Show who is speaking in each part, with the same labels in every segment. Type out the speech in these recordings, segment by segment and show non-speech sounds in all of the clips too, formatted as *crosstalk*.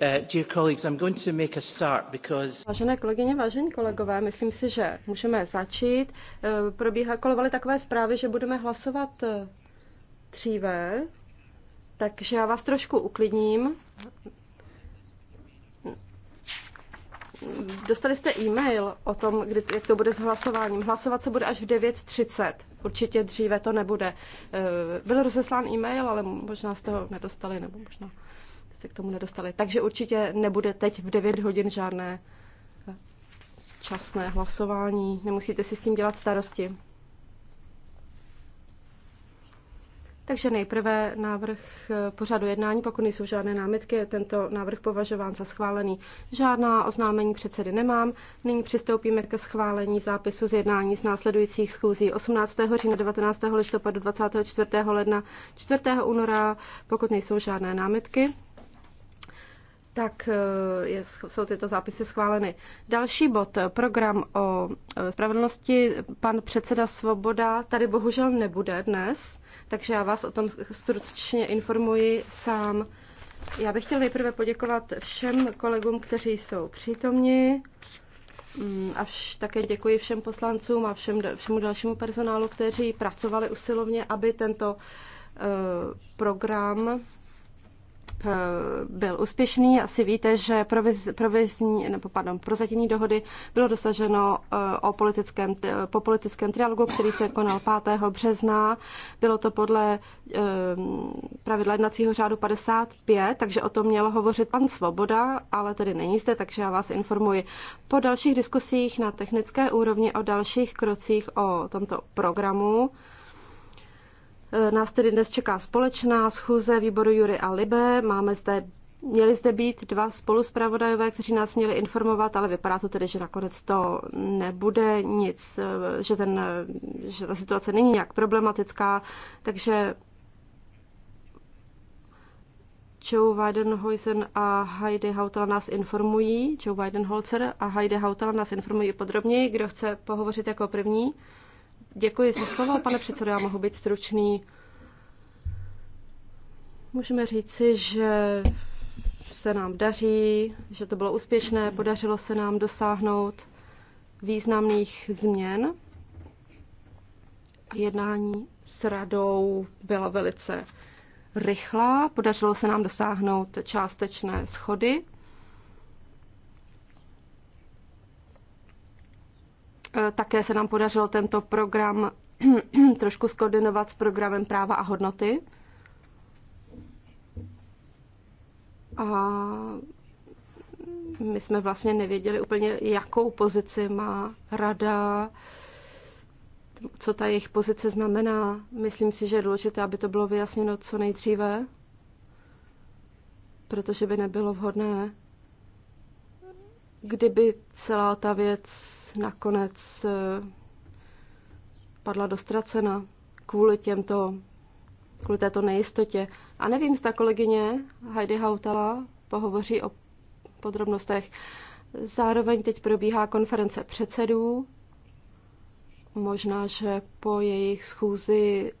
Speaker 1: Uh,
Speaker 2: Vážené kolegyně, vážení kolegové, myslím si, že můžeme začít. Eh, probíhá kolovaly takové zprávy, že budeme hlasovat eh, dříve, takže já vás trošku uklidním. Dostali jste e-mail o tom, kdy, jak to bude s hlasováním. Hlasovat se bude až v 9.30. Určitě dříve to nebude. Eh, byl rozeslán e-mail, ale možná jste ho nedostali, nebo možná se k tomu nedostali. Takže určitě nebude teď v 9 hodin žádné časné hlasování. Nemusíte si s tím dělat starosti. Takže nejprve návrh pořadu jednání, pokud nejsou žádné námitky, je tento návrh považován za schválený. Žádná oznámení předsedy nemám. Nyní přistoupíme ke schválení zápisu z jednání z následujících schůzí 18. října, 19. listopadu, 24. ledna, 4. února, pokud nejsou žádné námitky tak eh, je, jsou tyto zápisy schváleny. Další bod, eh, program o eh, spravedlnosti, pan předseda Svoboda tady bohužel nebude dnes, takže já vás o tom stručně informuji sám. Já bych chtěl nejprve poděkovat všem kolegům, kteří jsou přítomni mm, a vš, také děkuji všem poslancům a všem, všemu dalšímu personálu, kteří pracovali usilovně, aby tento program Eh, byl úspěšný. Asi víte, že proviz, provizní, nebo pardon, prozatímní dohody bylo dosaženo eh, o politickém, po politickém trialogu, který se konal 5. března. Bylo to podle eh, pravidla jednacího řádu 55, takže o tom měl hovořit pan Svoboda, ale tedy není zde, takže já vás informuji. Po dalších diskusích na technické úrovni o dalších krocích o tomto programu Eh, nás tedy dnes čeká společná schůze výboru Jury a Libe. Máme zde, měli zde být dva spoluspravodajové, kteří nás měli informovat, ale vypadá to tedy, že nakonec to nebude nic, eh, že, ten, eh, že ta situace není nějak problematická, takže Joe Weidenholzer a Heidi Hautala nás informují. Joe Weidenholzer a Heidi Hautala nás informují podrobněji, kdo chce pohovořit jako první. Děkuji za slovo, pane předsedo, já mohu být stručný. Můžeme říci, že se nám daří, že to bylo úspěšné, podařilo se nám dosáhnout významných změn. Jednání s radou byla velice rychlá, podařilo se nám dosáhnout částečné schody Eh, také se nám podařilo tento program *clears throat* trošku skoordinovat s programem práva a hodnoty. A my jsme vlastně nevěděli úplně, jakou pozici má rada, co ta jejich pozice znamená. Myslím si, že je důležité, aby to bylo vyjasněno co nejdříve, protože by nebylo vhodné, kdyby celá ta věc nakonec eh, padla dostracena kvůli těmto, kvůli této nejistotě. A nevím, zda kolegyně Heidi Hautala pohovoří o podrobnostech. Zároveň teď probíhá konference předsedů. Možná, že po jejich schůzi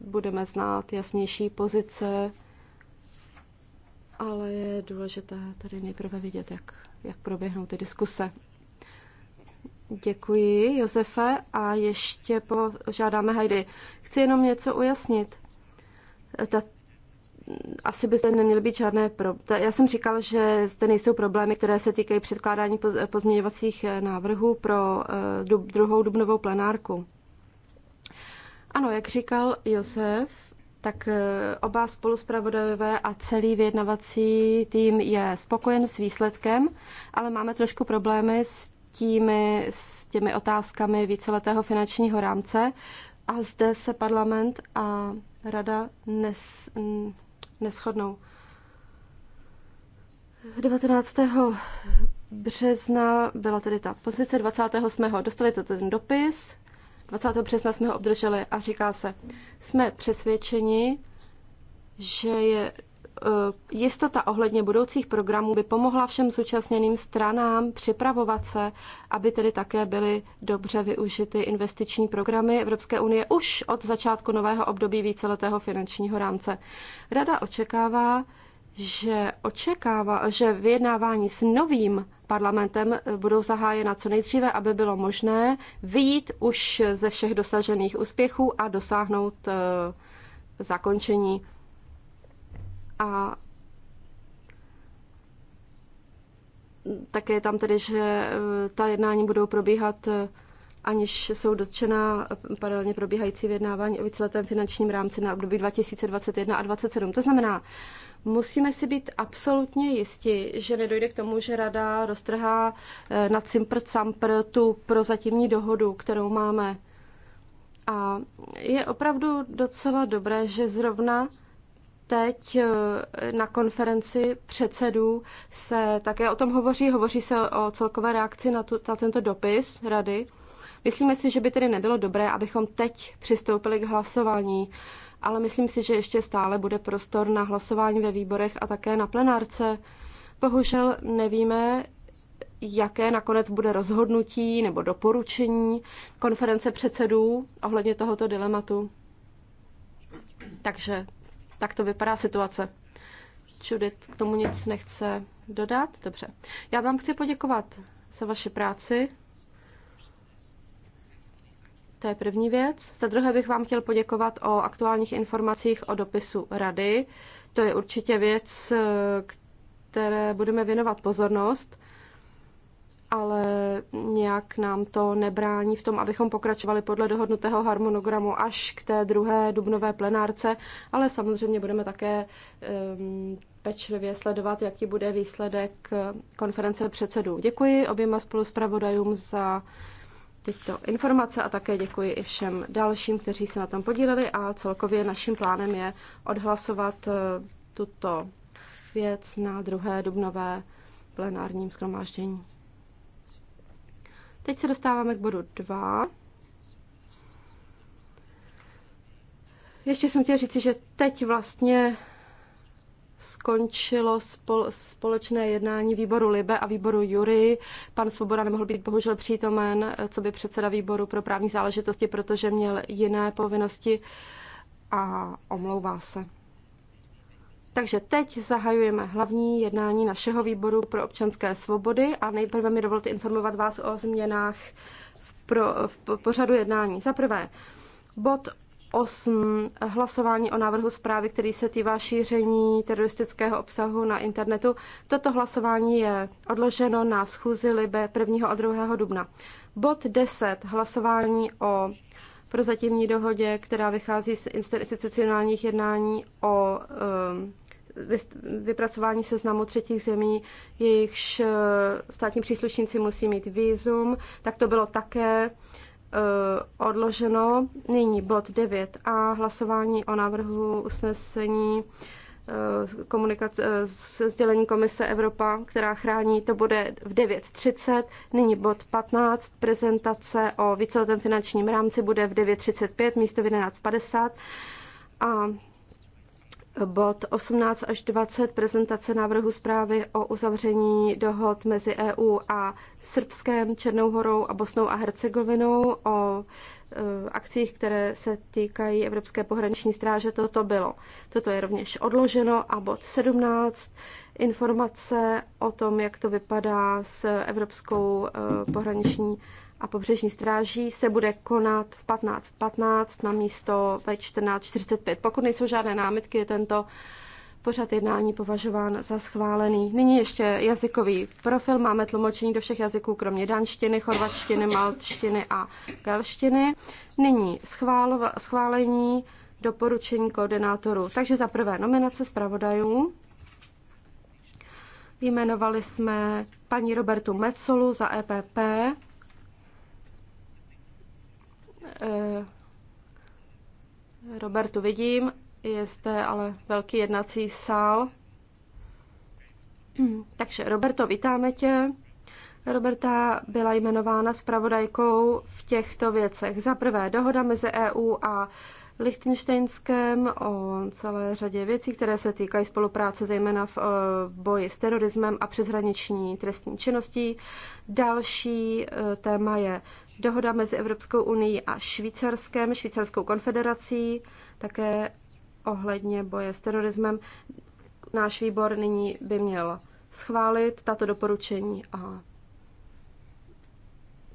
Speaker 2: budeme znát jasnější pozice, ale je důležité tady nejprve vidět, jak, jak proběhnou ty diskuse. Děkuji, Josefe. A ještě požádáme Heidi. Chci jenom něco ujasnit. Ta, asi by zde neměly být žádné problémy. Já jsem říkal, že zde nejsou problémy, které se týkají předkládání pozměňovacích eh, návrhů pro eh, dub, druhou dubnovou plenárku. Ano, jak říkal Josef, tak eh, oba spoluspravodajové a celý vyjednavací tým je spokojen s výsledkem, ale máme trošku problémy s těmi, s těmi otázkami víceletého finančního rámce a zde se parlament a rada nes, neschodnou. 19. března byla tedy ta pozice, 28. dostali to ten dopis, 20. března jsme ho obdrželi a říká se, jsme přesvědčeni, že je Eh, jistota ohledně budoucích programů by pomohla všem zúčastněným stranám připravovat se, aby tedy také byly dobře využity investiční programy Evropské unie už od začátku nového období víceletého finančního rámce. Rada očekává, že očekává, že vyjednávání s novým parlamentem eh, budou zahájena co nejdříve, aby bylo možné vyjít už ze všech dosažených úspěchů a dosáhnout eh, zakončení a také je tam tedy, že e, ta jednání budou probíhat e, aniž jsou dotčena e, paralelně probíhající vyjednávání o víceletém finančním rámci na období 2021 a 2027. To znamená, musíme si být absolutně jisti, že nedojde k tomu, že rada roztrhá na cimpr campr tu prozatímní dohodu, kterou máme. A je opravdu docela dobré, že zrovna teď eh, na konferenci předsedů se také o tom hovoří. Hovoří se o celkové reakci na, tu, na tento dopis rady. Myslíme si, že by tedy nebylo dobré, abychom teď přistoupili k hlasování, ale myslím si, že ještě stále bude prostor na hlasování ve výborech a také na plenárce. Bohužel nevíme, jaké nakonec bude rozhodnutí nebo doporučení konference předsedů ohledně tohoto dilematu. Takže tak to vypadá situace. Judith k tomu nic nechce dodat? Dobře. Já vám chci poděkovat za vaši práci. To je první věc. Za druhé bych vám chtěl poděkovat o aktuálních informacích o dopisu rady. To je určitě věc, které budeme věnovat pozornost ale nějak nám to nebrání v tom, abychom pokračovali podle dohodnutého harmonogramu až k té druhé dubnové plenárce, ale samozřejmě budeme také um, pečlivě sledovat, jaký bude výsledek konference předsedů. Děkuji oběma spoluspravodajům za tyto informace a také děkuji i všem dalším, kteří se na tom podíleli a celkově naším plánem je odhlasovat eh, tuto věc na druhé dubnové plenárním schromáždění. Teď se dostáváme k bodu 2. Ještě jsem chtěla říct, že teď vlastně skončilo společné jednání výboru Libe a výboru Jury. Pan Svoboda nemohl být bohužel přítomen, co by předseda výboru pro právní záležitosti, protože měl jiné povinnosti a omlouvá se. Takže teď zahajujeme hlavní jednání našeho výboru pro občanské svobody a nejprve mi dovolte informovat vás o změnách v, pro, v pořadu jednání. Za prvé, bod 8. Hlasování o návrhu zprávy, který se týká šíření teroristického obsahu na internetu. Toto hlasování je odloženo na schůzi Libe 1. a 2. dubna. Bod 10. Hlasování o prozatímní dohodě, která vychází z institucionálních jednání o um, vypracování seznamu třetích zemí, jejichž eh, státní příslušníci musí mít výzum, tak to bylo také eh, odloženo. Nyní bod 9 a hlasování o návrhu usnesení Eh, komunikace, eh, se sdělení Komise Evropa, která chrání, to bude v 9.30, nyní bod 15, prezentace o víceletém finančním rámci bude v 9.35 místo v 11.50 a Bod 18 až 20 prezentace návrhu zprávy o uzavření dohod mezi EU a Srbskem, Černou horou a Bosnou a Hercegovinou o e, akcích, které se týkají Evropské pohraniční stráže, toto bylo. Toto je rovněž odloženo a bod 17 informace o tom, jak to vypadá s Evropskou e, pohraniční a pobřežní stráží se bude konat v 15.15 .15 na místo ve 14.45. Pokud nejsou žádné námitky, je tento pořad jednání považován za schválený. Nyní ještě jazykový profil. Máme tlumočení do všech jazyků, kromě danštiny, chorvatštiny, maltštiny a galštiny. Nyní schválova, schválení doporučení koordinátorů. Takže za prvé nominace zpravodajů. Jmenovali jsme paní Robertu Mecolu za EPP, Eh, Robertu vidím, je zde ale velký jednací sál. *clears throat* Takže Roberto, vítáme tě. Roberta byla jmenována zpravodajkou v těchto věcech. Za prvé dohoda mezi EU a Lichtensteinském o celé řadě věcí, které se týkají spolupráce zejména v eh, boji s terorismem a přeshraniční trestní činností. Další eh, téma je dohoda mezi Evropskou unii a Švýcarskem, Švýcarskou konfederací, také ohledně boje s terorismem. Náš výbor nyní by měl schválit tato doporučení a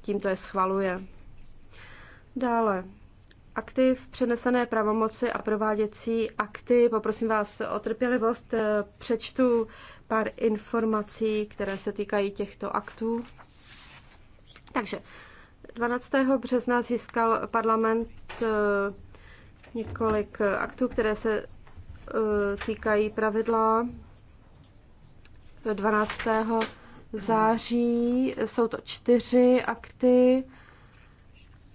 Speaker 2: tímto je schvaluje. Dále, akty v přenesené pravomoci a prováděcí akty. Poprosím vás o trpělivost. Přečtu pár informací, které se týkají těchto aktů. Takže 12. března získal parlament eh, několik aktů, které se eh, týkají pravidla 12. září. Jsou to čtyři akty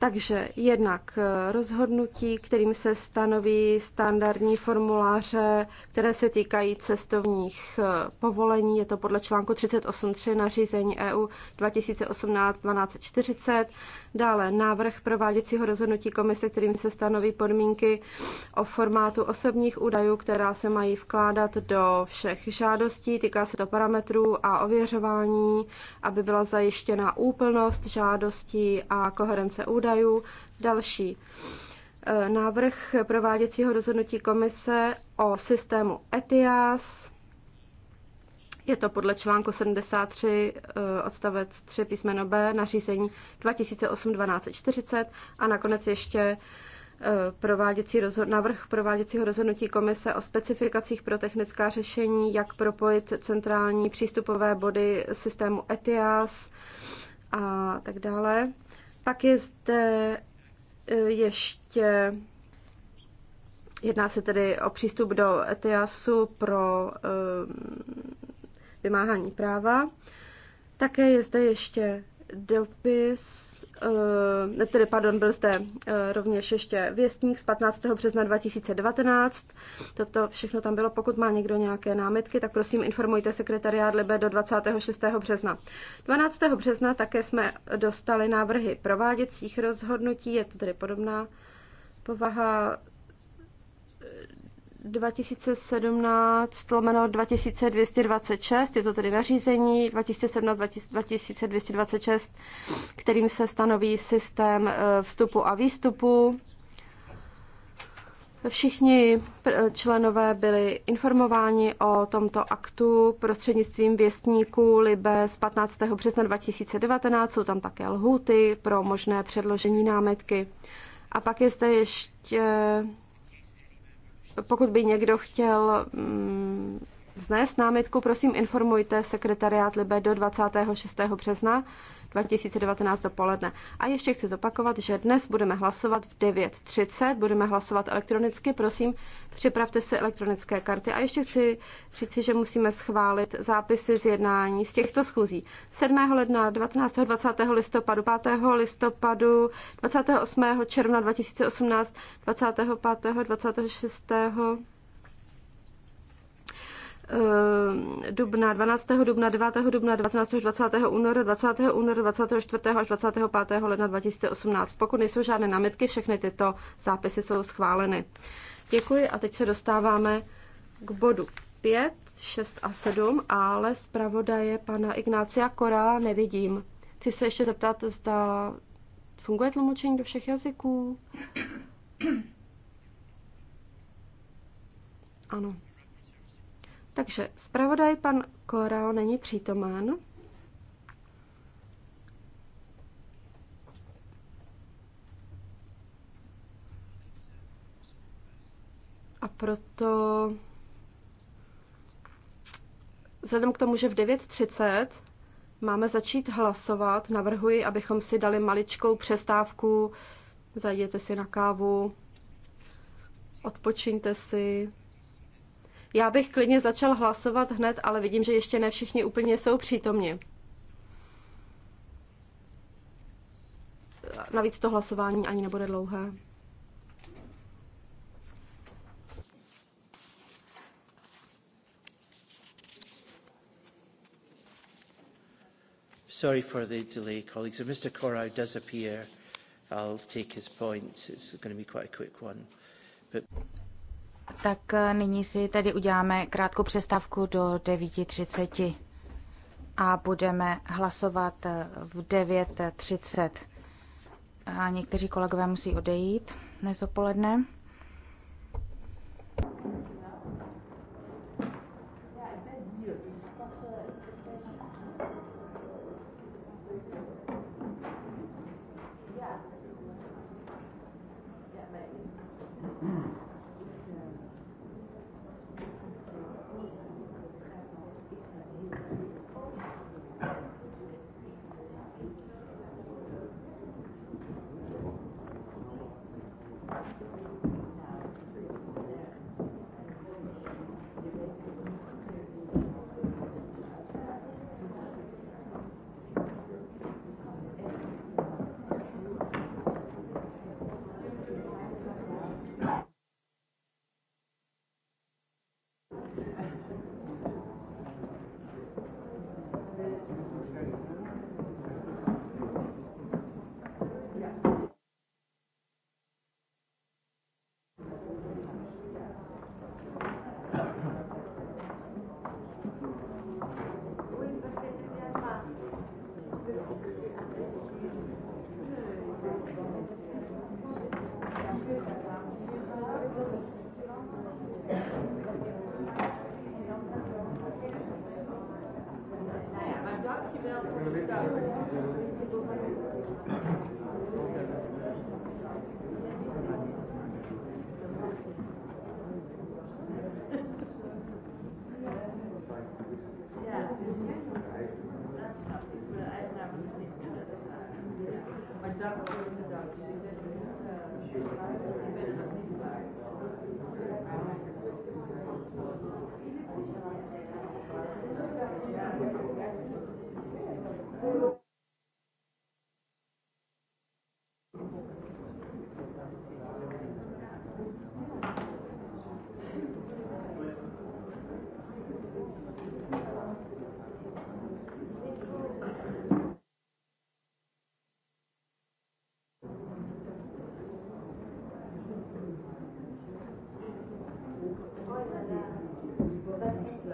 Speaker 2: takže jednak eh, rozhodnutí, kterým se stanoví standardní formuláře, které se týkají cestovních eh, povolení, je to podle článku 38.3 nařízení EU 2018-1240. Dále návrh prováděcího rozhodnutí komise, kterým se stanoví podmínky o formátu osobních údajů, která se mají vkládat do všech žádostí. Týká se to parametrů a ověřování, aby byla zajištěna úplnost žádostí a koherence údajů údajů. Další e, návrh prováděcího rozhodnutí komise o systému ETIAS. Je to podle článku 73 e, odstavec 3 písmeno B nařízení 2008-1240 a nakonec ještě e, prováděcí rozho- návrh prováděcího rozhodnutí komise o specifikacích pro technická řešení, jak propojit centrální přístupové body systému ETIAS a tak dále. Pak je zde e, ještě Jedná se tedy o přístup do ETIASu pro e, vymáhání práva. Také je zde ještě dopis Eh, tedy pardon, byl zde eh, rovněž ještě věstník z 15. března 2019. Toto všechno tam bylo. Pokud má někdo nějaké námitky, tak prosím informujte sekretariát Libe do 26. března. 12. března také jsme dostali návrhy prováděcích rozhodnutí, je to tedy podobná povaha 2017 lomeno 2226, je to tedy nařízení 2017 2226, kterým se stanoví systém eh, vstupu a výstupu. Všichni členové byli informováni o tomto aktu prostřednictvím věstníků Libe z 15. března 2019. Jsou tam také lhuty pro možné předložení námetky. A pak je zde ještě pokud by někdo chtěl mm, vznést námitku, prosím informujte sekretariát Libe do 26. března 2019 dopoledne. A ještě chci zopakovat, že dnes budeme hlasovat v 9.30, budeme hlasovat elektronicky, prosím, připravte si elektronické karty. A ještě chci říci, že musíme schválit zápisy z jednání z těchto schůzí. 7. ledna, 19. 20. listopadu, 5. listopadu, 28. června 2018, 25. 26. Eh, dubna, 12. dubna, 9. dubna, 19. až 20. února, 20. února, 24. až 25. ledna 2018. Pokud nejsou žádné námitky, všechny tyto zápisy jsou schváleny. Děkuji a teď se dostáváme k bodu 5, 6 a 7, ale zpravodaje pana Ignácia Korá nevidím. Chci se ještě zeptat, zda funguje tlumočení do všech jazyků? Ano. Takže zpravodaj pan Korao není přítomán. A proto vzhledem k tomu, že v 9.30 máme začít hlasovat, navrhuji, abychom si dali maličkou přestávku, zajděte si na kávu, odpočiňte si, já bych klidně začal hlasovat hned, ale vidím, že ještě ne všichni úplně jsou přítomni. Navíc to hlasování ani nebude dlouhé.
Speaker 1: Sorry for the delay, colleagues. If Mr. Corrow does appear, I'll take his point. It's going to be quite a quick one. But...
Speaker 3: Tak eh, nyní si tedy uděláme krátkou přestávku do 9.30 a budeme hlasovat eh, v 9.30. A někteří kolegové musí odejít dnes dopoledne.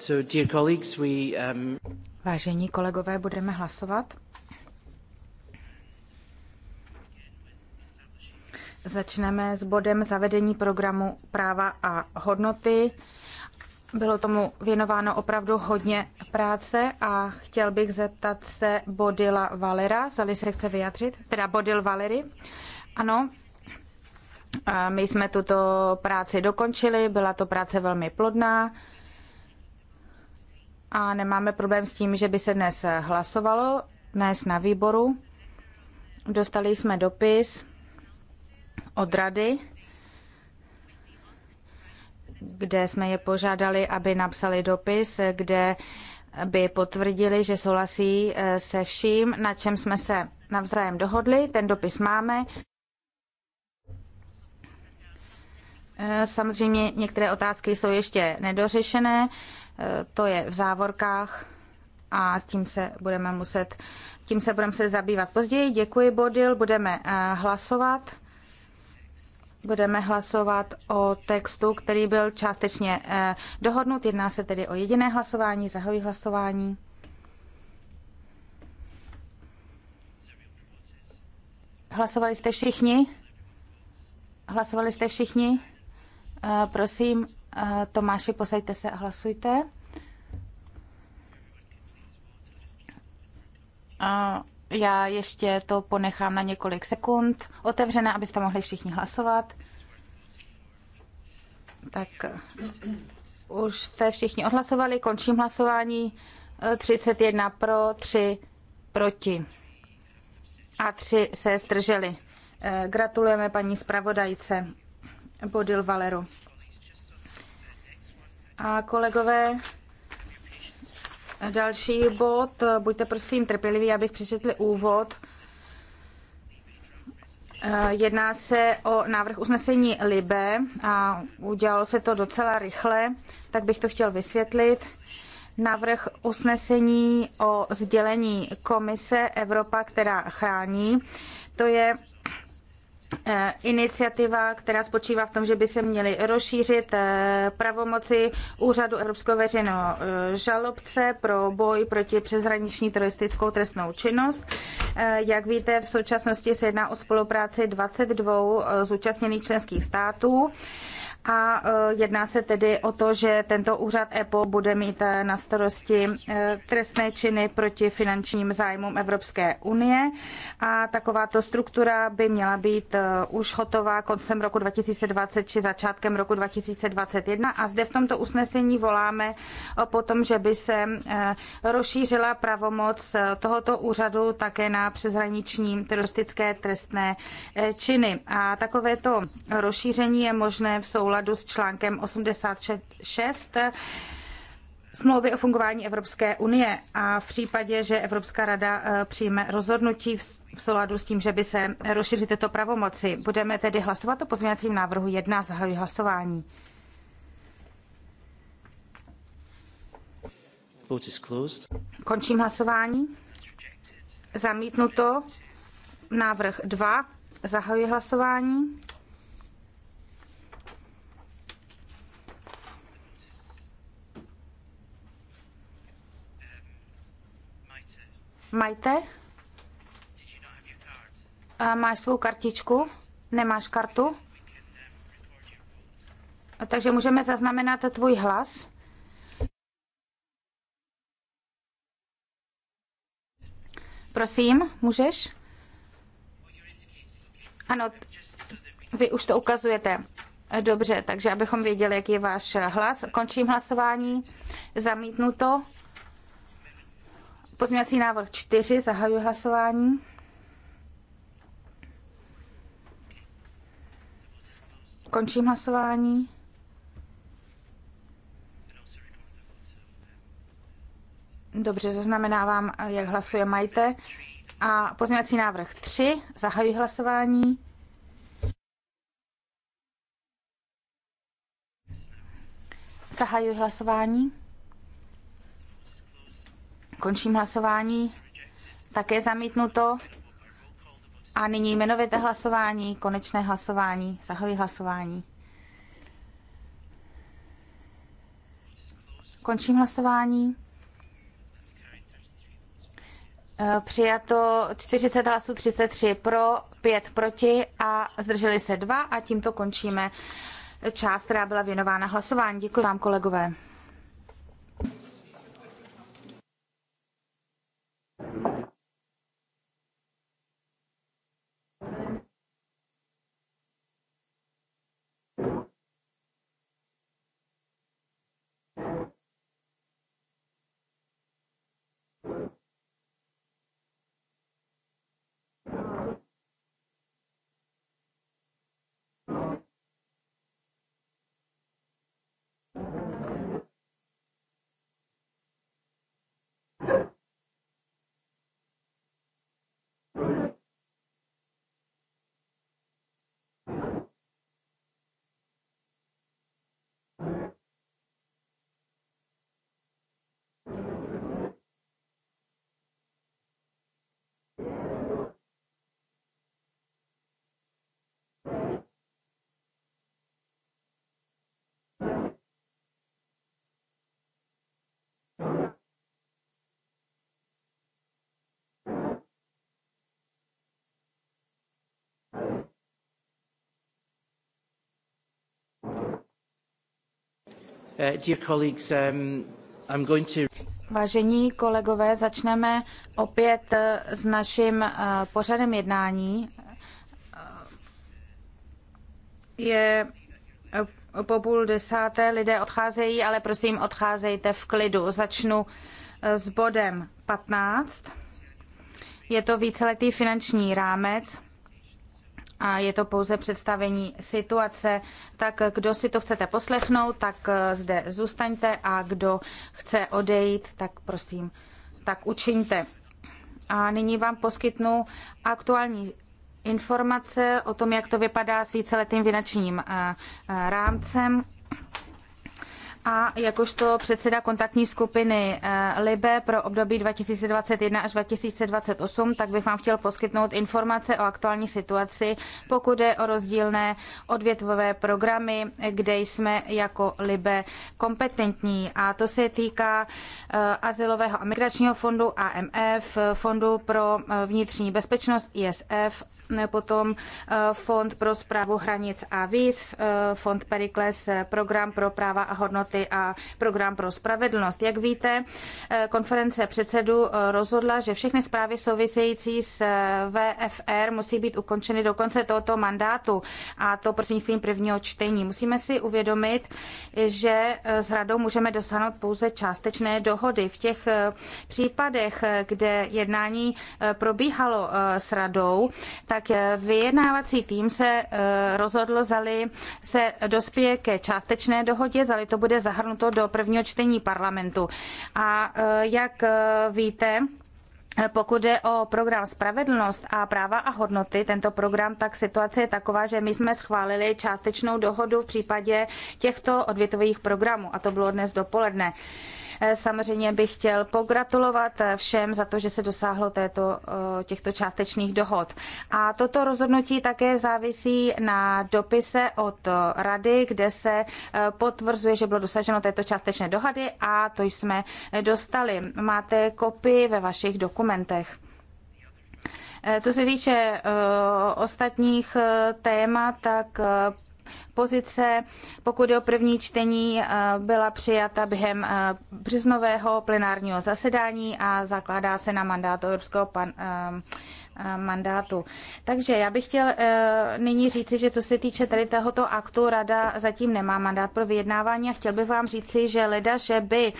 Speaker 1: So, dear colleagues, we, um...
Speaker 3: Vážení kolegové, budeme hlasovat. Začneme s bodem zavedení programu práva a hodnoty. Bylo tomu věnováno opravdu hodně práce a chtěl bych zeptat se Bodila Valera, zali se chce vyjadřit, teda Bodil Valery. Ano, my jsme tuto práci dokončili, byla to práce velmi plodná a nemáme problém s tím, že by se dnes hlasovalo, dnes na výboru. Dostali jsme dopis od rady, kde jsme je požádali, aby napsali dopis, kde by potvrdili, že souhlasí eh, se vším, na čem jsme se navzájem dohodli. Ten dopis máme. Eh, samozřejmě některé otázky jsou ještě nedořešené. Eh, to je v závorkách a s tím se budeme muset, tím se budeme se zabývat později. Děkuji, Bodil, budeme eh, hlasovat. Budeme hlasovat o textu, který byl částečně eh, dohodnut. Jedná se tedy o jediné hlasování. Zahoji hlasování. Hlasovali jste všichni? Hlasovali jste všichni? Prosím, Tomáši, posaďte se a hlasujte. A já ještě to ponechám na několik sekund otevřené, abyste mohli všichni hlasovat. Tak už jste všichni odhlasovali, končím hlasování. 31 pro, 3 proti a 3 se zdrželi. Gratulujeme paní zpravodajce Bodil Valeru. A kolegové, další bod, buďte prosím trpěliví, abych přečetl úvod. Jedná se o návrh usnesení Libe a udělalo se to docela rychle, tak bych to chtěl vysvětlit. Návrh usnesení o sdělení Komise Evropa, která chrání, to je Eh, iniciativa, která spočívá v tom, že by se měly rozšířit eh, pravomoci Úřadu Evropského veřejného eh, žalobce pro boj proti přeshraniční teroristickou trestnou činnost. Jak víte, v současnosti se jedná o spolupráci 22 zúčastněných členských států a e, jedná se tedy o to, že tento úřad EPO bude mít e, na starosti e, trestné činy proti finančním zájmům Evropské unie a takováto struktura by měla být už hotová koncem roku 2020 či začátkem roku 2021 a zde v tomto usnesení voláme po tom, že by se rozšířila pravomoc tohoto úřadu také na přeshraniční teroristické trestné činy. A takovéto rozšíření je možné v souladu souladu s článkem 86 smlouvy o fungování Evropské unie a v případě, že Evropská rada eh, přijme rozhodnutí v souladu s tím, že by se rozšířit tyto pravomoci, budeme tedy hlasovat o pozměňovacím návrhu 1. Zahajuji hlasování. Končím hlasování. Zamítnuto. Návrh 2. Zahajuji hlasování. Majte? A máš svou kartičku? Nemáš kartu? Takže můžeme zaznamenat tvůj hlas. Prosím, můžeš? Ano, vy už to ukazujete. Dobře, takže abychom věděli, jaký je váš hlas. Končím hlasování. Zamítnuto. Pozměňovací návrh 4, zahajuji hlasování. Končím hlasování. Dobře, zaznamenávám, jak hlasuje Majte. A pozměňovací návrh 3, zahajuji hlasování. Zahajuji hlasování. Končím hlasování. Také zamítnuto. A nyní jmenovité hlasování, konečné hlasování, zahojí hlasování. Končím hlasování. E, přijato 40 hlasů 33 pro, 5 proti a zdrželi se dva a tímto končíme část, která byla věnována hlasování. Děkuji vám, kolegové.
Speaker 1: Uh, um,
Speaker 3: Vážení kolegové, začneme opět uh, s naším uh, pořadem jednání. Je po půl desáté, lidé odcházejí, ale prosím, odcházejte v klidu. Začnu s bodem 15. Je to víceletý finanční rámec a je to pouze představení situace, tak kdo si to chcete poslechnout, tak eh, zde zůstaňte a kdo chce odejít, tak prosím, tak učiňte. A nyní vám poskytnu aktuální informace o tom, jak to vypadá s víceletým finančním eh, eh, rámcem a jakožto předseda kontaktní skupiny eh, LIBE pro období 2021 až 2028, tak bych vám chtěl poskytnout informace o aktuální situaci, pokud je o rozdílné odvětvové programy, kde jsme jako LIBE kompetentní. A to se týká eh, Azylového a migračního fondu AMF, Fondu pro eh, vnitřní bezpečnost ISF, potom Fond pro zprávu hranic a výzv, Fond Perikles, Program pro práva a hodnoty státy a program pro spravedlnost. Jak víte, eh, konference předsedů eh, rozhodla, že všechny zprávy související s eh, VFR musí být ukončeny do konce tohoto mandátu a to prostřednictvím prvního čtení. Musíme si uvědomit, že s radou můžeme dosáhnout pouze částečné dohody. V těch případech, kde jednání probíhalo s radou, tak vyjednávací tým se rozhodl, zali se dospěje ke částečné dohodě, zali to bude zahrnuto do prvního čtení parlamentu. A e, jak e, víte, e, pokud jde o program Spravedlnost a práva a hodnoty, tento program, tak situace je taková, že my jsme schválili částečnou dohodu v případě těchto odvětových programů a to bylo dnes dopoledne. Eh, samozřejmě bych chtěl pogratulovat eh, všem za to, že se dosáhlo této, eh, těchto částečných dohod. A toto rozhodnutí také závisí na dopise od rady, kde se potvrzuje, že bylo dosaženo této částečné dohady a to jsme dostali. Máte kopii ve vašich dokumentech. Co se týče ostatních témat, tak Pozice, pokud je o první čtení, eh, byla přijata během eh, březnového plenárního zasedání a zakládá se na mandátu Evropského pan, eh, Eh, mandátu. Takže já bych chtěl eh, nyní říci, že co se týče tady tohoto aktu, rada zatím nemá mandát pro vyjednávání a chtěl bych vám říci, že leda, že by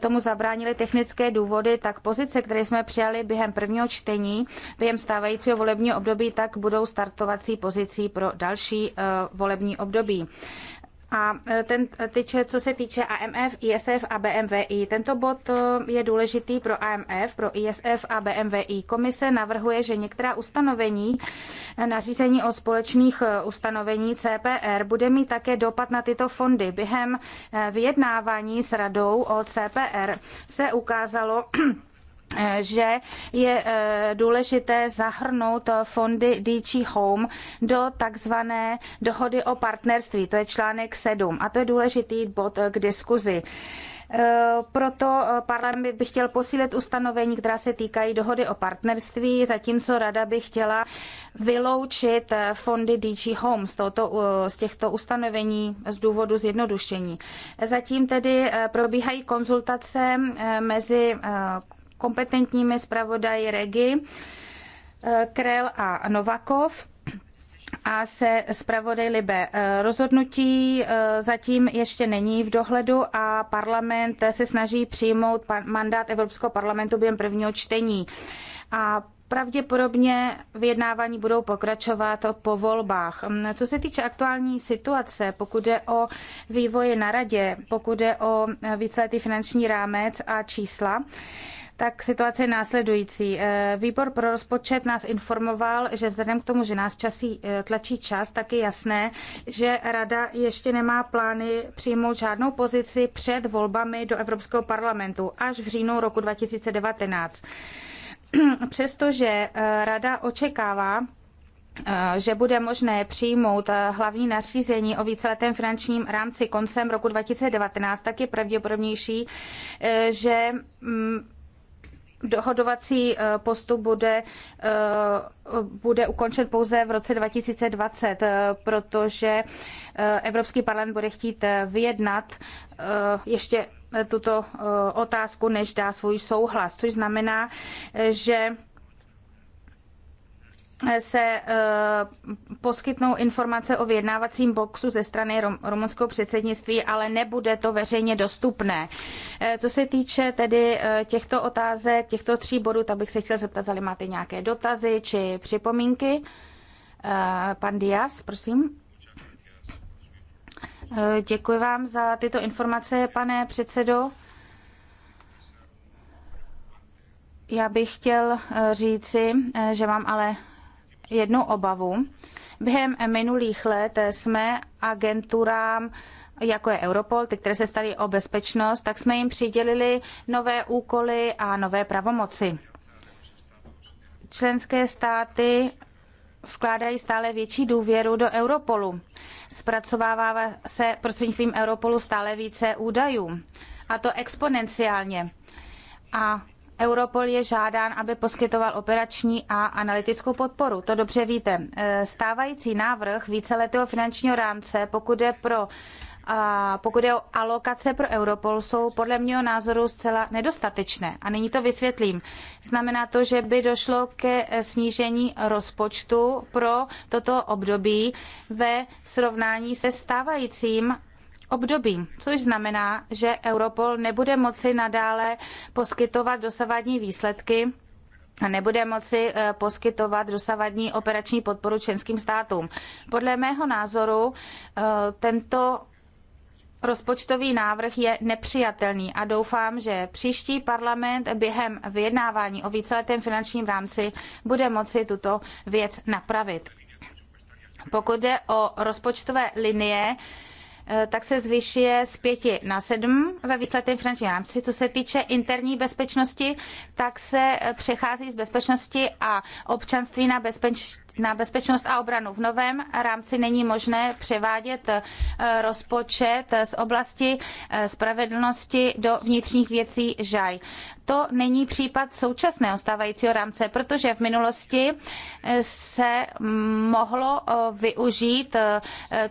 Speaker 3: tomu zabránili technické důvody, tak pozice, které jsme přijali během prvního čtení, během stávajícího volebního období, tak budou startovací pozicí pro další eh, volební období. A e, ten, tyče, co se týče AMF, ISF a BMWI, tento bod e, je důležitý pro AMF, pro ISF a BMWI. Komise navrhuje, že některá ustanovení e, nařízení o společných ustanovení CPR bude mít také dopad na tyto fondy. Během vyjednávání s radou o CPR se ukázalo, Eh, že je eh, důležité zahrnout eh, fondy DG Home do takzvané dohody o partnerství, to je článek 7 a to je důležitý bod k diskuzi. Proto parlament by chtěl posílit ustanovení, která se týkají dohody o partnerství, zatímco rada by chtěla vyloučit fondy DG Home z, tohoto, z těchto ustanovení z důvodu zjednodušení. Zatím tedy probíhají konzultace mezi kompetentními zpravodaji Regi, eh, Krel a Novakov a se zpravodaj Libe. Eh, rozhodnutí eh, zatím ještě není v dohledu a parlament se snaží přijmout mandát Evropského parlamentu během prvního čtení. A Pravděpodobně vyjednávání budou pokračovat po volbách. Hm, co se týče aktuální situace, pokud je o vývoje na radě, pokud je o víceletý finanční rámec a čísla, tak situace je následující. Eh, výbor pro rozpočet nás informoval, že vzhledem k tomu, že nás časí, eh, tlačí čas, tak je jasné, že rada ještě nemá plány přijmout žádnou pozici před volbami do Evropského parlamentu až v říjnu roku 2019. *clears throat* Přestože eh, rada očekává, že bude možné přijmout hlavní nařízení o víceletém finančním rámci koncem roku 2019, tak je pravděpodobnější, že mm, dohodovací eh, postup bude, eh, bude ukončen pouze v roce 2020, eh, protože Evropský parlament bude chtít vyjednat ještě tuto otázku, než dá svůj souhlas, což znamená, že se eh, poskytnou informace o vyjednávacím boxu ze strany rumunského předsednictví, ale nebude to veřejně dostupné. Eh, co se týče tedy eh, těchto otázek, těchto tří bodů, tak bych se chtěla zeptat, zda máte nějaké dotazy či připomínky. Pan Dias, prosím. Děkuji vám za tyto informace, pane předsedo. Já bych chtěl říci, že mám ale jednu obavu. Během minulých let jsme agenturám jako je Europol, ty, které se starí o bezpečnost, tak jsme jim přidělili nové úkoly a nové pravomoci. Členské státy vkládají stále větší důvěru do Europolu. Zpracovává se prostřednictvím Europolu stále více údajů, a to exponenciálně. A Europol je žádán, aby poskytoval operační a analytickou podporu. To dobře víte. E, stávající návrh víceletého finančního rámce, pokud je pro a pokud je o alokace pro Europol, jsou podle mého názoru zcela nedostatečné. A nyní to vysvětlím. Znamená to, že by došlo ke snížení rozpočtu pro toto období ve srovnání se stávajícím období, což znamená, že Europol nebude moci nadále poskytovat dosavadní výsledky a nebude moci eh, poskytovat dosavadní operační podporu členským státům. Podle mého názoru eh, tento rozpočtový návrh je nepřijatelný a doufám, že příští parlament během vyjednávání o víceletém finančním rámci bude moci tuto věc napravit. Pokud jde o rozpočtové linie, Eh, tak se zvyšuje z 5 na 7 ve výsledném finančním rámci. Co se týče interní bezpečnosti, tak se eh, přechází z bezpečnosti a občanství na bezpečnost na bezpečnost a obranu. V novém rámci není možné převádět eh, rozpočet z oblasti eh, spravedlnosti do vnitřních věcí ŽAJ. To není případ současného stávajícího rámce, protože v minulosti eh, se mohlo využít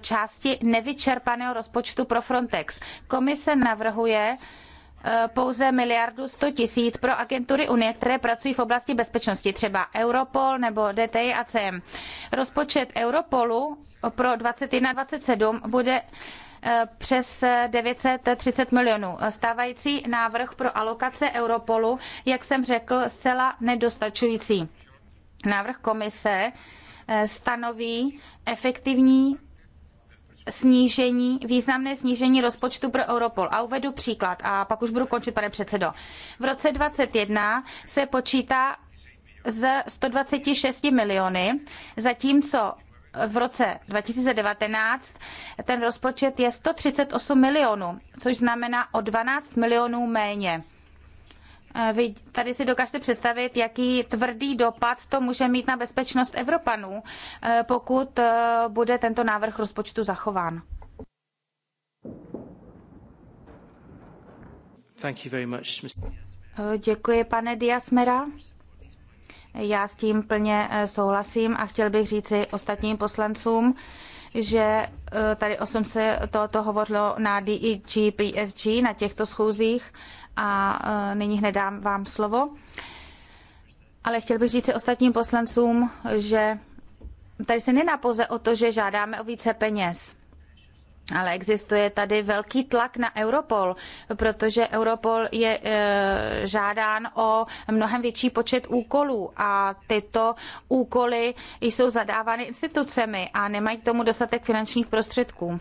Speaker 3: části nevyčerpaného rozpočtu pro Frontex. Komise navrhuje, Eh, pouze miliardu 100 tisíc pro agentury Unie, které pracují v oblasti bezpečnosti, třeba Europol nebo DTI a CM. Rozpočet Europolu pro 21-27 bude eh, přes 930 milionů. Stávající návrh pro alokace Europolu, jak jsem řekl, zcela nedostačující. Návrh komise eh, stanoví efektivní snížení, významné snížení rozpočtu pro Europol. A uvedu příklad a pak už budu končit, pane předsedo. V roce 2021 se počítá z 126 miliony, zatímco v roce 2019 ten rozpočet je 138 milionů, což znamená o 12 milionů méně. Vy tady si dokážete představit, jaký tvrdý dopad to může mít na bezpečnost Evropanů, eh, pokud eh, bude tento návrh rozpočtu zachován.
Speaker 1: Thank you very much,
Speaker 3: eh, Děkuji, pane Diasmera. Já s tím plně souhlasím a chtěl bych říci ostatním poslancům, že tady o se toto hovořilo na DEG, PSG, na těchto schůzích a e, nyní hned dám vám slovo. Ale chtěl bych říct ostatním poslancům, že tady se nená o to, že žádáme o více peněz. Ale existuje tady velký tlak na Europol, protože Europol je e, žádán o mnohem větší počet úkolů a tyto úkoly jsou zadávány institucemi a nemají k tomu dostatek finančních prostředků.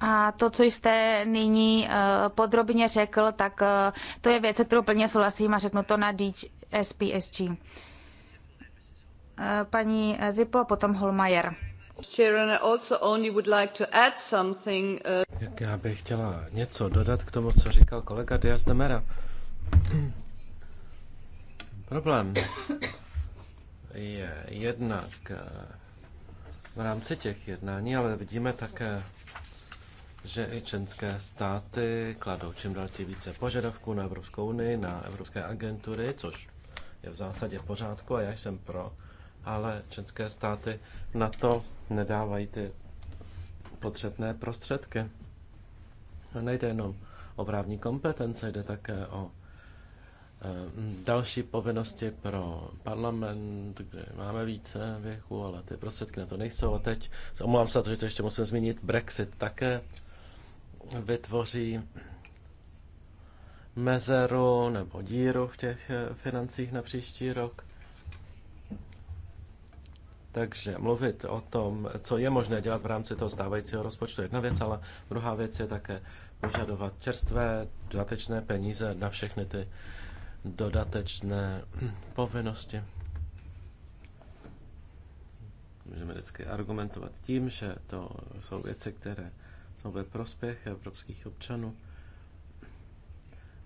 Speaker 3: A to, co jste nyní eh, podrobně řekl, tak eh, to je věc, kterou plně souhlasím a řeknu to na DSPSG. Eh, paní Zipo a potom Holmajer.
Speaker 4: Já bych chtěla něco dodat k tomu, co říkal kolega Diaz de Mera. Problém je jednak v rámci těch jednání, ale vidíme také že i členské státy kladou čím dál tím více požadavků na Evropskou unii, na evropské agentury, což je v zásadě v pořádku a já jsem pro, ale členské státy na to nedávají ty potřebné prostředky. A nejde jenom o právní kompetence, jde také o eh, další povinnosti pro parlament, kde máme více věku, ale ty prostředky na to nejsou. A teď, omlouvám se, to, že to ještě musím zmínit, Brexit také vytvoří mezeru nebo díru v těch eh, financích na příští rok. Takže mluvit o tom, co je možné dělat v rámci toho stávajícího rozpočtu, jedna věc, ale druhá věc je také požadovat čerstvé dodatečné peníze na všechny ty dodatečné *clears throat* povinnosti. Můžeme vždycky argumentovat tím, že to jsou věci, které to ve prospěch evropských občanů.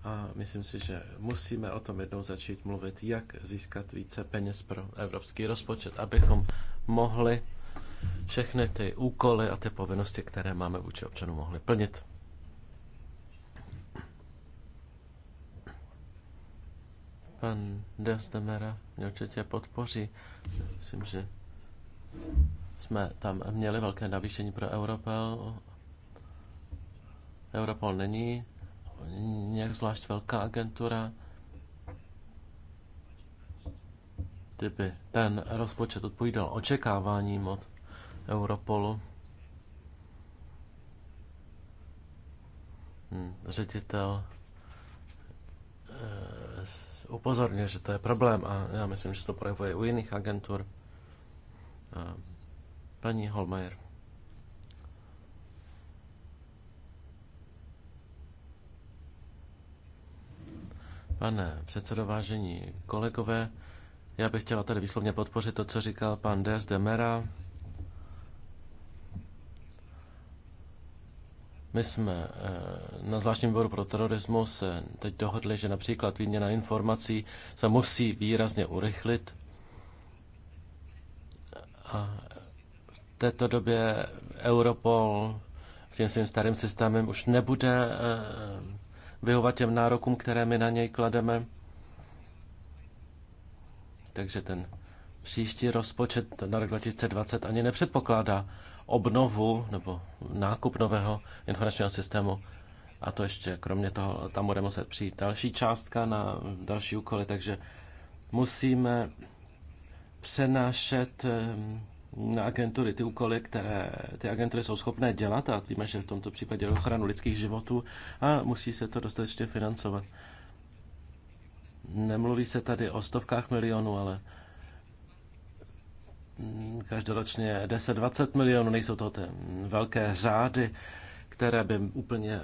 Speaker 4: A myslím si, že musíme o tom jednou začít mluvit, jak získat více peněz pro evropský rozpočet, abychom mohli všechny ty úkoly a ty povinnosti, které máme vůči občanům, mohli plnit. Pan Desdemera mě určitě podpoří. Myslím, že jsme tam měli velké navýšení pro Europel Europol není nějak zvlášť velká agentura. Kdyby ten rozpočet odpovídal očekáváním od Europolu, hm, ředitel eh, upozorňuje, že to je problém a já myslím, že se to projevuje u jiných agentur. Paní Holmajer. Pane předsedo, vážení kolegové, já bych chtěla tady výslovně podpořit to, co říkal pan Des Demera. My jsme eh, na zvláštním výboru pro terorismus se teď dohodli, že například výměna informací se musí výrazně urychlit. A v této době Europol tím svým starým systémem už nebude eh, vyhovat těm nárokům, které my na něj klademe. Takže ten příští rozpočet na rok 2020 ani nepředpokládá obnovu nebo nákup nového informačního systému. A to ještě, kromě toho, tam bude muset přijít další částka na další úkoly, takže musíme přenášet eh, agentury, ty úkoly, které ty agentury jsou schopné dělat, a víme, že v tomto případě ochranu lidských životů, a musí se to dostatečně financovat. Nemluví se tady o stovkách milionů, ale každoročně 10-20 milionů, nejsou to ty velké řády, které by úplně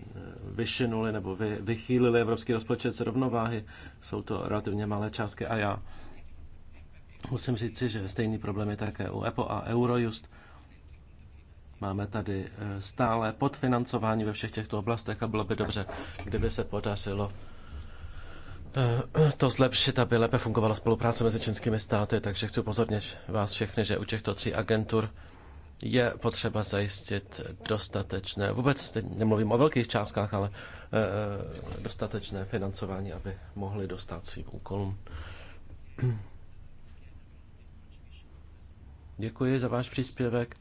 Speaker 4: *clears throat* vyšinuly nebo vychýlily evropský rozpočet z rovnováhy. Jsou to relativně malé částky a já Musím říci, že stejný problém je také u EPO a Eurojust. Máme tady eh, stále podfinancování ve všech těchto oblastech a bylo by dobře, kdyby se podařilo eh, to zlepšit, aby lépe fungovala spolupráce mezi čínskými státy, takže chci upozornit vás všechny, že u těchto tří agentur je potřeba zajistit dostatečné, vůbec nemluvím o velkých částkách, ale eh, dostatečné financování, aby mohli dostat svým úkolům. Děkuji za váš příspěvek.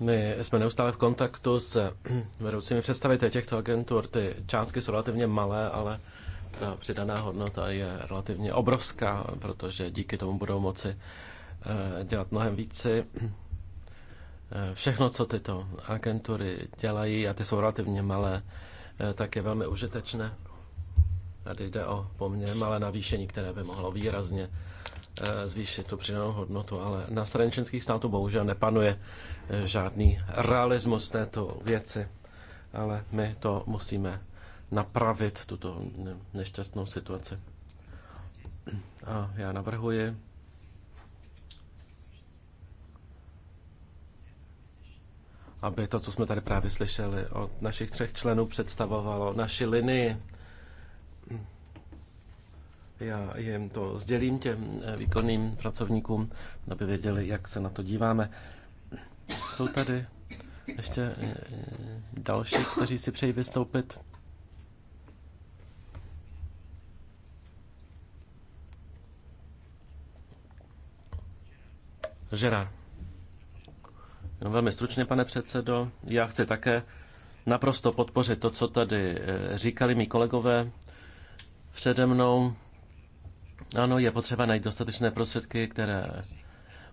Speaker 4: My jsme neustále v kontaktu s vedoucími představiteli těchto agentur. Ty částky jsou relativně malé, ale ta přidaná hodnota je relativně obrovská, protože díky tomu budou moci eh, dělat mnohem více. Eh, všechno, co tyto agentury dělají, a ty jsou relativně malé, eh, tak je velmi užitečné. Tady jde o poměrně malé navýšení, které by mohlo výrazně eh, zvýšit tu přidanou hodnotu, ale na straně členských států bohužel nepanuje eh, žádný realismus této věci, ale my to musíme napravit, tuto nešťastnou situaci. A já navrhuji, aby to, co jsme tady právě slyšeli od našich třech členů, představovalo naši linii já jim to sdělím těm eh, výkonným pracovníkům, aby věděli, jak se na to díváme. Jsou tady ještě eh, eh, další, kteří si přejí vystoupit. Žerár. No, velmi stručně, pane předsedo. Já chci také naprosto podpořit to, co tady říkali mý kolegové přede mnou. Ano, je potřeba najít dostatečné prostředky, které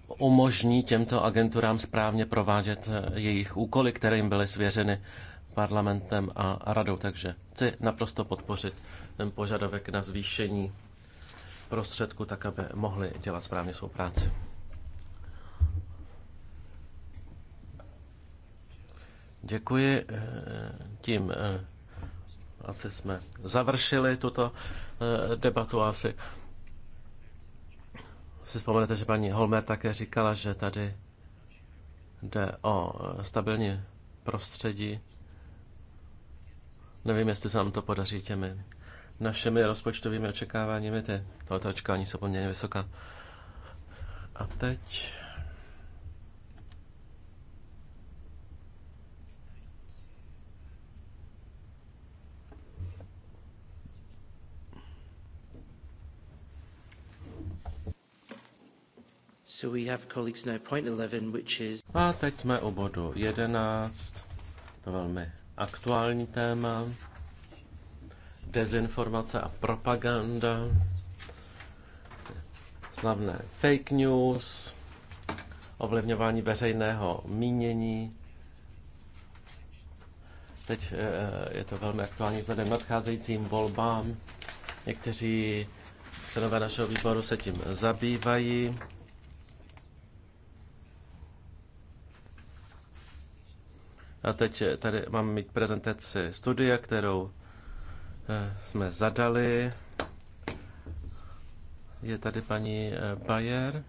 Speaker 4: umožní těmto agenturám správně provádět eh, jejich úkoly, které jim byly svěřeny parlamentem a radou. Takže chci naprosto podpořit ten požadavek na zvýšení prostředku, tak aby mohli dělat správně svou práci. Děkuji. Eh, tím eh, asi jsme završili tuto debatu asi si vzpomenete, že paní Holmer také říkala, že tady jde o stabilní prostředí. Nevím, jestli se nám to podaří těmi našimi rozpočtovými očekáváními. Ty, tohoto očekávání jsou poměrně vysoká. A teď
Speaker 1: So we have colleagues now point 11, which is...
Speaker 4: A teď jsme u bodu 11, to velmi aktuální téma, dezinformace a propaganda, slavné fake news, ovlivňování veřejného mínění. Teď eh, eh, je to velmi aktuální vzhledem nadcházejícím volbám. Někteří členové našeho výboru se tím zabývají. A teď eh, tady mám mít prezentaci studia, kterou eh, jsme zadali. Je tady paní eh, Bayer,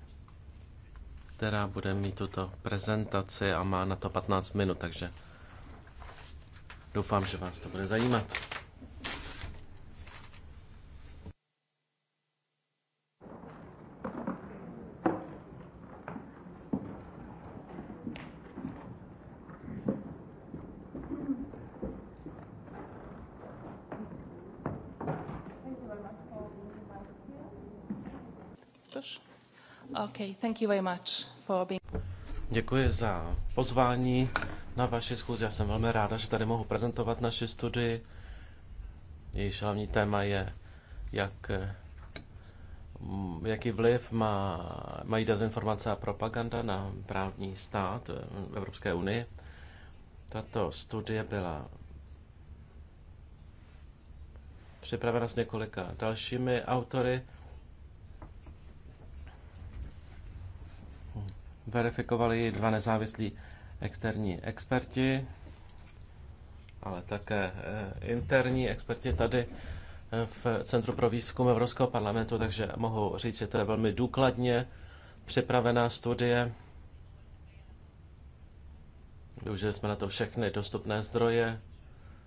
Speaker 4: která bude mít tuto prezentaci a má na to 15 minut, takže doufám, že vás to bude zajímat.
Speaker 1: Okay, thank you very much for being...
Speaker 4: Děkuji za pozvání na vaši schůzi. Já jsem velmi ráda, že tady mohu prezentovat naši studii. Jejíž hlavní téma je, jak, eh, jaký vliv má, mají dezinformace a propaganda na právní stát v eh, Evropské unii. Tato studie byla připravena s několika dalšími autory. verifikovali ji dva nezávislí externí experti, ale také eh, interní experti tady eh, v Centru pro výzkum Evropského parlamentu, takže mohu říct, že to je velmi důkladně připravená studie. Využili jsme na to všechny dostupné zdroje.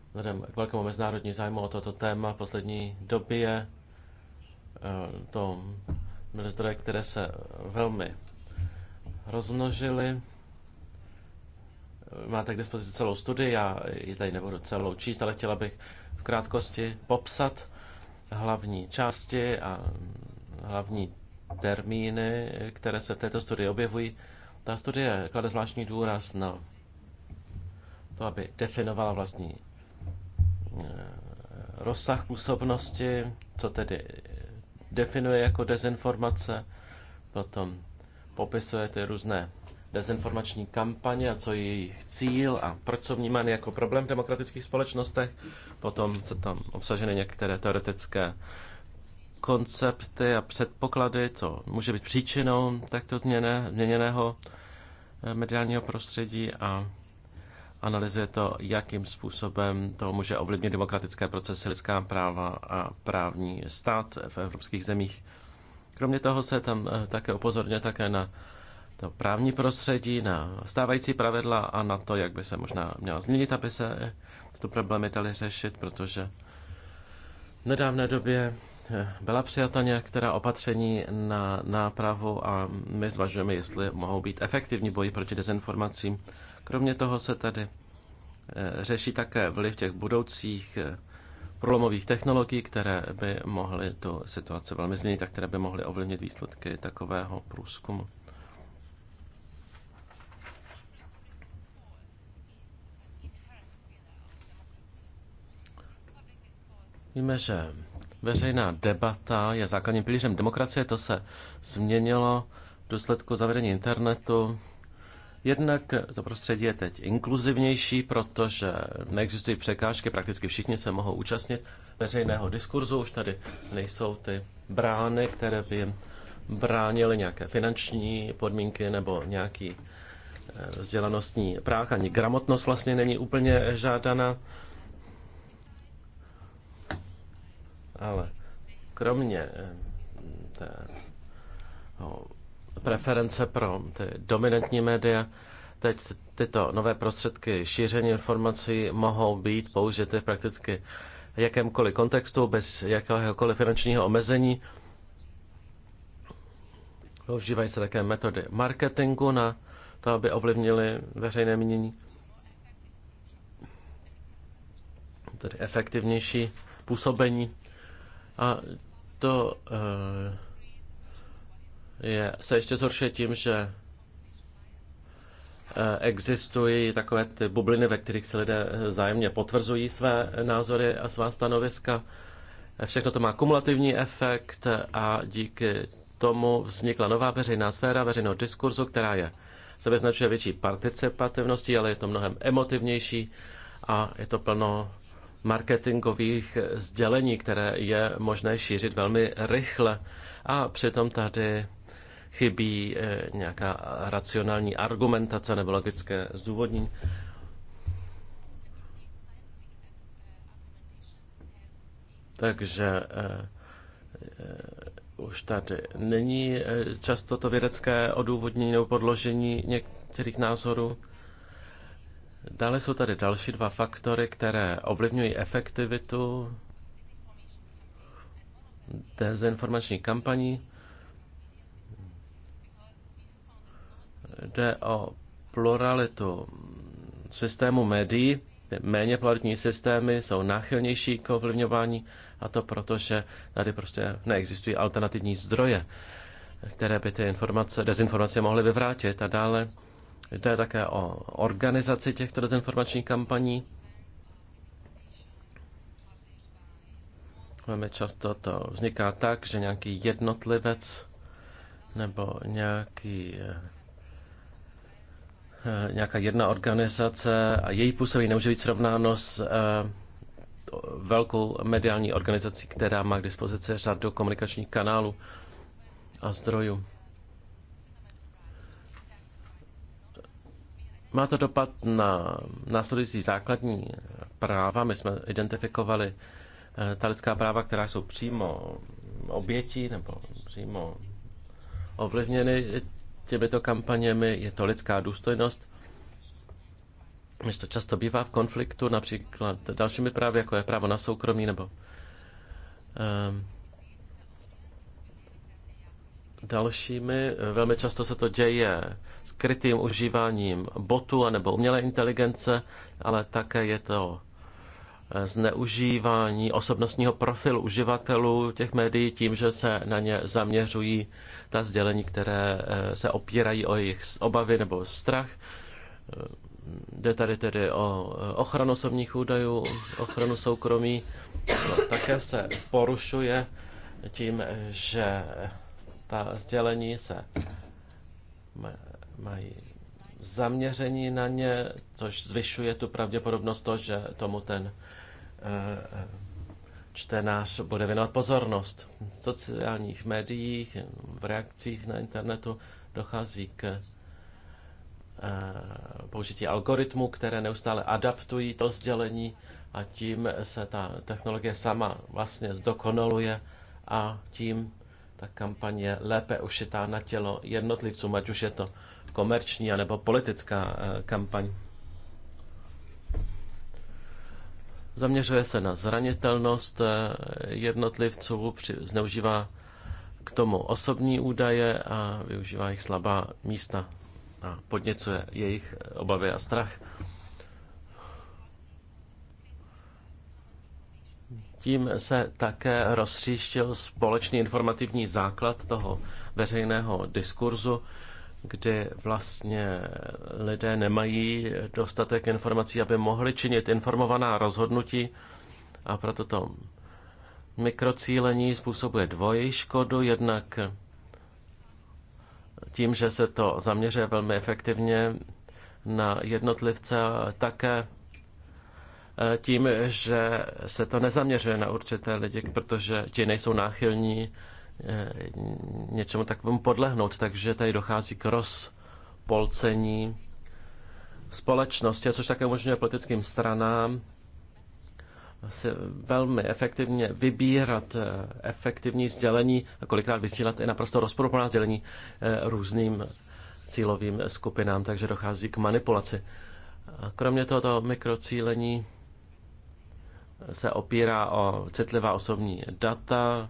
Speaker 4: Vzhledem k velkému mezinárodní zájmu o toto téma v poslední době eh, to byly zdroje, které se velmi rozmnožili. Máte k dispozici celou studii, já ji tady nebudu celou číst, ale chtěla bych v krátkosti popsat hlavní části a hlavní termíny, které se v této studii objevují. Ta studie klade zvláštní důraz na to, aby definovala vlastní eh, rozsah působnosti, co tedy definuje jako dezinformace, potom popisuje ty různé dezinformační kampaně a co je jejich cíl a proč jsou vnímány jako problém v demokratických společnostech. Potom se tam obsaženy některé teoretické koncepty a předpoklady, co může být příčinou takto změne, změněného eh, mediálního prostředí a analyzuje to, jakým způsobem to může ovlivnit demokratické procesy, lidská práva a právní stát v evropských zemích. Kromě toho se tam eh, také upozorňuje také na to právní prostředí, na stávající pravidla a na to, jak by se možná měla změnit, aby se tyto problémy dali řešit, protože v nedávné době eh, byla přijata některá opatření na nápravu a my zvažujeme, jestli mohou být efektivní boji proti dezinformacím. Kromě toho se tady eh, řeší také vliv těch budoucích průlomových technologií, které by mohly tu situaci velmi změnit a které by mohly ovlivnit výsledky takového průzkumu. Víme, že veřejná debata je základním pilířem demokracie, to se změnilo v důsledku zavedení internetu. Jednak to prostředí je teď inkluzivnější, protože neexistují překážky, prakticky všichni se mohou účastnit veřejného diskurzu, už tady nejsou ty brány, které by jim bránily nějaké finanční podmínky nebo nějaký eh, vzdělanostní práh, ani gramotnost vlastně není úplně žádana. Ale kromě eh, té no, preference pro ty dominantní média. Teď tyto nové prostředky šíření informací mohou být použity v prakticky jakémkoliv kontextu, bez jakéhokoliv finančního omezení. Používají se také metody marketingu na to, aby ovlivnili veřejné mínění. Tedy efektivnější působení. A to eh, je, se ještě zhoršuje tím, že eh, existují takové ty bubliny, ve kterých se lidé eh, zájemně potvrzují své názory a svá stanoviska. Všechno to má kumulativní efekt a díky tomu vznikla nová veřejná sféra veřejného diskurzu, která je se vyznačuje větší participativností, ale je to mnohem emotivnější a je to plno marketingových sdělení, které je možné šířit velmi rychle. A přitom tady chybí eh, nějaká racionální argumentace nebo logické zdůvodnění. Takže eh, eh, už tady není často to vědecké odůvodnění nebo podložení některých názorů. Dále jsou tady další dva faktory, které ovlivňují efektivitu dezinformační kampaní. Jde o pluralitu systému médií. Méně pluralitní systémy jsou náchylnější k ovlivňování a to proto, že tady prostě neexistují alternativní zdroje, které by ty informace, dezinformace mohly vyvrátit a dále. Jde také o organizaci těchto dezinformačních kampaní. Velmi často to vzniká tak, že nějaký jednotlivec nebo nějaký eh, Eh, nějaká jedna organizace a její působení nemůže být srovnáno s eh, velkou mediální organizací, která má k dispozici řadu komunikačních kanálů a zdrojů. Má to dopad na následující základní práva. My jsme identifikovali eh, ta lidská práva, která jsou přímo obětí nebo přímo ovlivněny těmito kampaněmi, je to lidská důstojnost, než to často bývá v konfliktu, například dalšími právy, jako je právo na soukromí nebo um, dalšími. Velmi často se to děje skrytým užíváním botu anebo umělé inteligence, ale také je to zneužívání osobnostního profilu uživatelů těch médií tím, že se na ně zaměřují ta sdělení, které eh, se opírají o jejich obavy nebo strach. Eh, jde tady tedy o eh, ochranu osobních údajů, ochranu soukromí. No, také se porušuje tím, že ta sdělení se mají zaměření na ně, což zvyšuje tu pravděpodobnost to, že tomu ten čtenář bude věnovat pozornost. V sociálních médiích, v reakcích na internetu dochází k eh, použití algoritmu, které neustále adaptují to sdělení a tím se ta technologie sama vlastně zdokonaluje a tím ta kampaň je lépe ušitá na tělo jednotlivcům, ať už je to komerční anebo politická eh, kampaň. Zaměřuje se na zranitelnost eh, jednotlivců, při, zneužívá k tomu osobní údaje a využívá jejich slabá místa a podněcuje jejich eh, obavy a strach. Tím se také rozstříštil společný informativní základ toho veřejného diskurzu, kdy vlastně lidé nemají dostatek informací, aby mohli činit informovaná rozhodnutí a proto to mikrocílení způsobuje dvojí škodu, jednak tím, že se to zaměřuje velmi efektivně na jednotlivce, také eh, tím, že se to nezaměřuje na určité lidi, protože ti nejsou náchylní Eh, něčemu takovému podlehnout, takže tady dochází k rozpolcení společnosti, což také umožňuje politickým stranám se velmi efektivně vybírat eh, efektivní sdělení a kolikrát vysílat i naprosto rozporuplná sdělení eh, různým cílovým skupinám, takže dochází k manipulaci. A kromě tohoto mikrocílení se opírá o citlivá osobní data,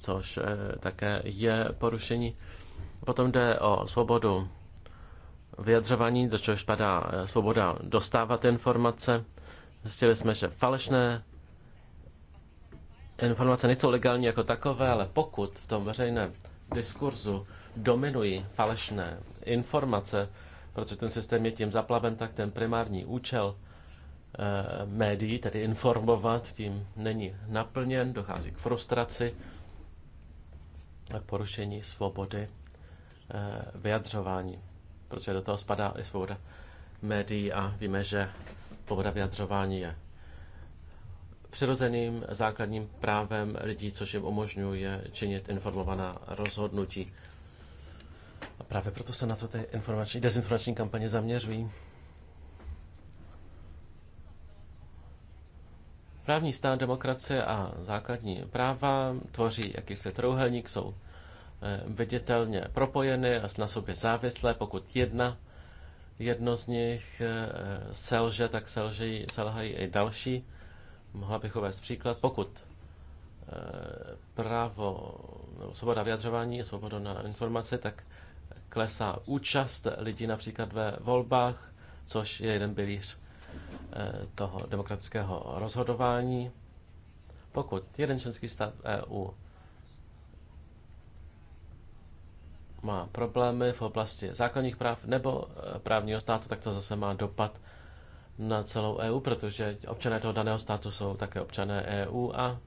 Speaker 4: což eh, také je porušení. Potom jde o svobodu vyjadřování, do čehož padá eh, svoboda dostávat informace. Zjistili jsme, že falešné informace nejsou legální jako takové, ale pokud v tom veřejném diskurzu dominují falešné informace, protože ten systém je tím zaplaven, tak ten primární účel eh, médií, tedy informovat, tím není naplněn, dochází k frustraci porušení svobody eh, vyjadřování, protože do toho spadá i svoboda médií a víme, že svoboda vyjadřování je přirozeným základním právem lidí, což jim umožňuje činit informovaná rozhodnutí. A právě proto se na to ty informační, dezinformační kampaně zaměřují. Právní stát, demokracie a základní práva tvoří jakýsi trouhelník, jsou eh, viditelně propojeny a na sobě závislé. Pokud jedna, jedno z nich eh, selže, tak selžejí, selhají i další. Mohla bych uvést příklad. Pokud eh, právo, svoboda vyjadřování, svoboda na informace, tak klesá účast lidí například ve volbách, což je jeden bilíř Eh, toho demokratického rozhodování. Pokud jeden členský stát EU má problémy v oblasti základních práv nebo eh, právního státu, tak to zase má dopad na celou EU, protože občané toho daného státu jsou také občané EU a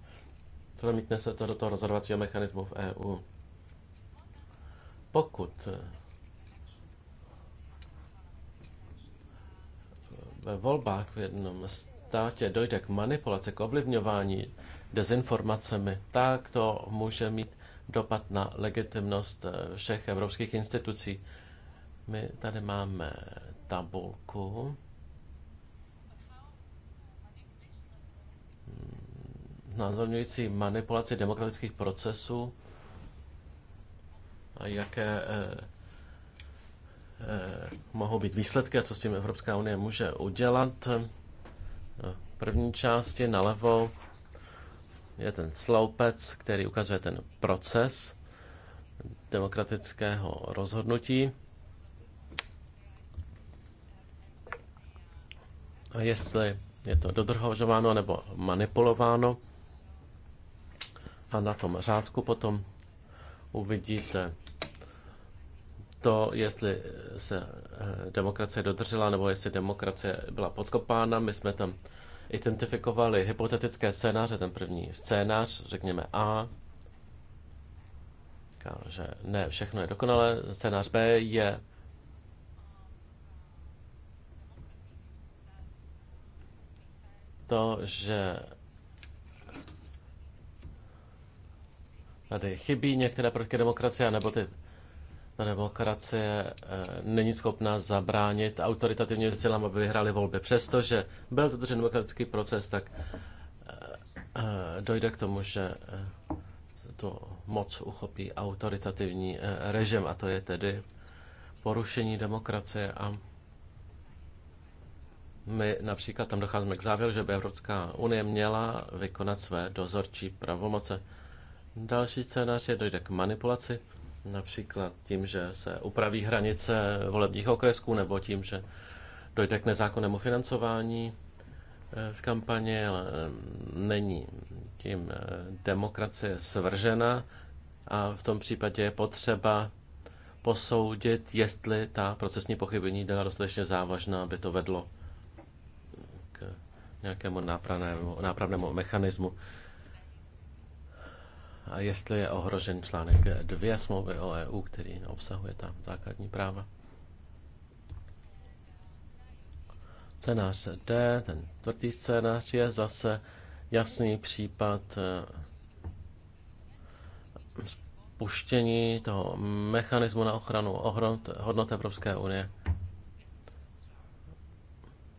Speaker 4: promítne se to do toho rozhodovacího mechanismu v EU. Pokud eh, ve volbách v jednom státě dojde k manipulaci, k ovlivňování dezinformacemi, tak to může mít dopad na legitimnost eh, všech evropských institucí. My tady máme tabulku. znázorňující hmm, manipulaci demokratických procesů a jaké eh, Eh, mohou být výsledky a co s tím Evropská unie může udělat. V eh, první části nalevo je ten sloupec, který ukazuje ten proces demokratického rozhodnutí. A jestli je to dodržováno nebo manipulováno. A na tom řádku potom uvidíte to, jestli se eh, demokracie dodržela nebo jestli demokracie byla podkopána. My jsme tam identifikovali hypotetické scénáře. Ten první scénář, řekněme A, říká, že ne, všechno je dokonalé. Scénář B je to, že tady chybí některé prvky demokracie, nebo ty demokracie eh, není schopna zabránit autoritativně silám, aby vyhráli volby. Přestože byl to demokratický proces, tak eh, eh, dojde k tomu, že to moc uchopí autoritativní režim a to je tedy porušení demokracie a my například tam docházíme k závěru, že by Evropská unie měla vykonat své dozorčí pravomoce. Další scénář je dojde k manipulaci Například tím, že se upraví hranice volebních okresků nebo tím, že dojde k nezákonnému financování eh, v kampani, ale mm, není tím eh, demokracie svržena a v tom případě je potřeba posoudit, jestli ta procesní pochybení byla dostatečně závažná, aby to vedlo k nějakému nápravnému, nápravnému mechanismu a jestli je ohrožen článek 2 smlouvy o EU, který obsahuje tam základní práva. Scénář D, ten tvrdý scénář, je zase jasný případ eh, spuštění toho mechanismu na ochranu hodnot Evropské unie,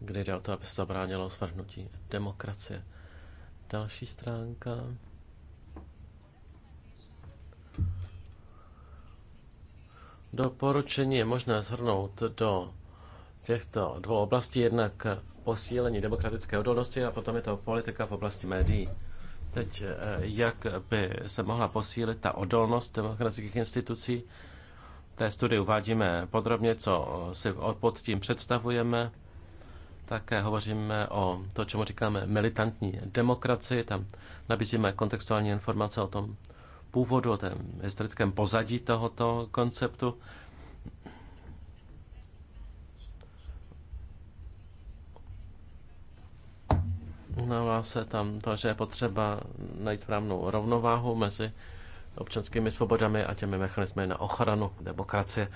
Speaker 4: kdy jde o to, aby se zabránilo svrhnutí demokracie. Další stránka. Doporučení je možné shrnout do těchto dvou oblastí, jednak posílení demokratické odolnosti a potom je to politika v oblasti médií. Teď, eh, jak by se mohla posílit ta odolnost demokratických institucí, té studii uvádíme podrobně, co si pod tím představujeme. Také hovoříme o to, čemu říkáme militantní demokracii. Tam nabízíme kontextuální informace o tom, původu, o tom historickém pozadí tohoto konceptu. Uznává se tam to, že je potřeba najít správnou rovnováhu mezi občanskými svobodami a těmi mechanismy na ochranu demokracie.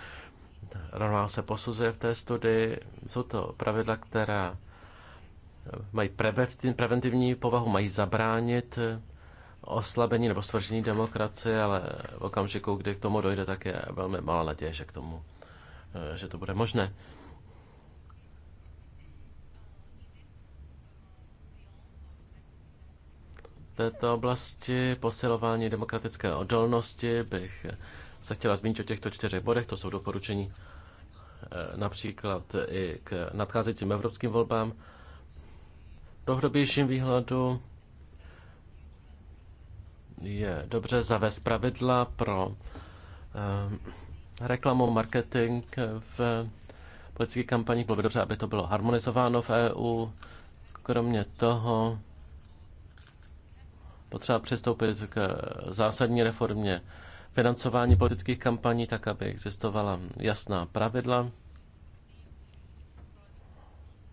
Speaker 4: Rovnováha se posuzuje v té studii. Jsou to pravidla, která mají preventivní povahu, mají zabránit oslabení nebo stvržení demokracie, ale v okamžiku, kdy k tomu dojde, tak je velmi malá naděje, že k tomu, eh, že to bude možné. V této oblasti posilování demokratické odolnosti bych se chtěla zmínit o těchto čtyřech bodech. To jsou doporučení eh, například i k nadcházejícím evropským volbám. V dlouhodobějším výhledu je dobře zavést pravidla pro eh, reklamu, marketing v politických kampaních. Bylo by dobře, aby to bylo harmonizováno v EU. Kromě toho potřeba přistoupit k zásadní reformě financování politických kampaní, tak aby existovala jasná pravidla,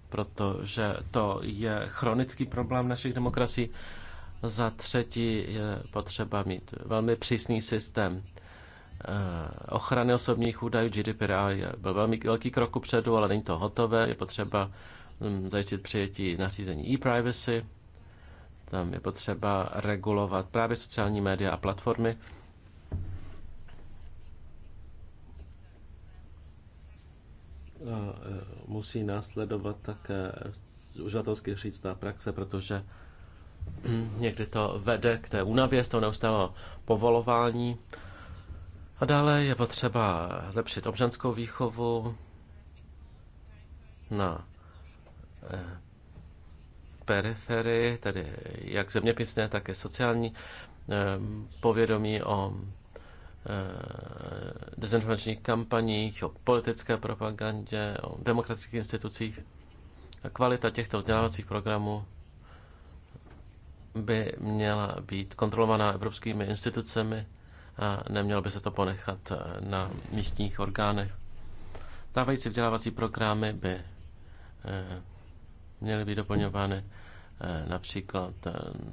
Speaker 4: protože to je chronický problém našich demokracií. Za třetí je potřeba mít velmi přísný systém eh, ochrany osobních údajů. GDPR byl velmi velký krok upředu, ale není to hotové. Je potřeba hm, zajistit přijetí nařízení e-privacy. Tam je potřeba regulovat právě sociální média a platformy. A eh, musí následovat také uživatelsky říct ta praxe, protože Někdy to vede k té únavě z toho neustálého povolování. A dále je potřeba zlepšit občanskou výchovu na eh, periferii, tedy jak zeměpisné, tak i sociální eh, povědomí o eh, dezinformačních kampaních, o politické propagandě, o demokratických institucích. A kvalita těchto vzdělávacích programů by měla být kontrolovaná evropskými institucemi a nemělo by se to ponechat eh, na místních orgánech. Stávající vzdělávací programy by eh, měly být doplňovány eh, například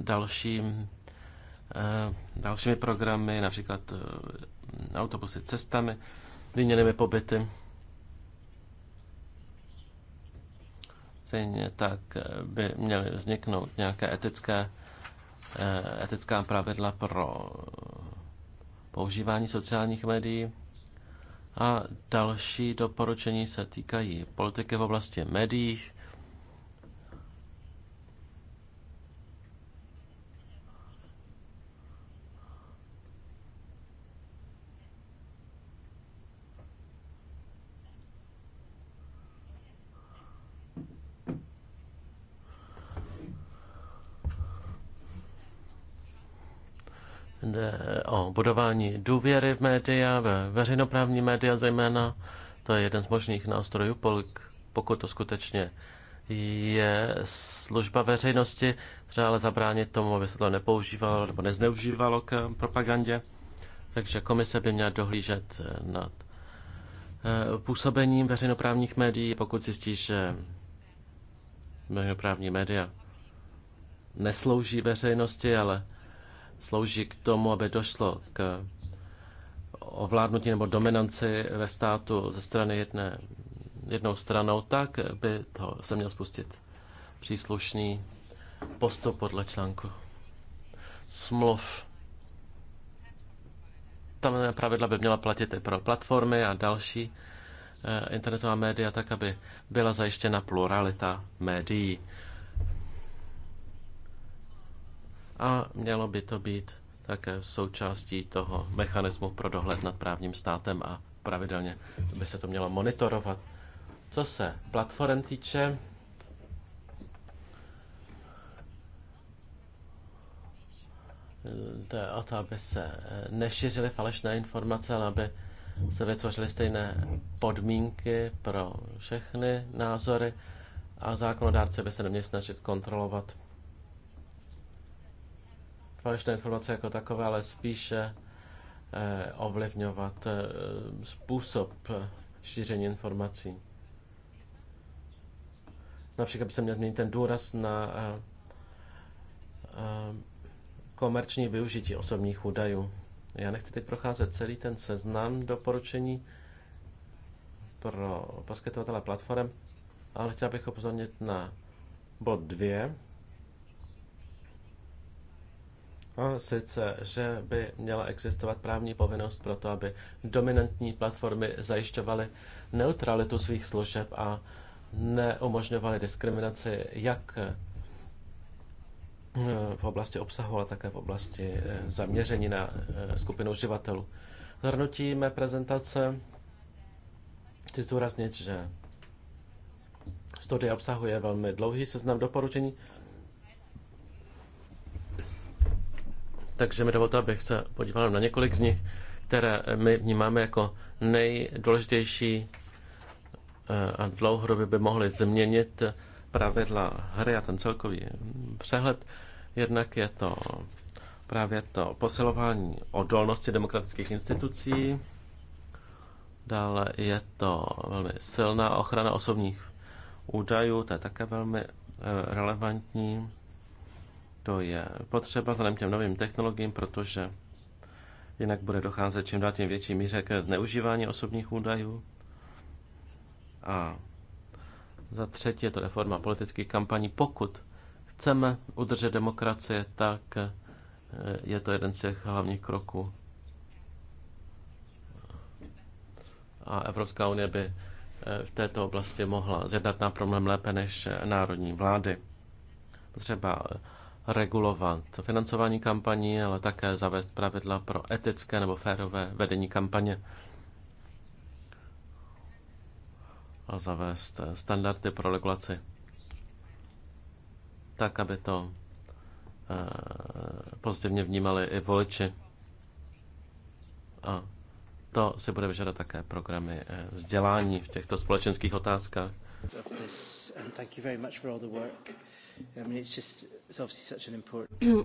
Speaker 4: dalším, dalšími programy, například autobusy cestami, výměnými pobyty. Stejně tak by měly vzniknout nějaké etické Eh, etická pravidla pro používání sociálních médií. A další doporučení se týkají politiky v oblasti médií, Eh, o budování důvěry v média, ve veřejnoprávní média zejména. To je jeden z možných nástrojů, pokud to skutečně je služba veřejnosti, třeba ale zabránit tomu, aby se to nepoužívalo nebo nezneužívalo k eh, propagandě. Takže komise by měla dohlížet eh, nad působením veřejnoprávních médií, pokud zjistí, že veřejnoprávní média neslouží veřejnosti, ale slouží k tomu, aby došlo k ovládnutí nebo dominanci ve státu ze strany jedné, jednou stranou, tak by to se měl spustit příslušný postup podle článku smluv. Tam pravidla by měla platit i pro platformy a další eh, internetová média, tak aby byla zajištěna pluralita médií. a mělo by to být také součástí toho mechanismu pro dohled nad právním státem a pravidelně by se to mělo monitorovat. Co se platform týče, je o to, aby se nešířily falešné informace, ale aby se vytvořily stejné podmínky pro všechny názory a zákonodárce by se neměl snažit kontrolovat falešné informace jako takové, ale spíše eh, ovlivňovat eh, způsob eh, šíření informací. Například by se měl změnit ten důraz na komerční využití osobních údajů. Já nechci teď procházet celý ten seznam doporučení pro poskytovatele platform, ale chtěl bych upozornit na bod 2, A sice, že by měla existovat právní povinnost pro to, aby dominantní platformy zajišťovaly neutralitu svých služeb a neumožňovaly diskriminaci jak eh, v oblasti obsahu, ale také v oblasti eh, zaměření na eh, skupinu uživatelů. Zhrnutí mé prezentace chci zdůraznit, že studie obsahuje velmi dlouhý seznam doporučení, takže mi dovolte, abych se podíval na několik z nich, které my vnímáme jako nejdůležitější eh, a dlouhodobě by mohly změnit pravidla hry a ten celkový přehled. Jednak je to právě to posilování odolnosti demokratických institucí, dále je to velmi silná ochrana osobních údajů, to je také velmi eh, relevantní. To je potřeba vzhledem těm novým technologiím, protože jinak bude docházet čím dál tím větší míře ke zneužívání osobních údajů. A za třetí je to reforma politických kampaní. Pokud chceme udržet demokracie, tak eh, je to jeden z těch hlavních kroků. A Evropská unie by eh, v této oblasti mohla zjednat na problém lépe než eh, národní vlády. Třeba regulovat financování kampaní, ale také zavést pravidla pro etické nebo férové vedení kampaně a zavést eh, standardy pro regulaci tak, aby to eh, pozitivně vnímali i voliči. A to si bude vyžadat také programy eh, vzdělání v těchto společenských otázkách.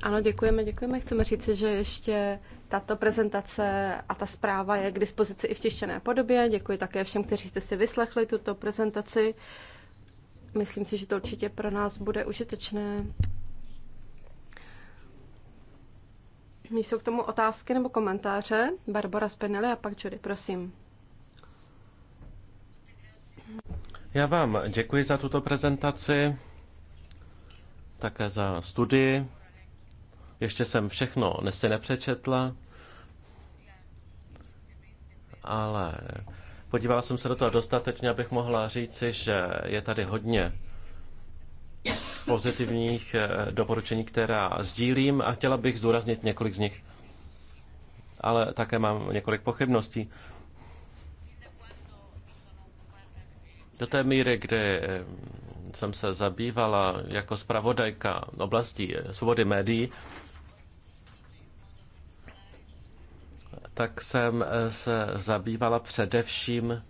Speaker 2: Ano, děkujeme, děkujeme. Chceme říci, že ještě tato prezentace a ta zpráva je k dispozici i v tištěné podobě. Děkuji také všem, kteří jste si vyslechli tuto prezentaci. Myslím si, že to určitě pro nás bude užitečné. Jsou k tomu otázky nebo komentáře? Barbara Spinelli a pak Judy, prosím.
Speaker 4: Já vám děkuji za tuto prezentaci také za studii. Ještě jsem všechno nesy nepřečetla, ale podívala jsem se do toho dostatečně, abych mohla říci, že je tady hodně pozitivních eh, doporučení, která sdílím a chtěla bych zdůraznit několik z nich. Ale také mám několik pochybností. Do té míry, kdy jsem se zabývala jako zpravodajka oblasti svobody médií, tak jsem se zabývala především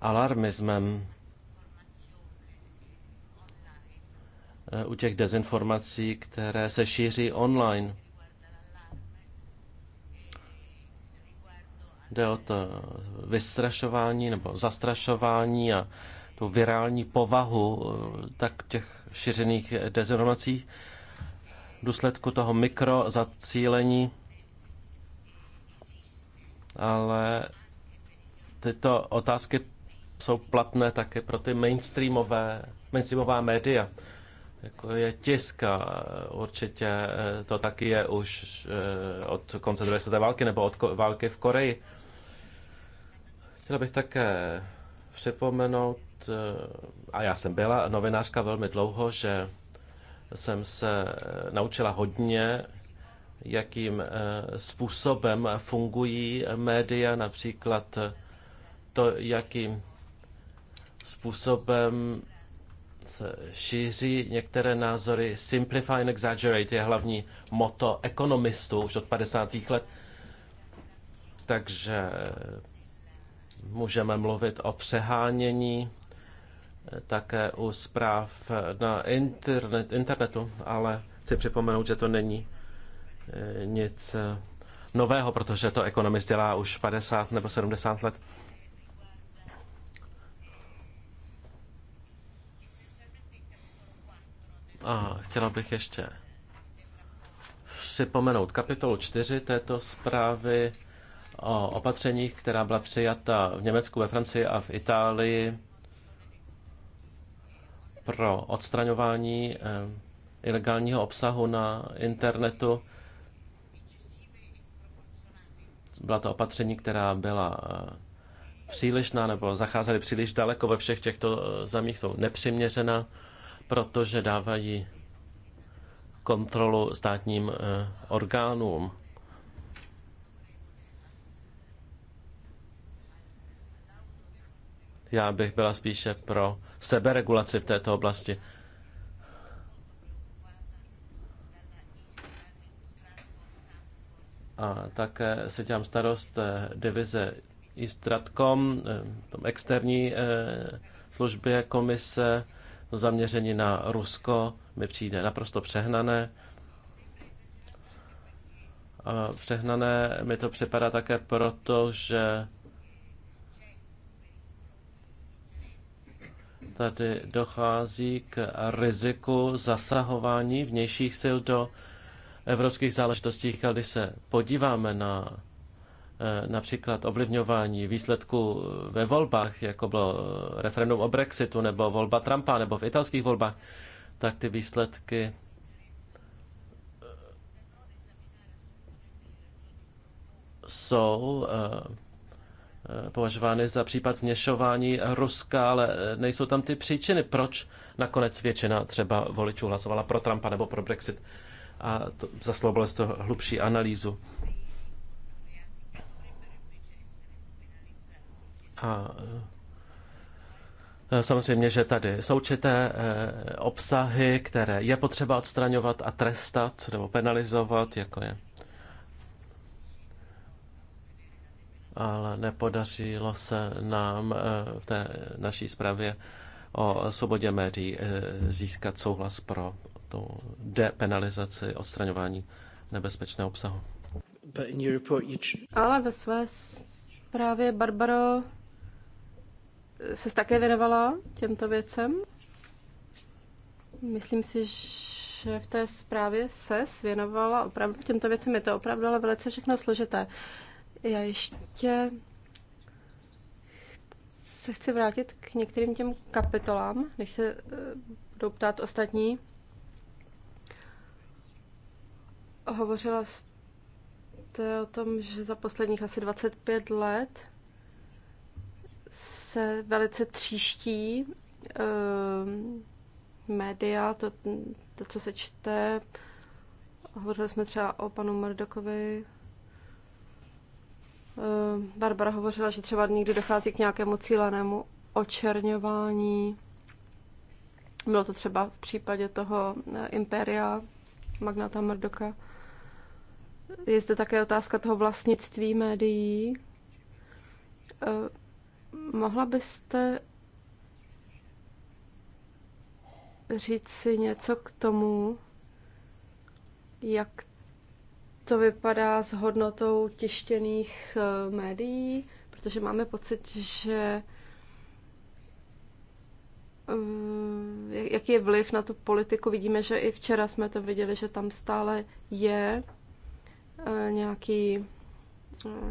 Speaker 4: alarmismem u těch dezinformací, které se šíří online. Jde o to vystrašování nebo zastrašování a tu virální povahu eh, tak těch šířených dezinformací v důsledku toho mikrozacílení, ale tyto otázky jsou platné také pro ty mainstreamové, mainstreamová média, jako je tiska, určitě eh, to taky je už eh, od konce druhé světové války nebo od války v Koreji. Chtěl bych také připomenout Eh, a já jsem byla novinářka velmi dlouho, že jsem se eh, naučila hodně, jakým eh, způsobem fungují média, například to, jakým způsobem se šíří některé názory. Simplify and exaggerate je hlavní moto ekonomistů už od 50. let. Takže můžeme mluvit o přehánění také u zpráv na internet, internetu, ale chci připomenout, že to není eh, nic eh, nového, protože to ekonomist dělá už 50 nebo 70 let. A chtěla bych ještě připomenout kapitolu 4 této zprávy o opatřeních, která byla přijata v Německu, ve Francii a v Itálii pro odstraňování eh, ilegálního obsahu na internetu. Byla to opatření, která byla eh, přílišná nebo zacházely příliš daleko ve všech těchto eh, zemích, jsou nepřiměřená, protože dávají kontrolu státním orgánům. Já bych byla spíše pro seberegulaci v této oblasti. A také se dělám starost eh, divize Istratcom, eh, tom externí eh, službě komise, to zaměření na Rusko mi přijde naprosto přehnané. A přehnané mi to připadá také proto, že tady dochází k riziku zasahování vnějších sil do evropských záležitostí. když se podíváme na eh, například ovlivňování výsledků eh, ve volbách, jako bylo eh, referendum o Brexitu nebo volba Trumpa nebo v italských volbách, tak ty výsledky jsou Eh, považovány za případ vněšování Ruska, ale eh, nejsou tam ty příčiny, proč nakonec většina třeba voličů hlasovala pro Trumpa nebo pro Brexit. A to, zasloubilo to hlubší analýzu. A eh, samozřejmě, že tady jsou určité obsahy, které je potřeba odstraňovat a trestat nebo penalizovat, jako je ale nepodařilo se nám eh, v té naší zprávě o svobodě médií eh, získat souhlas pro tu depenalizaci odstraňování nebezpečného obsahu.
Speaker 2: Ale ve své zprávě, Barbaro, se také věnovala těmto věcem? Myslím si, že v té zprávě se věnovala opravdu těmto věcem. Je to opravdu ale velice všechno složité. Já ještě se chci vrátit k některým těm kapitolám, než se eh, budou ptát ostatní. Hovořila jste o tom, že za posledních asi 25 let se velice tříští uh, média, to, to, co se čte. Hovořili jsme třeba o panu Mardokovi. Eh, Barbara hovořila, že třeba někdy dochází k nějakému cílenému očerňování. Bylo to třeba v případě toho eh, impéria Magnata Murdoka. Je zde také otázka toho vlastnictví médií. Eh, mohla byste říct si něco k tomu, jak to vypadá s hodnotou tištěných eh, médií, protože máme pocit, že eh, jaký je vliv na tu politiku. Vidíme, že i včera jsme to viděli, že tam stále je eh, nějaký,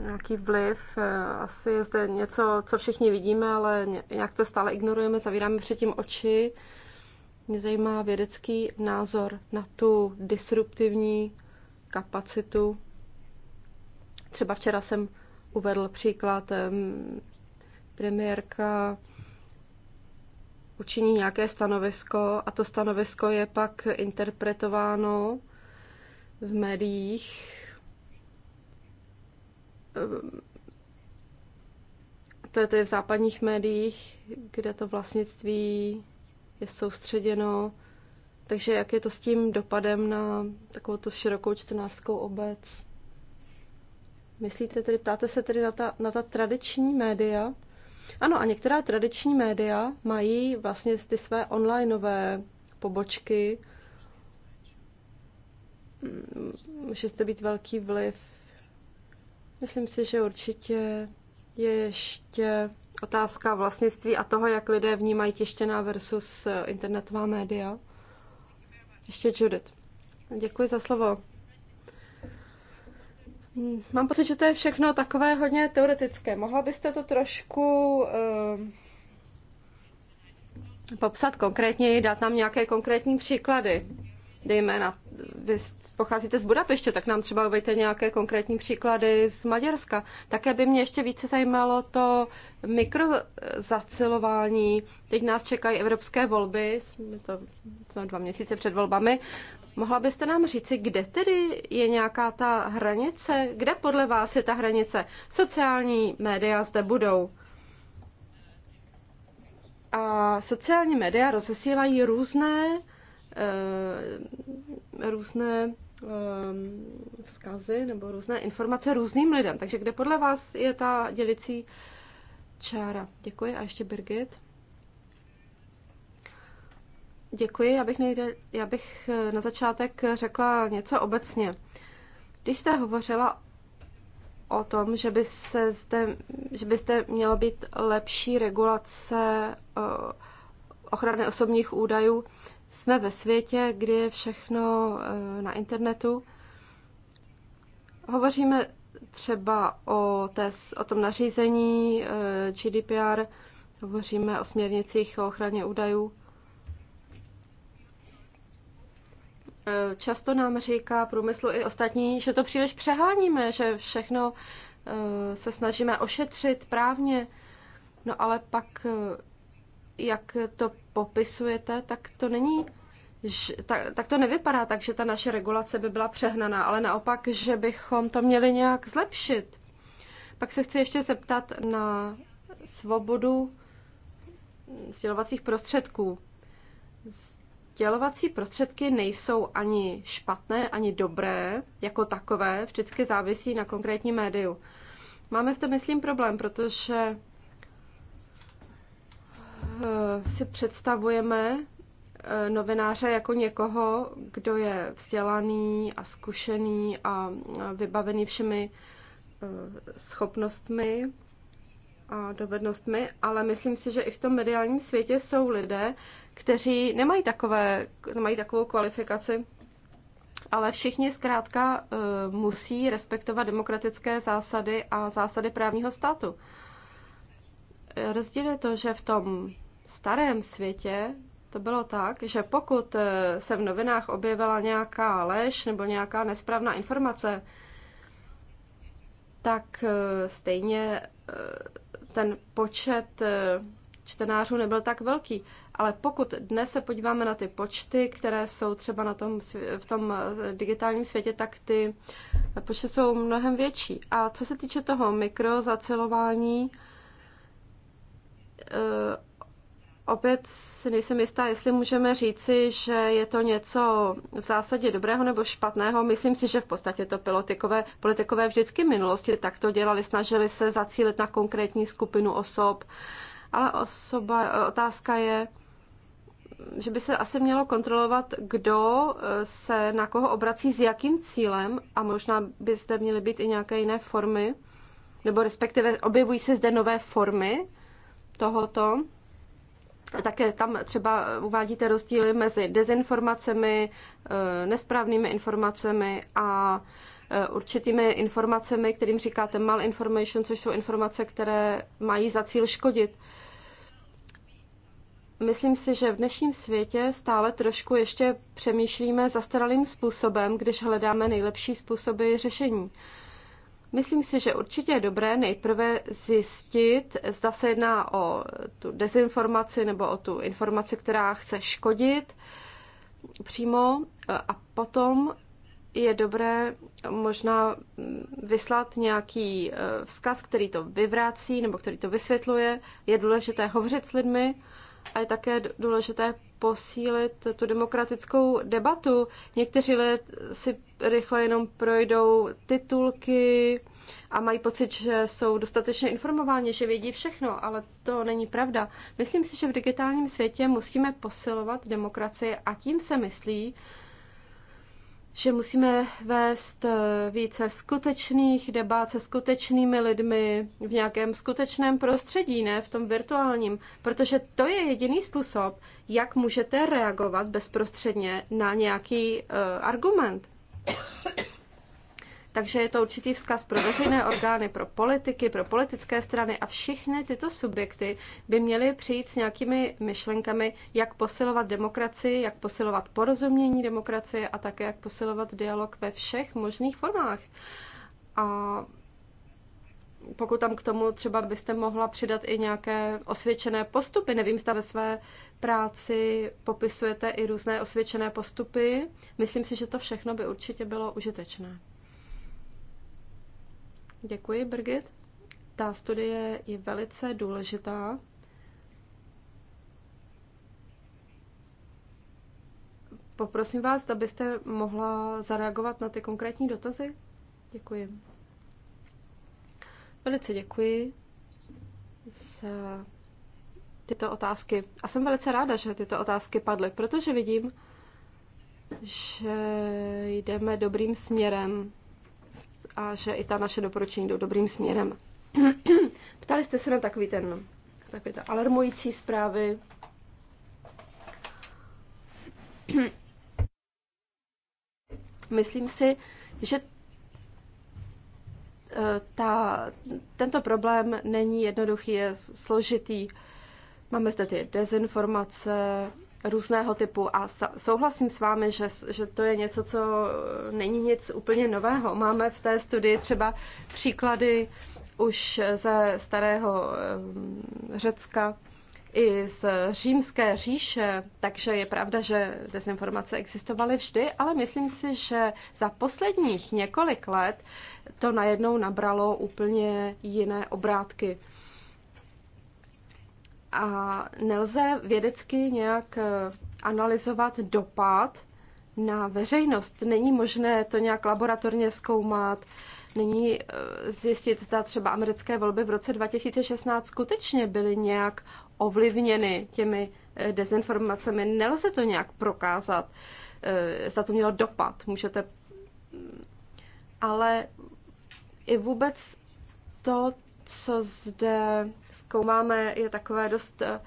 Speaker 2: nějaký vliv. Asi je zde něco, co všichni vidíme, ale nějak to stále ignorujeme, zavíráme předtím oči. Mě zajímá vědecký názor na tu disruptivní kapacitu. Třeba včera jsem uvedl příklad premiérka učiní nějaké stanovisko a to stanovisko je pak interpretováno v médiích to je tedy v západních médiích, kde to vlastnictví je soustředěno takže jak je to s tím dopadem na takovou tu širokou čtenářskou obec? Myslíte tedy, ptáte se tedy na ta, na ta tradiční média? Ano, a některá tradiční média mají vlastně ty své onlineové pobočky. Mm, může to být velký vliv. Myslím si, že určitě je ještě otázka vlastnictví a toho, jak lidé vnímají tištěná versus internetová média. Ještě Judith. Děkuji za slovo. Mám pocit, že to je všechno takové hodně teoretické. Mohla byste to trošku uh, popsat konkrétně, dát nám nějaké konkrétní příklady, dejme na vy pocházíte z Budapeště, tak nám třeba uvejte nějaké konkrétní příklady z Maďarska. Také by mě ještě více zajímalo to mikrozacilování. Teď nás čekají evropské volby, jsme to jsme dva měsíce před volbami. Mohla byste nám říci, kde tedy je nějaká ta hranice? Kde podle vás je ta hranice? Sociální média zde budou. A sociální média rozesílají různé Eh, různé eh, vzkazy nebo různé informace různým lidem. Takže kde podle vás je ta dělicí čára? Děkuji a ještě Birgit. Děkuji, já bych, nejde, já bych eh, na začátek řekla něco obecně. Když jste hovořila o tom, že, by se zde, že byste měla být lepší regulace ochrany osobních údajů, jsme ve světě, kdy je všechno eh, na internetu. Hovoříme třeba o, té, o tom nařízení eh, GDPR, hovoříme o směrnicích o ochraně údajů. Eh, často nám říká průmyslu i ostatní, že to příliš přeháníme, že všechno se snažíme ošetřit právně. No ale pak jak to popisujete, tak to není tak, tak to nevypadá tak, že ta naše regulace by byla přehnaná, ale naopak, že bychom to měli nějak zlepšit. Pak se chci ještě zeptat na svobodu sdělovacích prostředků. Sdělovací prostředky nejsou ani špatné, ani dobré jako takové, vždycky závisí na konkrétním médiu. Máme zde, myslím, problém, protože si představujeme eh, novináře jako někoho, kdo je vzdělaný a zkušený a vybavený všemi eh, schopnostmi a dovednostmi, ale myslím si, že i v tom mediálním světě jsou lidé, kteří nemají, takové, nemají takovou kvalifikaci, ale všichni zkrátka eh, musí respektovat demokratické zásady a zásady právního státu. Rozdíl je to, že v tom starém světě to bylo tak, že pokud eh, se v novinách objevila nějaká lež nebo nějaká nesprávná informace, tak eh, stejně eh, ten počet čtenářů nebyl tak velký. Ale pokud dnes se podíváme na ty počty, které jsou třeba na tom, v tom digitálním světě, tak ty počty jsou mnohem větší. A co se týče toho mikrozacelování, Opět si nejsem jistá, jestli můžeme říci, že je to něco v zásadě dobrého nebo špatného. Myslím si, že v podstatě to politikové, politikové vždycky v minulosti takto dělali, snažili se zacílit na konkrétní skupinu osob. Ale osoba, otázka je, že by se asi mělo kontrolovat, kdo eh, se na koho obrací, s jakým cílem a možná by zde měly být i nějaké jiné formy, nebo respektive objevují se zde nové formy tohoto. Také tam třeba uvádíte rozdíly mezi dezinformacemi, eh, nesprávnými informacemi a eh, určitými informacemi, kterým říkáte malinformation, což jsou informace, které mají za cíl škodit. Myslím si, že v dnešním světě stále trošku ještě přemýšlíme zastaralým způsobem, když hledáme nejlepší způsoby řešení. Myslím si, že určitě je dobré nejprve zjistit, zda se jedná o tu dezinformaci nebo o tu informaci, která chce škodit přímo a potom je dobré možná vyslat nějaký eh, vzkaz, který to vyvrácí nebo který to vysvětluje. Je důležité hovořit s lidmi a je také důležité posílit tu demokratickou debatu. Někteří lidé si rychle jenom projdou titulky a mají pocit, že jsou dostatečně informováni, že vědí všechno, ale to není pravda. Myslím si, že v digitálním světě musíme posilovat demokracii a tím se myslí, že musíme vést eh, více skutečných debat se skutečnými lidmi v nějakém skutečném prostředí, ne v tom virtuálním, protože to je jediný způsob, jak můžete reagovat bezprostředně na nějaký uh, argument. Takže je to určitý vzkaz pro veřejné orgány, pro politiky, pro politické strany a všechny tyto subjekty by měly přijít s nějakými myšlenkami, jak posilovat demokracii, jak posilovat porozumění demokracie a také jak posilovat dialog ve všech možných formách. A pokud tam k tomu třeba byste mohla přidat i nějaké osvědčené postupy, nevím, zda ve své práci popisujete i různé osvědčené postupy. Myslím si, že to všechno by určitě bylo užitečné. Děkuji, Birgit. Ta studie je velice důležitá. Poprosím vás, abyste mohla zareagovat na ty konkrétní dotazy. Děkuji. Velice děkuji za tyto otázky. A jsem velice ráda, že tyto otázky padly, protože vidím, že jdeme dobrým směrem a že i ta naše doporučení jdou dobrým směrem. *clears throat* Ptali jste se na takový ten, takový ten alarmující zprávy. *clears throat* Myslím si, že eh, ta, tento problém není jednoduchý, je složitý. Máme zde ty dezinformace různého typu a souhlasím s vámi, že, že to je něco, co e, není nic úplně nového. Máme v té studii třeba příklady už ze starého Řecka i z římské říše, takže je pravda, že dezinformace existovaly vždy, ale myslím si, že za posledních několik let to najednou nabralo úplně jiné obrátky a nelze vědecky nějak eh, analyzovat dopad na veřejnost. Není možné to nějak laboratorně zkoumat, není eh, zjistit, zda třeba americké volby v roce 2016 skutečně byly nějak ovlivněny těmi eh, dezinformacemi. Nelze to nějak prokázat, zda to mělo dopad. Můžete... Ale i vůbec to co zde zkoumáme, je takové dost eh,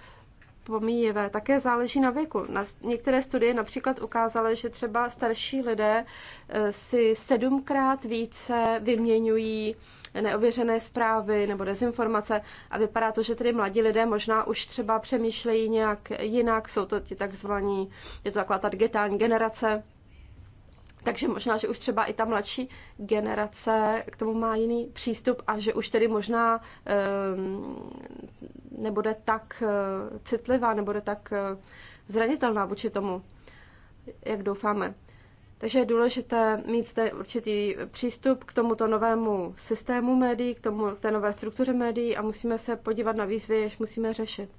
Speaker 2: pomíjivé. Také záleží na věku. Na některé studie například ukázaly, že třeba starší lidé eh, si sedmkrát více vyměňují neověřené zprávy nebo dezinformace a vypadá to, že tedy mladí lidé možná už třeba přemýšlejí nějak jinak, jsou to ti takzvaní, je to taková ta digitální generace, takže možná, že už třeba i ta mladší generace k tomu má jiný přístup a že už tedy možná um, nebude tak uh, citlivá, nebude tak uh, zranitelná vůči tomu, jak doufáme. Takže je důležité mít zde určitý přístup k tomuto novému systému médií, k, tomu, k té nové struktuře médií a musíme se podívat na výzvy, jež musíme řešit.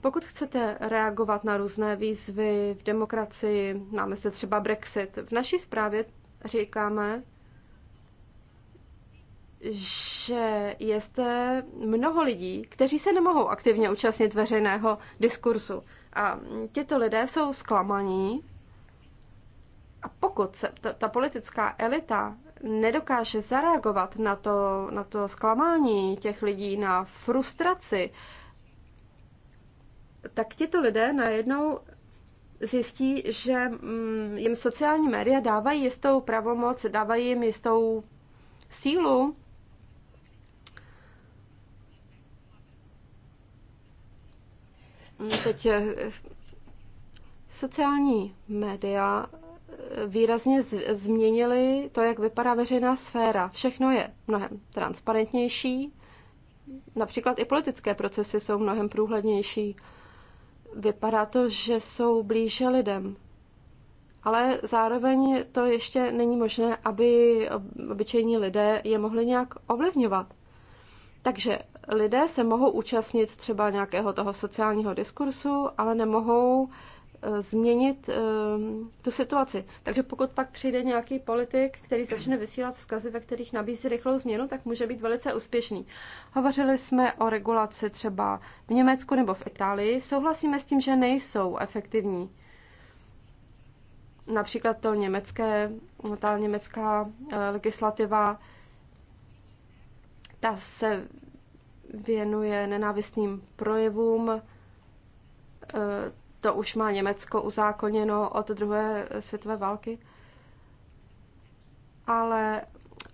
Speaker 2: Pokud chcete reagovat na různé výzvy v demokracii, máme se třeba Brexit. V naší zprávě říkáme, že je zde mnoho lidí, kteří se nemohou aktivně účastnit veřejného diskursu. A těto lidé jsou zklamaní. A pokud se ta, ta politická elita nedokáže zareagovat na to, na to zklamání těch lidí, na frustraci, tak tito lidé najednou zjistí, že mm, jim sociální média dávají jistou pravomoc, dávají jim jistou sílu. Mm, teď eh, sociální média eh, výrazně změnily to, jak vypadá veřejná sféra. Všechno je mnohem transparentnější, například i politické procesy jsou mnohem průhlednější vypadá to, že jsou blíže lidem. Ale zároveň to ještě není možné, aby obyčejní lidé je mohli nějak ovlivňovat. Takže lidé se mohou účastnit třeba nějakého toho sociálního diskursu, ale nemohou Eh, změnit eh, tu situaci. Takže pokud pak přijde nějaký politik, který začne vysílat vzkazy, ve kterých nabízí rychlou změnu, tak může být velice úspěšný. Hovořili jsme o regulaci třeba v Německu nebo v Itálii. Souhlasíme s tím, že nejsou efektivní. Například to německé, ta německá eh, legislativa, ta se věnuje nenávistným projevům, to už má Německo uzákoněno od druhé světové války. Ale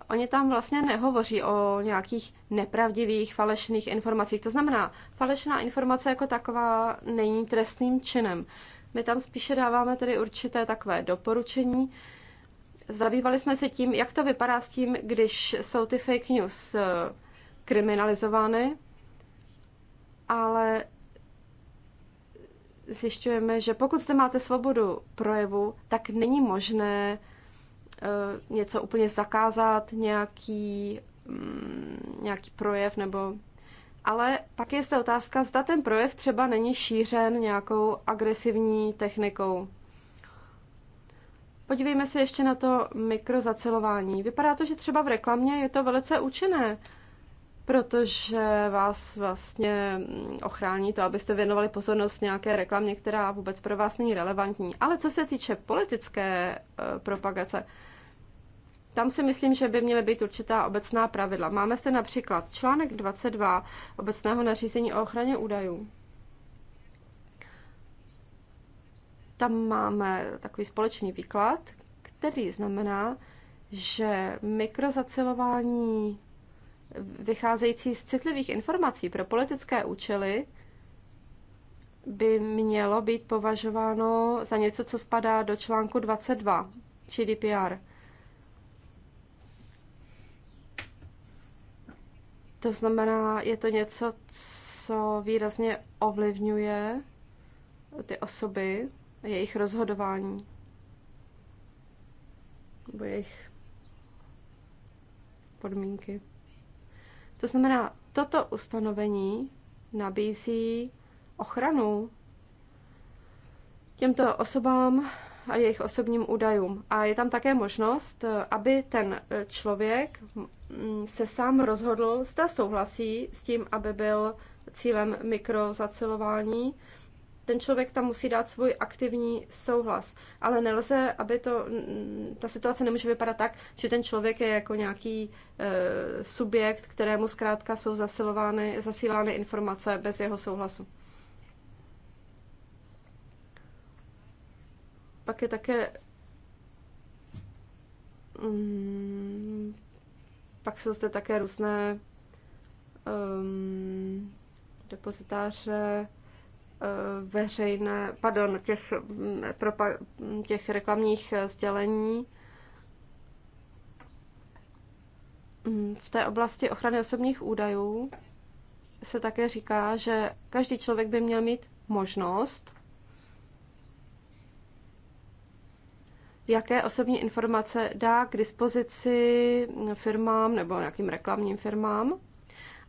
Speaker 2: oni tam vlastně nehovoří o nějakých nepravdivých, falešných informacích. To znamená, falešná informace jako taková není trestným činem. My tam spíše dáváme tedy určité takové doporučení. Zabývali jsme se tím, jak to vypadá s tím, když jsou ty fake news eh, kriminalizovány, ale zjišťujeme, že pokud zde máte svobodu projevu, tak není možné eh, něco úplně zakázat, nějaký, mm, nějaký projev nebo... Ale pak je zde otázka, zda ten projev třeba není šířen nějakou agresivní technikou. Podívejme se ještě na to mikrozacelování. Vypadá to, že třeba v reklamě je to velice účinné protože vás vlastně ochrání to, abyste věnovali pozornost nějaké reklamě, která vůbec pro vás není relevantní. Ale co se týče politické eh, propagace, tam si myslím, že by měly být určitá obecná pravidla. Máme se například článek 22 obecného nařízení o ochraně údajů. Tam máme takový společný výklad, který znamená, že mikrozacilování vycházející z citlivých informací pro politické účely by mělo být považováno za něco, co spadá do článku 22 GDPR. To znamená, je to něco, co výrazně ovlivňuje ty osoby, jejich rozhodování nebo jejich podmínky. To znamená, toto ustanovení nabízí ochranu těmto osobám a jejich osobním údajům. A je tam také možnost, aby ten člověk se sám rozhodl, zda souhlasí s tím, aby byl cílem mikrozacilování ten člověk tam musí dát svůj aktivní souhlas. Ale nelze, aby to, ta situace nemůže vypadat tak, že ten člověk je jako nějaký e, subjekt, kterému zkrátka jsou zasilovány, zasílány informace bez jeho souhlasu. Pak je také mm, pak jsou zde také různé um, depozitáře, Eh, veřejné, pardon, těch, mm, těch reklamních eh, sdělení. Mm, v té oblasti ochrany osobních údajů se také říká, že každý člověk by měl mít možnost, jaké osobní informace dá k dispozici firmám nebo nějakým reklamním firmám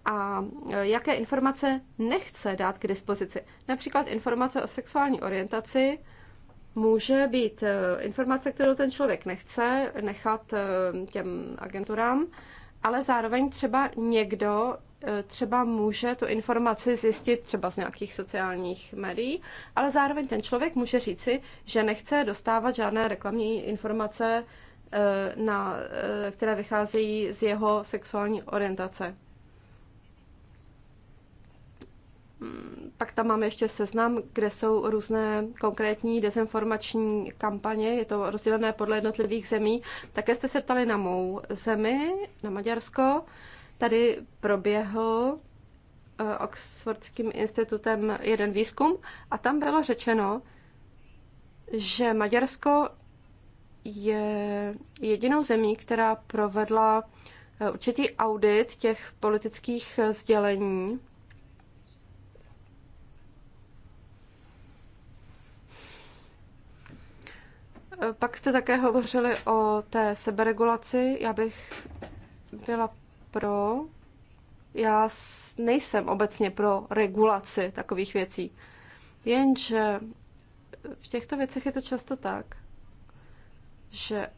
Speaker 2: a e, jaké informace nechce dát k dispozici. Například informace o sexuální orientaci může být e, informace, kterou ten člověk nechce nechat e, těm agenturám, ale zároveň třeba někdo třeba může tu informaci zjistit třeba z nějakých sociálních médií, ale zároveň ten člověk může říci, že nechce dostávat žádné reklamní informace, na, které vycházejí z jeho sexuální orientace. Pak tam máme ještě seznam, kde jsou různé konkrétní dezinformační kampaně, je to rozdělené podle jednotlivých zemí. Také jste se ptali na mou zemi, na Maďarsko. Tady proběhl eh, Oxfordským institutem jeden výzkum a tam bylo řečeno, že Maďarsko je jedinou zemí, která provedla eh, určitý audit těch politických sdělení Pak jste také hovořili o té seberegulaci. Já bych byla pro. Já nejsem obecně pro regulaci takových věcí. Jenže v těchto věcech je to často tak, že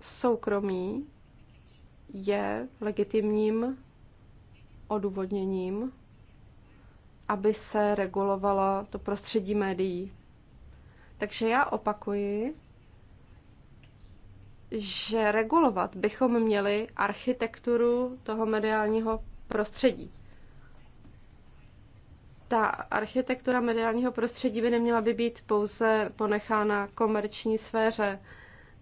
Speaker 2: soukromí je legitimním odůvodněním, aby se regulovalo to prostředí médií. Takže já opakuji, že regulovat bychom měli architekturu toho mediálního prostředí. Ta architektura mediálního prostředí by neměla by být pouze ponechána komerční sféře.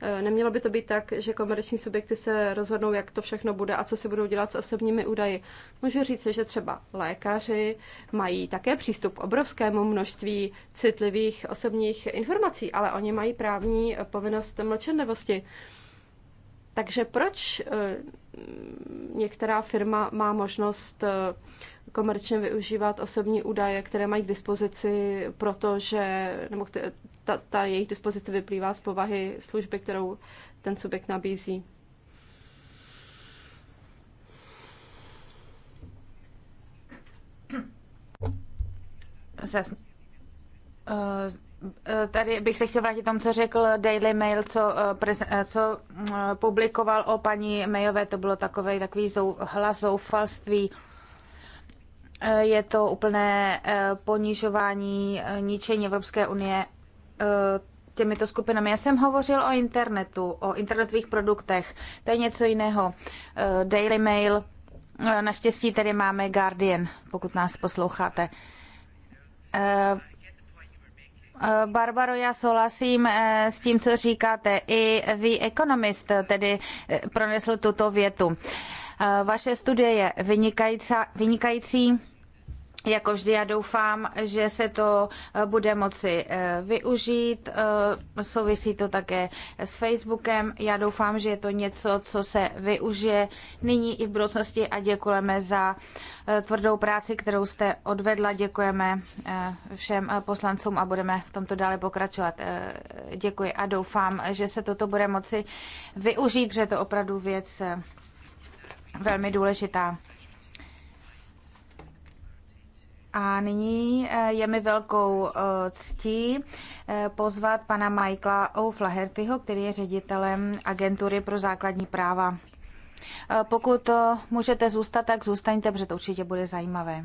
Speaker 2: Eh, nemělo by to být tak, že komerční subjekty se rozhodnou, jak to všechno bude a co se budou dělat s osobními údaji. Můžu říct, že třeba lékaři mají také přístup k obrovskému množství citlivých osobních informací, ale oni mají právní povinnost mlčenlivosti. Takže proč eh, některá firma má možnost eh, komerčně využívat osobní údaje, které mají k dispozici, protože nebo ta, ta jejich dispozice vyplývá z povahy služby, kterou ten subjekt nabízí.
Speaker 3: Zas, uh, Eh, tady bych se chtěl vrátit tomu, co řekl Daily Mail, co, eh, eh, co publikoval o paní Mayové. To bylo takové, takový zou, hlas zoufalství. Je to úplné ponižování, ničení Evropské unie těmito skupinami. Já jsem hovořil o internetu, o internetových produktech. To je něco jiného. Daily Mail, naštěstí tady máme Guardian, pokud nás posloucháte Eh, Barbaro, já souhlasím eh, s tím, co říkáte. I vy ekonomist tedy eh, pronesl tuto větu. Vaše studie je vynikající jako vždy já doufám, že se to eh, bude moci eh, využít. Eh, souvisí to také s Facebookem. Já doufám, že je to něco, co se využije nyní i v budoucnosti a děkujeme za tvrdou práci, kterou jste odvedla. Děkujeme všem poslancům a budeme v tomto dále pokračovat. Děkuji a doufám, že se toto bude moci využít, protože je to opravdu věc velmi důležitá. A nyní eh, je mi velkou eh, ctí eh, pozvat pana Michaela O'Flahertyho, který je ředitelem Agentury pro základní práva. Pokud můžete zůstat, tak zůstaňte, protože to určitě bude zajímavé.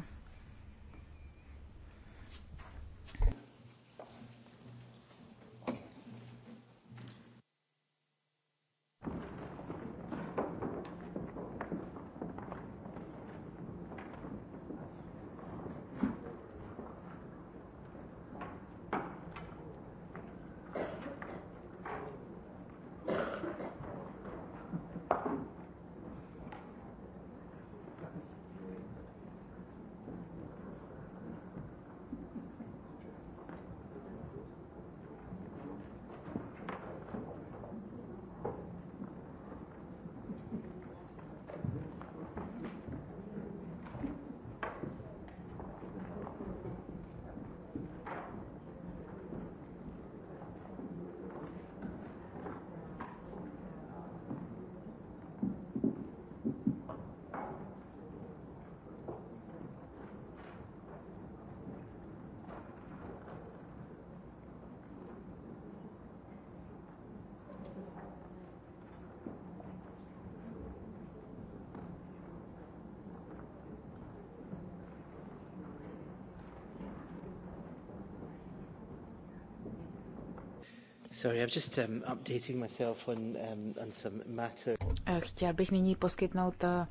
Speaker 3: Chtěl bych nyní poskytnout eh,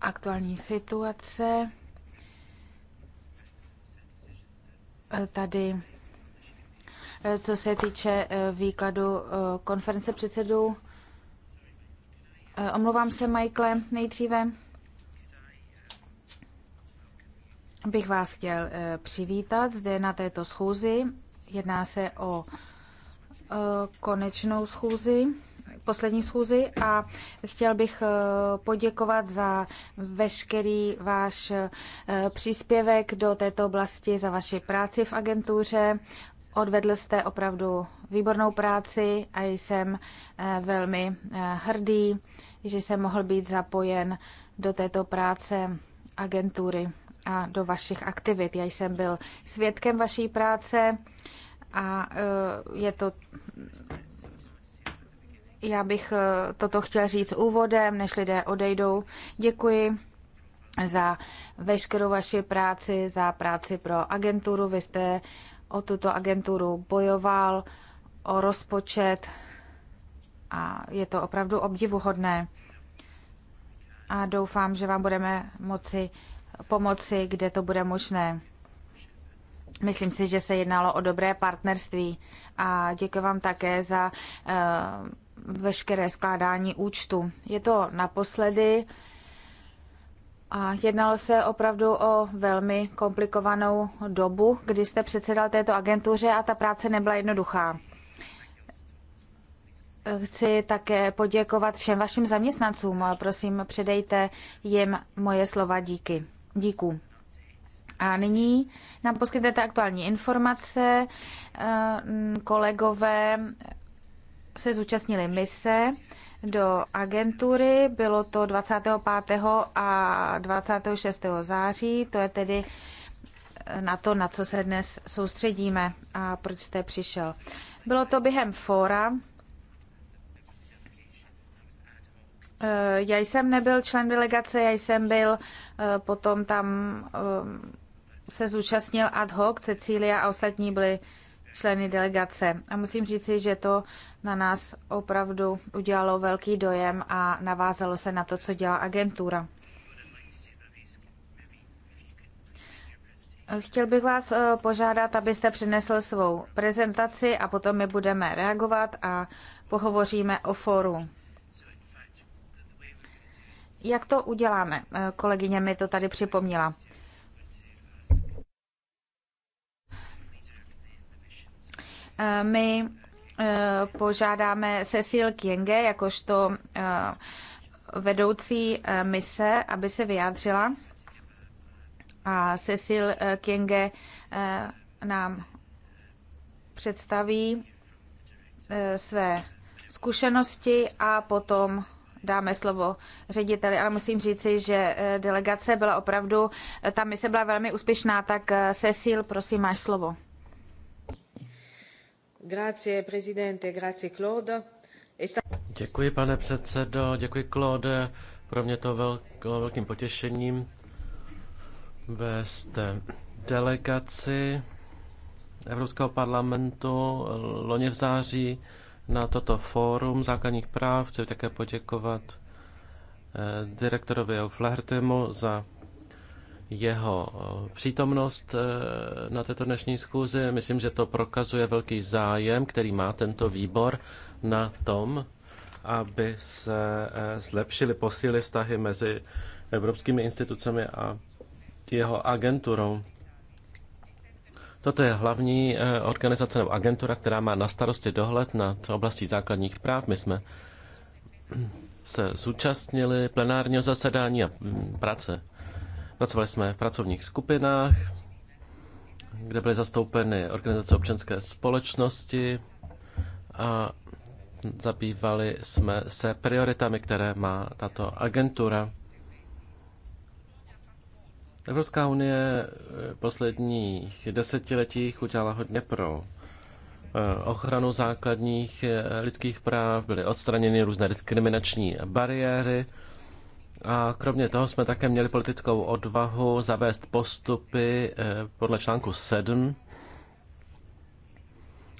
Speaker 3: aktuální situace. Eh, tady, eh, co se týče výkladu konference předsedů, omlouvám se, Michaele, nejdříve bych vás chtěl přivítat zde na této schůzi Jedná se o e, konečnou schůzi, poslední schůzi a chtěl bych e, poděkovat za veškerý váš e, příspěvek do této oblasti, za vaši práci v agentuře. Odvedl jste opravdu výbornou práci a jsem velmi hrdý, že jsem mohl být zapojen do této práce agentury a do vašich aktivit. Já jsem byl svědkem vaší práce a eh, je to. Já bych eh, toto chtěl říct úvodem, než lidé odejdou. Děkuji za veškerou vaši práci, za práci pro agenturu. Vy jste o tuto agenturu bojoval, o rozpočet a je to opravdu obdivuhodné. A doufám, že vám budeme moci pomoci, kde to bude možné. Myslím si, že se jednalo o dobré partnerství a děkuji vám také za eh, veškeré skládání účtu. Je to naposledy a jednalo se opravdu o velmi komplikovanou dobu, kdy jste předsedal této agentuře a ta práce nebyla jednoduchá. Chci také poděkovat všem vašim zaměstnancům. Prosím, předejte jim moje slova díky. Díku. A nyní nám poskytnete aktuální informace. Eh, kolegové se zúčastnili mise do agentury, bylo to 25. a 26. září, to je tedy eh, na to, na co se dnes soustředíme a proč jste přišel. Bylo to během fóra Eh, já jsem nebyl člen delegace, já jsem byl eh, potom tam eh, se zúčastnil ad hoc, Cecília a ostatní byli členy delegace. A musím říci, že to na nás opravdu udělalo velký dojem a navázalo se na to, co dělá agentura. Chtěl bych vás požádat, abyste přinesl svou prezentaci a potom my budeme reagovat a pohovoříme o fóru. Jak to uděláme? Eh, kolegyně mi to tady připomněla. Eh, my eh, požádáme Cecil Kienge, jakožto vedoucí mise, aby se vyjádřila. A Cecil Kienge nám představí své zkušenosti a potom dáme slovo řediteli, ale musím říci, že eh, delegace byla opravdu, eh, ta mise byla velmi úspěšná, tak eh, Cecil, prosím, máš slovo. Grazie, grazie, Claude.
Speaker 4: Děkuji, pane předsedo, děkuji, Claude. Pro mě to velko, velkým potěšením vést delegaci Evropského parlamentu loni v září na toto fórum základních práv. Chci také poděkovat eh, direktorovi Flahertemu za jeho eh, přítomnost eh, na této dnešní schůzi. Myslím, že to prokazuje velký zájem, který má tento výbor na tom, aby se zlepšily, posílily vztahy mezi evropskými institucemi a jeho agenturou. Toto je hlavní eh, organizace nebo agentura, která má na starosti dohled nad oblastí základních práv. My jsme se zúčastnili plenárního zasedání a mm, práce. Pracovali jsme v pracovních skupinách, kde byly zastoupeny organizace občanské společnosti a zabývali jsme se prioritami, které má tato agentura. Evropská unie v eh, posledních desetiletích udělala hodně pro eh, ochranu základních eh, lidských práv, byly odstraněny různé diskriminační bariéry a kromě toho jsme také měli politickou odvahu zavést postupy podle článku 7,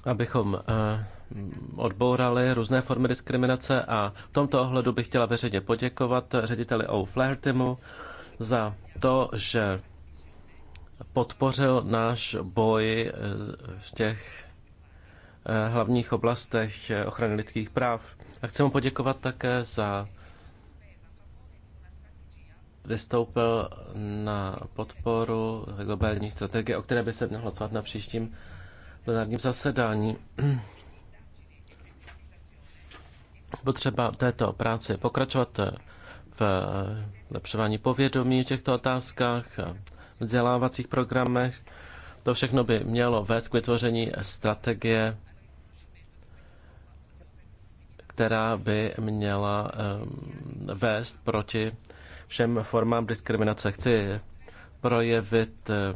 Speaker 4: abychom odbourali různé formy diskriminace a v tomto ohledu bych chtěla veřejně poděkovat řediteli O'Flahertymu, za to, že podpořil náš boj eh, v těch eh, hlavních oblastech eh, ochrany lidských práv. A chci mu poděkovat také za vystoupil na podporu globální strategie, o které by se měl hlasovat na příštím plenárním zasedání. Potřeba této práce pokračovat v eh, lepšování povědomí v těchto otázkách, vzdělávacích programech. To všechno by mělo vést k vytvoření strategie, která by měla eh, vést proti všem formám diskriminace. Chci projevit eh,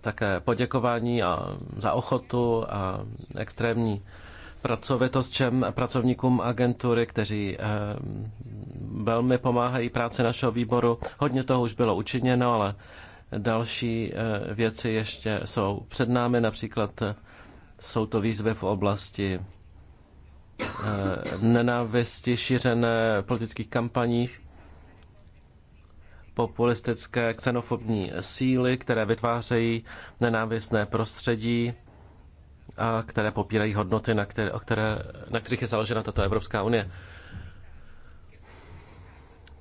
Speaker 4: také poděkování a za ochotu a extrémní pracovitost všem pracovníkům agentury, kteří eh, velmi pomáhají práci našeho výboru. Hodně toho už bylo učiněno, ale další eh, věci ještě jsou před námi, například eh, jsou to výzvy v oblasti nenávisti šířené v politických kampaních, populistické xenofobní síly, které vytvářejí nenávistné prostředí a které popírají hodnoty, na, které, které, na kterých je založena tato Evropská unie.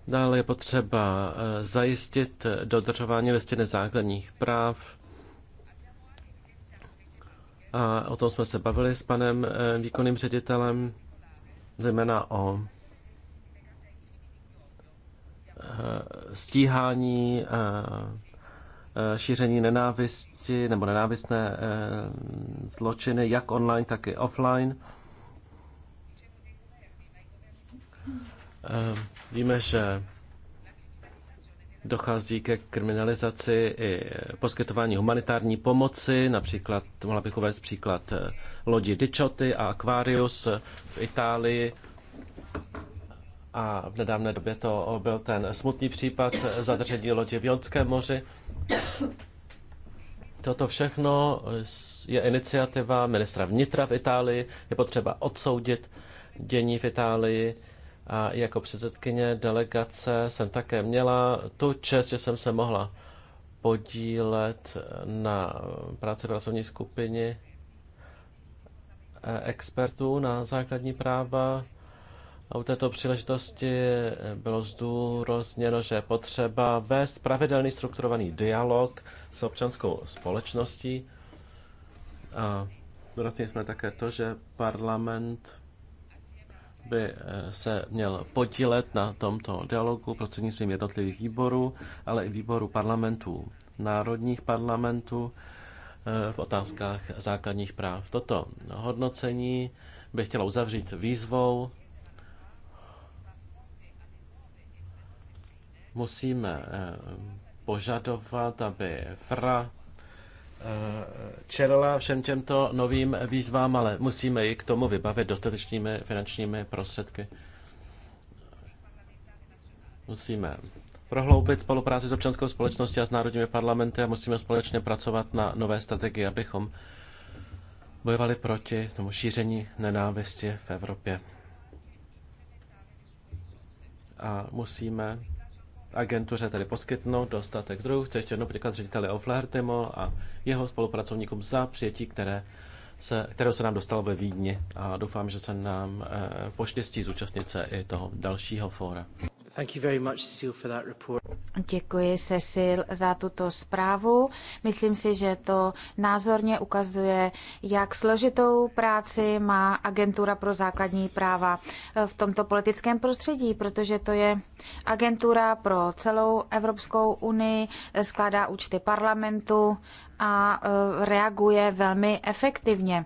Speaker 4: Dále je potřeba eh, zajistit dodržování listiny základních práv. A o tom jsme se bavili s panem eh, výkonným ředitelem, zejména o eh, stíhání Eh, šíření nenávisti nebo nenávistné eh, zločiny, jak online, tak i offline. Eh, víme, že dochází ke kriminalizaci i poskytování humanitární pomoci, například, mohla bych uvést příklad lodi Dichoty a Aquarius v Itálii, a v nedávné době to byl ten smutný případ zadržení lodi v Jonském moři. Toto všechno je iniciativa ministra vnitra v Itálii. Je potřeba odsoudit dění v Itálii. A jako předsedkyně delegace jsem také měla tu čest, že jsem se mohla podílet na práci pracovní skupiny eh, expertů na základní práva a u této příležitosti bylo zdůrozněno, že je potřeba vést pravidelný strukturovaný dialog s občanskou společností. A zdůraznili jsme také to, že parlament by eh, se měl podílet na tomto dialogu prostřednictvím jednotlivých výborů, ale i výborů parlamentů, národních parlamentů eh, v otázkách základních práv. Toto hodnocení bych chtěla uzavřít výzvou musíme eh, požadovat, aby FRA eh, čelila všem těmto novým výzvám, ale musíme ji k tomu vybavit dostatečnými finančními prostředky. Musíme prohloubit spolupráci s občanskou společností a s národními parlamenty a musíme společně pracovat na nové strategii, abychom bojovali proti tomu šíření nenávisti v Evropě. A musíme agentuře tedy poskytnout dostatek zdrojů. Chci ještě jednou poděkovat řediteli Oflahertimu a jeho spolupracovníkům za přijetí, které se, kterého se nám dostalo ve Vídni a doufám, že se nám eh, poštěstí zúčastnit se i toho dalšího fóra.
Speaker 3: Děkuji, Cecil, za tuto zprávu. Myslím si, že to názorně ukazuje, jak složitou práci má Agentura pro základní práva v tomto politickém prostředí, protože to je agentura pro celou Evropskou unii, skládá účty parlamentu a e, reaguje velmi efektivně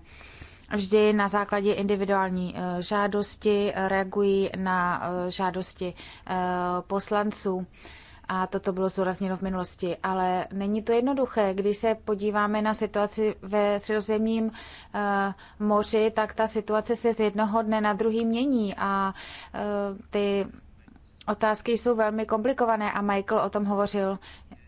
Speaker 3: vždy na základě individuální eh, žádosti, eh, reagují na eh, žádosti poslanců. A toto bylo zdůrazněno v minulosti. Ale není to jednoduché. Když se podíváme na situaci ve Středozemním moři, tak ta situace se z jednoho dne na druhý mění a ty Otázky jsou velmi komplikované a Michael o tom hovořil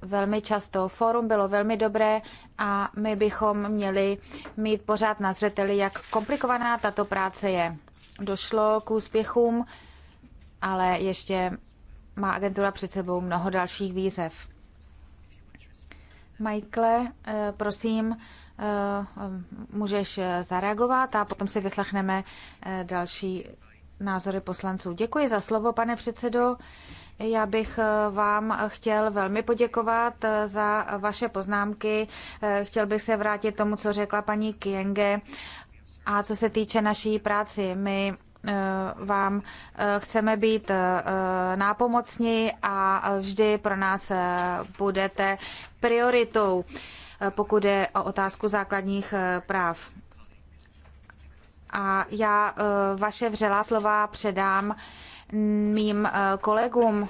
Speaker 3: velmi často. Fórum bylo velmi dobré a my bychom měli mít pořád na zřeteli, jak komplikovaná tato práce je. Došlo k úspěchům, ale ještě má agentura před sebou mnoho dalších výzev. Michael, eh, prosím, eh, můžeš eh, zareagovat a potom si vyslechneme další názory poslanců. Děkuji za slovo, pane předsedo. Já bych eh, vám chtěl velmi poděkovat eh, za vaše poznámky. Eh, chtěl bych se vrátit tomu, co řekla paní Kienge. A co se týče naší práci, my vám chceme být nápomocní a vždy pro nás budete prioritou, pokud je o otázku základních práv. A já vaše vřelá slova předám mým eh, kolegům.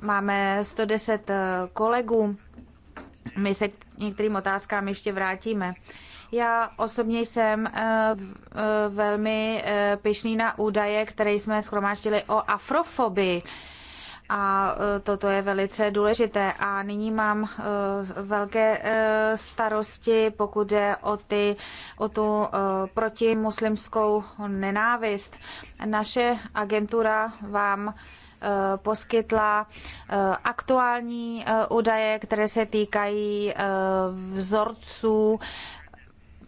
Speaker 3: Máme 110 eh, kolegů. My se k některým otázkám ještě vrátíme. Já osobně jsem eh, velmi pišný na údaje, které jsme schromáždili o afrofobii. A e, toto je velice důležité. A nyní mám e, velké e, starosti, pokud jde o, ty, o tu protimuslimskou nenávist. Naše agentura vám poskytla aktuální údaje, které se týkají vzorců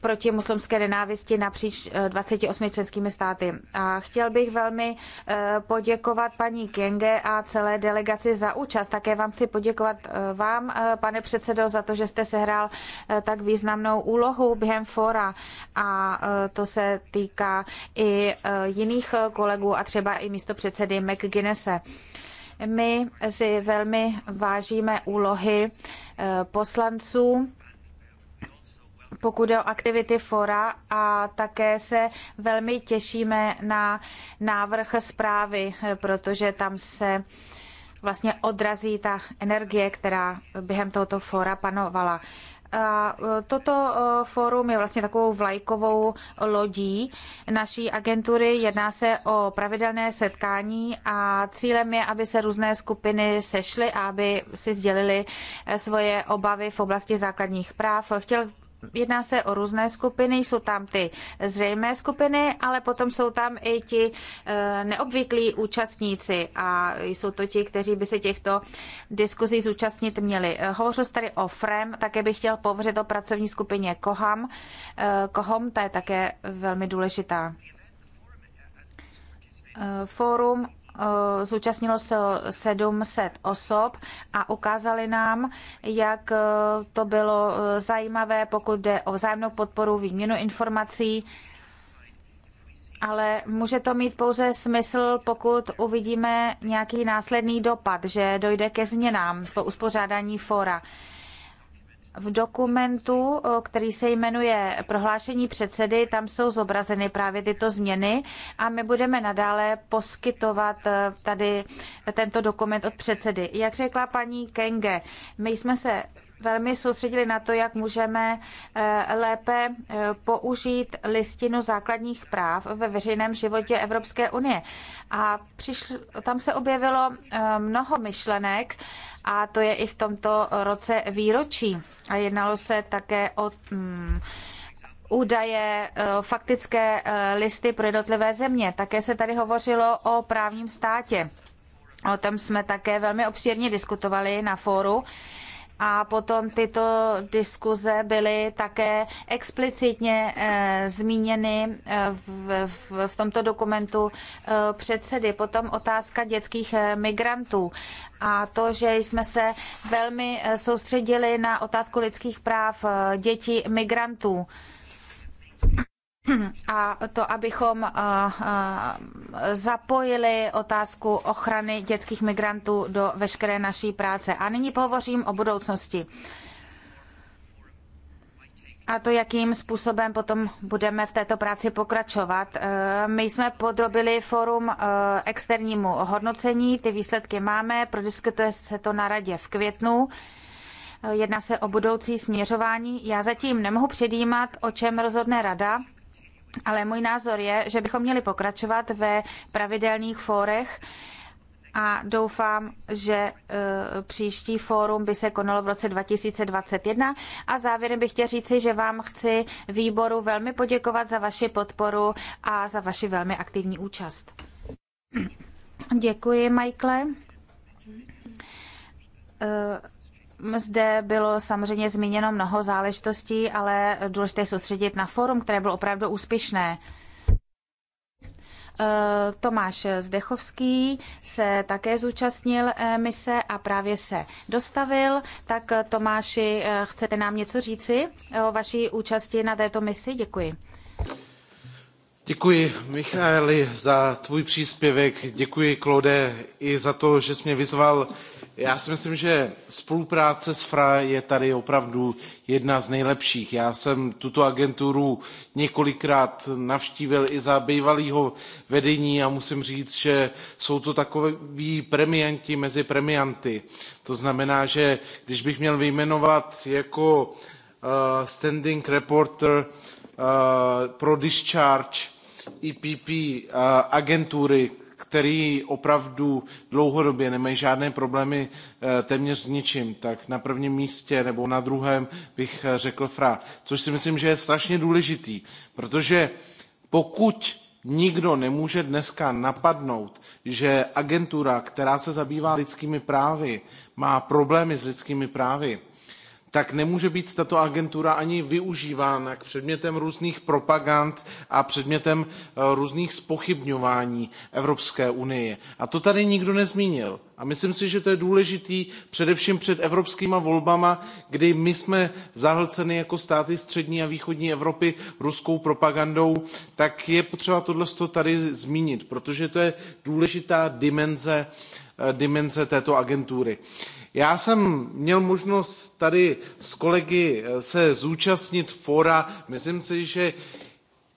Speaker 3: proti muslimské nenávisti napříč 28 eh, českými státy. A chtěl bych velmi eh, poděkovat paní Kenge a celé delegaci za účast. Také vám chci poděkovat eh, vám, pane předsedo, za to, že jste sehrál tak významnou úlohu během fora a to se týká i jiných kolegů a třeba i místo předsedy McGuinnesse. My si velmi vážíme úlohy poslanců pokud jde o aktivity fora a také se velmi těšíme na návrh zprávy, protože tam se vlastně odrazí ta energie, která během tohoto fora panovala. A e, toto e, fórum je vlastně takovou vlajkovou lodí naší agentury. Jedná se o pravidelné setkání a cílem je, aby se různé skupiny sešly a aby si sdělili e, svoje obavy v oblasti základních práv. Chtěl jedná se o různé skupiny, jsou tam ty zřejmé skupiny, ale potom jsou tam i ti eh, neobvyklí účastníci a jsou to ti, kteří by se těchto diskuzí zúčastnit měli. Eh, hovořil jste tady o FREM, také bych chtěl povřet o pracovní skupině KOHAM. Eh, KOHOM, ta je také velmi důležitá. Fórum Eh, zúčastnilo se 700 osob a ukázali nám, jak eh, to bylo eh, zajímavé, pokud jde o vzájemnou podporu, výměnu informací, ale může to mít pouze smysl, pokud uvidíme nějaký následný dopad, že dojde ke změnám po uspořádání fora. V dokumentu, který se jmenuje Prohlášení předsedy, tam jsou zobrazeny právě tyto změny a my budeme nadále poskytovat e, tady tento dokument od předsedy. Jak řekla paní Kenge, my jsme se velmi soustředili na to, jak můžeme eh, lépe eh, použít listinu základních práv ve veřejném životě Evropské unie. A přišl, tam se objevilo eh, mnoho myšlenek a to je i v tomto roce výročí. A jednalo se také o mm, údaje, faktické listy pro jednotlivé země. Také se tady hovořilo o právním státě. O tom jsme také velmi obšírně diskutovali na fóru. A potom tyto diskuze byly také explicitně e, zmíněny eh, v, v, v tomto dokumentu e, předsedy. Potom otázka dětských migrantů a to, že jsme se velmi soustředili na otázku lidských práv dětí migrantů. E, a to, abychom eh, eh, zapojili otázku ochrany dětských migrantů do veškeré naší práce. A nyní pohovořím o budoucnosti. A to, jakým způsobem potom budeme v této práci pokračovat. Eh, my jsme podrobili forum externímu hodnocení, ty výsledky máme, prodiskutuje se to na radě v květnu. Jedná se o budoucí směřování. Já zatím nemohu předjímat, o čem rozhodne rada, ale můj názor je, že bychom měli pokračovat ve pravidelných fórech a doufám, že e, příští fórum by se konalo v roce 2021. A závěrem bych chtěl říci, že vám chci výboru velmi poděkovat za vaši podporu a za vaši velmi aktivní účast. Děkuji, Michaele e, zde bylo samozřejmě zmíněno mnoho záležitostí, ale důležité je soustředit na fórum, které bylo opravdu úspěšné. E, Tomáš Zdechovský se také zúčastnil e, mise a právě se dostavil. Tak e, Tomáši, chcete nám něco říci o vaší účasti na této misi? Děkuji.
Speaker 5: Děkuji, Michaeli, za tvůj příspěvek. Děkuji, Klode, i za to, že jsi mě vyzval já si myslím, že spolupráce s FRA je tady opravdu jedna z nejlepších. Já jsem tuto agenturu několikrát navštívil i za bývalého vedení a musím říct, že jsou to takoví premianti mezi premianty. To znamená, že když bych měl vyjmenovat jako uh, standing reporter uh, pro discharge EPP uh, eh, agentury, který opravdu dlouhodobě nemají žádné problémy eh, téměř s ničím, tak na prvním místě nebo na druhém bych eh, řekl FRA, což si myslím, že je strašně důležitý, protože pokud nikdo nemůže dneska napadnout, že agentura, která se zabývá lidskými právy, má problémy s lidskými právy, tak nemůže být tato agentura ani využívána k předmětem různých propagand a předmětem eh, různých spochybňování Evropské unie. A to tady nikdo nezmínil. A myslím si, že to je důležitý především před evropskými volbami, kdy my jsme zahlceni jako státy střední a východní Evropy ruskou propagandou, tak je potřeba tohle tady zmínit, protože to je důležitá dimenze, eh, dimenze této agentury. Uh, já jsem měl možnost tady s kolegy eh, se zúčastnit fora. Myslím si, že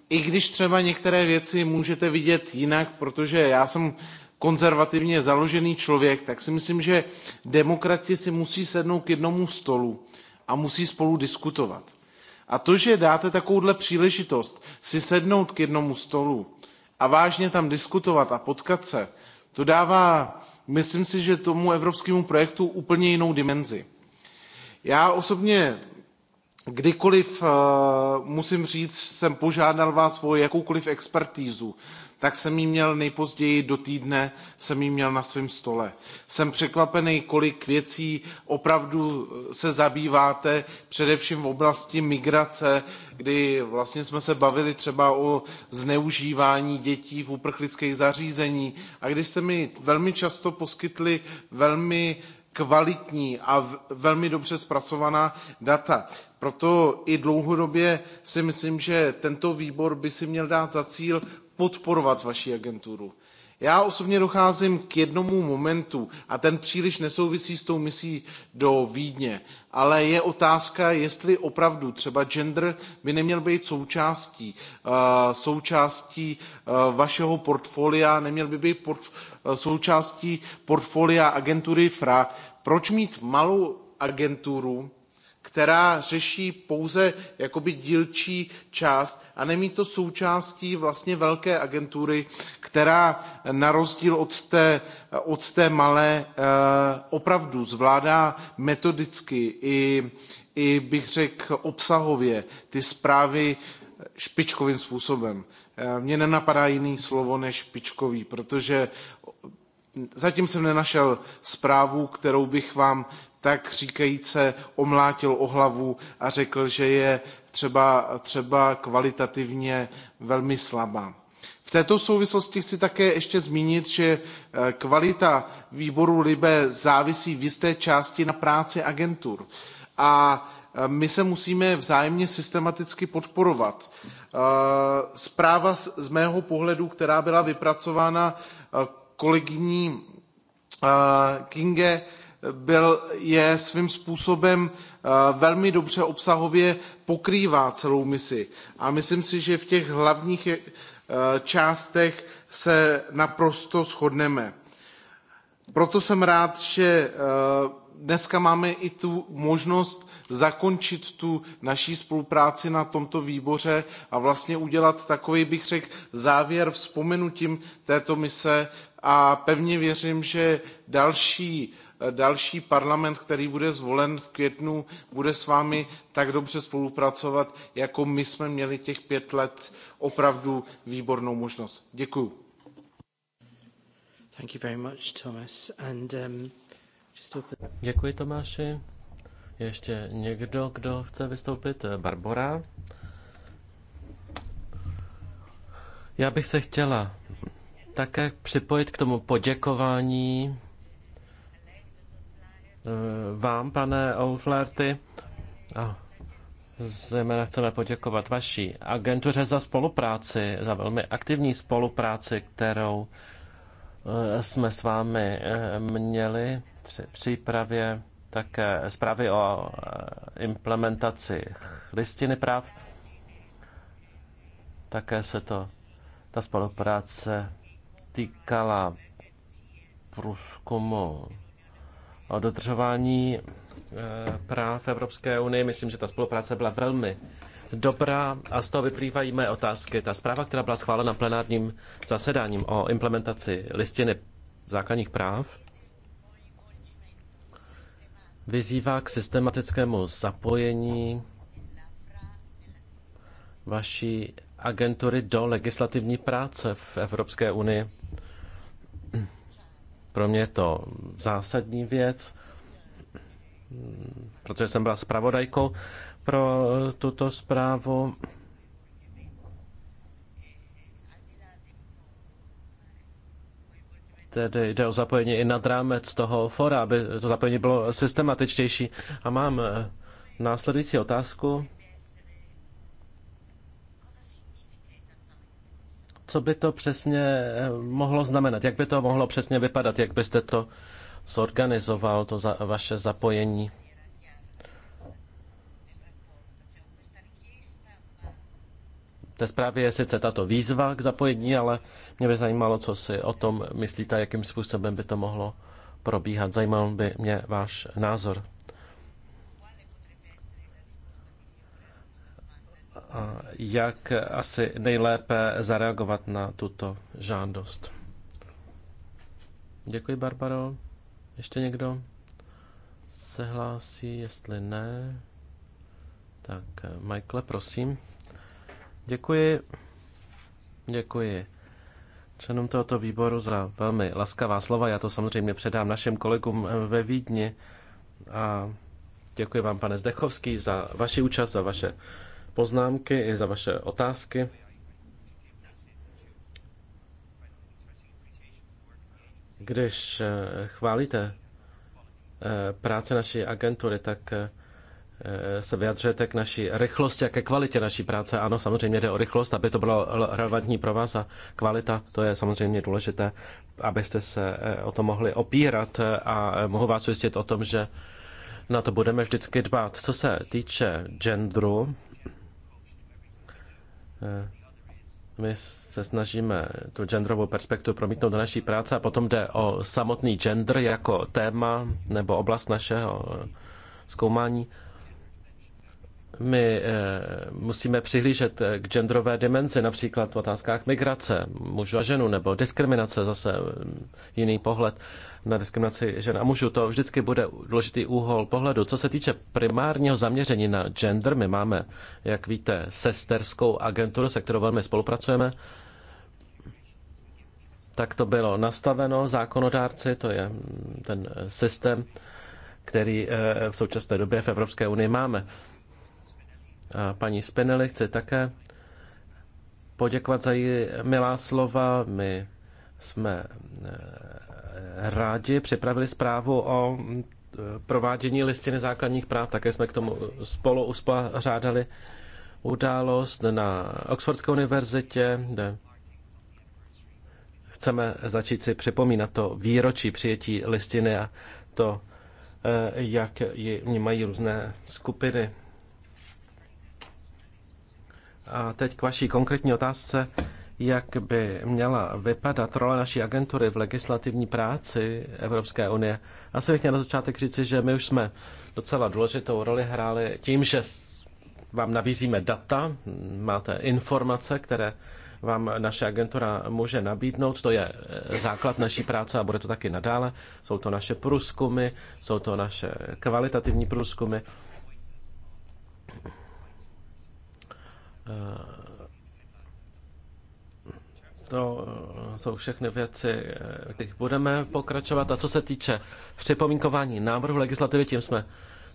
Speaker 5: i když třeba některé věci můžete vidět jinak, protože já jsem konzervativně založený člověk, tak si myslím, že demokrati si musí sednout k jednomu stolu a musí spolu diskutovat. A to, že dáte takovouhle příležitost si sednout k jednomu stolu a vážně tam diskutovat a potkat se, to dává myslím si, že tomu evropskému projektu úplně jinou dimenzi. Já osobně kdykoliv, eh, musím říct, jsem požádal vás o jakoukoliv expertízu tak jsem ji měl nejpozději do týdne, jsem ji měl na svém stole. Jsem překvapený, kolik věcí opravdu eh, se zabýváte, především v oblasti migrace, kdy vlastně jsme se bavili třeba o zneužívání dětí v uprchlických zařízení a kdy jste mi velmi často poskytli velmi kvalitní a velmi dobře zpracovaná data. Proto i dlouhodobě si myslím, že tento výbor by si měl dát za cíl podporovat vaši agenturu. Já osobně docházím k jednomu momentu a ten příliš nesouvisí s tou misí do Vídně, ale je otázka, jestli opravdu třeba gender by neměl být součástí, eh, součástí eh, vašeho portfolia, neměl by být eh, součástí portfolia agentury FRA. Proč mít malou agenturu, která řeší pouze jakoby dílčí část a nemí to součástí vlastně velké agentury, která na rozdíl od té, od té malé eh, opravdu zvládá metodicky i, i bych řekl obsahově ty zprávy špičkovým způsobem. Eh, mně nenapadá jiný slovo než špičkový, protože zatím jsem nenašel zprávu, kterou bych vám tak říkajíce omlátil o hlavu a řekl, že je třeba, třeba kvalitativně velmi slabá. V této souvislosti chci také ještě zmínit, že eh, kvalita výboru LIBE závisí v jisté části na práci agentur. A eh, my se musíme vzájemně systematicky podporovat. Eh, zpráva z mého pohledu, která byla vypracována kolegyní Kinge, byl, je svým způsobem eh, velmi dobře obsahově pokrývá celou misi. A myslím si, že v těch hlavních eh, částech se naprosto shodneme. Proto jsem rád, že eh, dneska máme i tu možnost zakončit tu naší spolupráci na tomto výboře a vlastně udělat takový, bych řekl, závěr vzpomenutím této mise a pevně věřím, že další Eh, další parlament, který bude zvolen v květnu, bude s vámi tak dobře spolupracovat, jako my jsme měli těch pět let opravdu výbornou možnost. Děkuju.
Speaker 1: Thank you
Speaker 4: very much, Thomas. And, um, just open... Děkuji, Tomáši. Ještě někdo, kdo chce vystoupit? Eh, Barbora? Já bych se chtěla také připojit k tomu poděkování Eh, vám, pane Oflerty, A zejména chceme poděkovat vaší agentuře za spolupráci, za velmi aktivní spolupráci, kterou eh, jsme s vámi eh, měli při přípravě také zprávy o implementaci listiny práv. Také se to, ta spolupráce týkala průzkumu o dodržování eh, práv Evropské unie. Myslím, že ta spolupráce byla velmi dobrá a z toho vyplývají mé otázky. Ta zpráva, která byla schválena plenárním zasedáním o implementaci listiny základních práv, vyzývá k systematickému zapojení vaší agentury do legislativní práce v Evropské unii. Pro mě je to zásadní věc, protože jsem byla zpravodajkou pro tuto zprávu. Tedy jde o zapojení i nad rámec toho fora, aby to zapojení bylo systematičtější. A mám následující otázku. co by to přesně eh, mohlo znamenat, jak by to mohlo přesně vypadat, jak byste to zorganizoval, to za, vaše zapojení. V té zprávě je sice tato výzva k zapojení, ale mě by zajímalo, co si o tom myslíte, jakým způsobem by to mohlo probíhat. Zajímal by mě váš názor. jak asi nejlépe zareagovat na tuto žádost. Děkuji, Barbaro. Ještě někdo se hlásí? Jestli ne, tak eh, Michael, prosím. Děkuji. Děkuji členům tohoto výboru za velmi laskavá slova. Já to samozřejmě předám našim kolegům eh, ve Vídni. A děkuji vám, pane Zdechovský, za vaši účast, za vaše poznámky i za vaše otázky. Když eh, chválíte eh, práce naší agentury, tak eh, se vyjadřujete k naší rychlosti a ke kvalitě naší práce. Ano, samozřejmě jde o rychlost, aby to bylo relevantní pro vás a kvalita, to je samozřejmě důležité, abyste se o to mohli opírat a mohu vás ujistit o tom, že na to budeme vždycky dbát. Co se týče genderu, Eh, my se snažíme tu genderovou perspektivu promítnout do naší práce a potom jde o samotný gender jako téma nebo oblast našeho eh, zkoumání. My eh, musíme přihlížet k genderové dimenzi, například v otázkách migrace mužů a ženu nebo diskriminace, zase jiný pohled na diskriminaci žen a mužů. To vždycky bude důležitý úhol pohledu. Co se týče primárního zaměření na gender, my máme, jak víte, sesterskou agenturu, se kterou velmi spolupracujeme. Tak to bylo nastaveno zákonodárci, to je ten systém, který eh, v současné době v Evropské unii máme. A paní Spinelli chci také poděkovat za její milá slova. My jsme eh, rádi připravili zprávu o mm, provádění listiny základních práv. Také jsme k tomu spolu uspořádali událost na Oxfordské univerzitě, kde chceme začít si připomínat to výročí přijetí listiny a to, eh, jak ji vnímají různé skupiny. A teď k vaší konkrétní otázce jak by měla vypadat role naší agentury v legislativní práci Evropské unie. Asi bych měl na začátek říci, že my už jsme docela důležitou roli hráli tím, že vám nabízíme data, máte informace, které vám naše agentura může nabídnout. To je základ naší práce a bude to taky nadále. Jsou to naše průzkumy, jsou to naše kvalitativní průzkumy to eh, jsou všechny věci, kterých budeme pokračovat. A co se týče připomínkování návrhu legislativy, tím jsme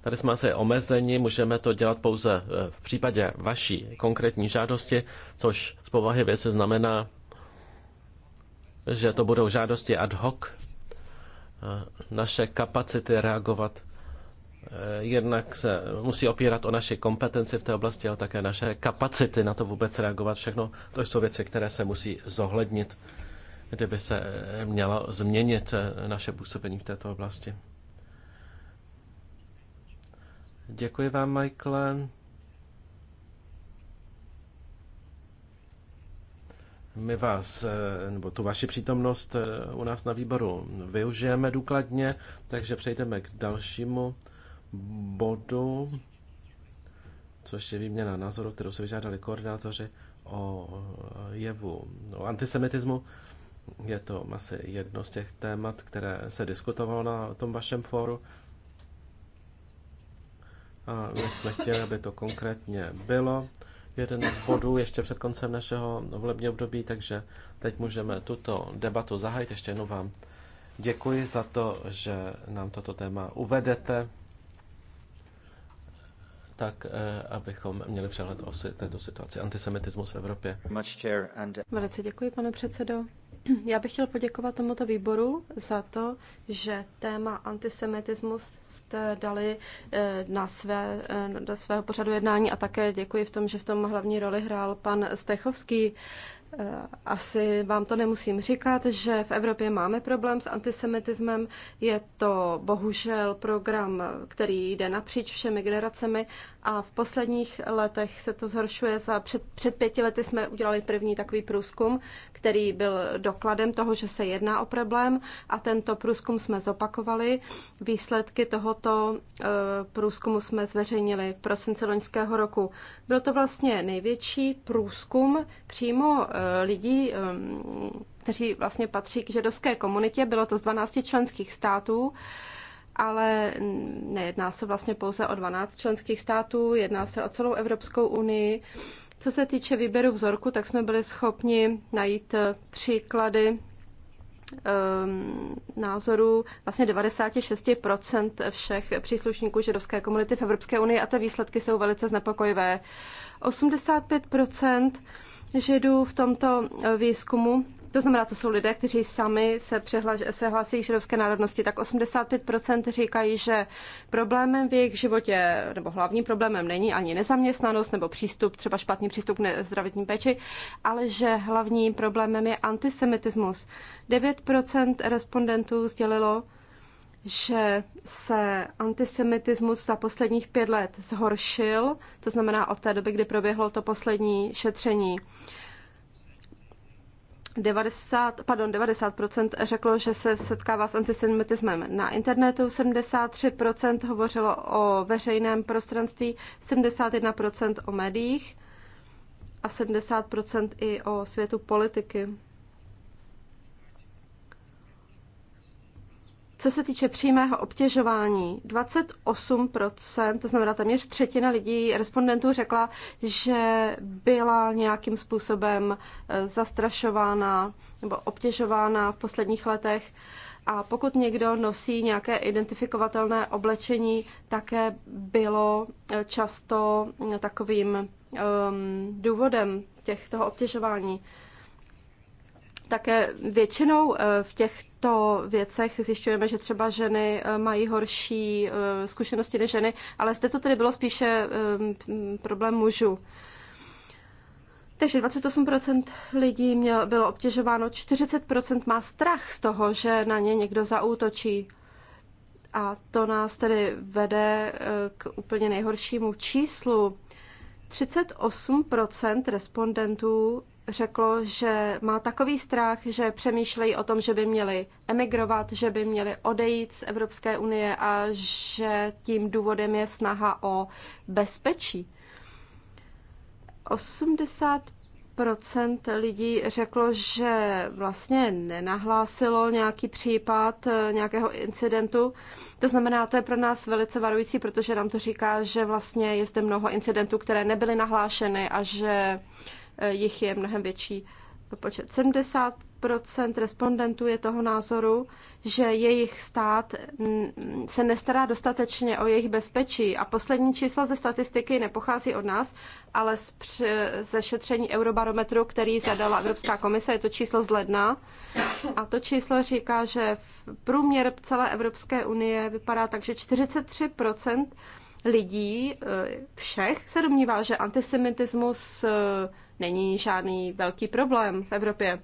Speaker 4: Tady jsme asi omezeni, můžeme to dělat pouze eh, v případě vaší konkrétní žádosti, což z povahy věci znamená, že to budou žádosti ad hoc. Eh, naše kapacity reagovat Eh, jednak se musí opírat o naše kompetenci v té oblasti, ale také naše kapacity na to vůbec reagovat. Všechno to jsou věci, které se musí zohlednit, kdyby se eh, měla změnit eh, naše působení v této oblasti. Děkuji vám, Michael. My vás, nebo tu vaši přítomnost u nás na výboru využijeme důkladně, takže přejdeme k dalšímu bodu, což je výměna názoru, kterou se vyžádali koordinátoři o jevu, o antisemitismu. Je to asi jedno z těch témat, které se diskutovalo na tom vašem fóru. A my jsme chtěli, aby to konkrétně bylo. Jeden z bodů ještě před koncem našeho volebního období, takže teď můžeme tuto debatu zahájit. Ještě jednou vám děkuji za to, že nám toto téma uvedete tak eh, abychom měli přehled o této situaci antisemitismus v Evropě. Eh,
Speaker 2: Velice děkuji, pane předsedo. *clears throat* Já bych chtěl poděkovat tomuto výboru za to, že téma antisemitismus jste dali eh, na, své, na svého pořadu jednání a také děkuji v tom, že v tom hlavní roli hrál pan Stechovský. Eh, asi vám to nemusím říkat, že v Evropě máme problém s antisemitismem. Je to bohužel program, který jde napříč všemi generacemi a v posledních letech se to zhoršuje. Za před, před pěti lety jsme udělali první takový průzkum, který byl dokladem toho, že se jedná o problém a tento průzkum jsme zopakovali. Výsledky tohoto eh, průzkumu jsme zveřejnili v prosinci loňského roku. Byl to vlastně největší průzkum přímo eh, Eh, lidí, eh, kteří vlastně patří k židovské komunitě, bylo to z 12 členských států, ale nejedná se vlastně pouze o 12 členských států, jedná se o celou Evropskou unii. Co se týče výběru vzorku, tak jsme byli schopni najít eh, příklady ehm, názoru vlastně 96% všech příslušníků židovské komunity v Evropské unii a ty výsledky jsou velice znepokojivé. 85% Židů v tomto eh, výzkumu. To znamená, to jsou lidé, kteří sami se, přihlaž, se hlásí k židovské národnosti, tak 85% říkají, že problémem v jejich životě, nebo hlavním problémem není ani nezaměstnanost nebo přístup, třeba špatný přístup k zdravotní péči, ale že hlavním problémem je antisemitismus. 9% respondentů sdělilo, že se antisemitismus za posledních pět let zhoršil, to znamená od té doby, kdy proběhlo to poslední šetření. 90, pardon, 90% řeklo, že se setkává s antisemitismem na internetu, 73% hovořilo o veřejném prostranství, 71% o médiích a 70% i o světu politiky. Co se týče přímého obtěžování, 28%, to znamená téměř třetina lidí, respondentů řekla, že byla nějakým způsobem eh, zastrašována nebo obtěžována v posledních letech. A pokud někdo nosí nějaké identifikovatelné oblečení, také bylo eh, často eh, takovým um, důvodem těch, toho obtěžování. Také většinou eh, v těchto věcech zjišťujeme, že třeba ženy eh, mají horší eh, zkušenosti než ženy, ale zde to tedy bylo spíše problém mužů. Takže 28% lidí měl, bylo obtěžováno, 40% má strach z toho, že na ně někdo zaútočí. A to nás tedy vede k úplně nejhoršímu číslu. 38% respondentů řeklo, že má takový strach, že přemýšlejí o tom, že by měli emigrovat, že by měli odejít z Evropské unie a že tím důvodem je snaha o bezpečí. 80 lidí řeklo, že vlastně nenahlásilo nějaký případ eh, nějakého incidentu. To znamená, to je pro nás velice varující, protože nám to říká, že vlastně je zde mnoho incidentů, které nebyly nahlášeny a že Eh, jich je mnohem větší počet. 70 respondentů je toho názoru, že jejich stát mm, se nestará dostatečně o jejich bezpečí. A poslední čísla ze statistiky nepochází od nás, ale z, ze šetření Eurobarometru, který zadala Evropská komise, je to číslo z ledna. A to číslo říká, že průměr celé Evropské unie vypadá tak, že 43 lidí eh, všech se domnívá, že antisemitismus eh, není žádný velký problém v Evropě.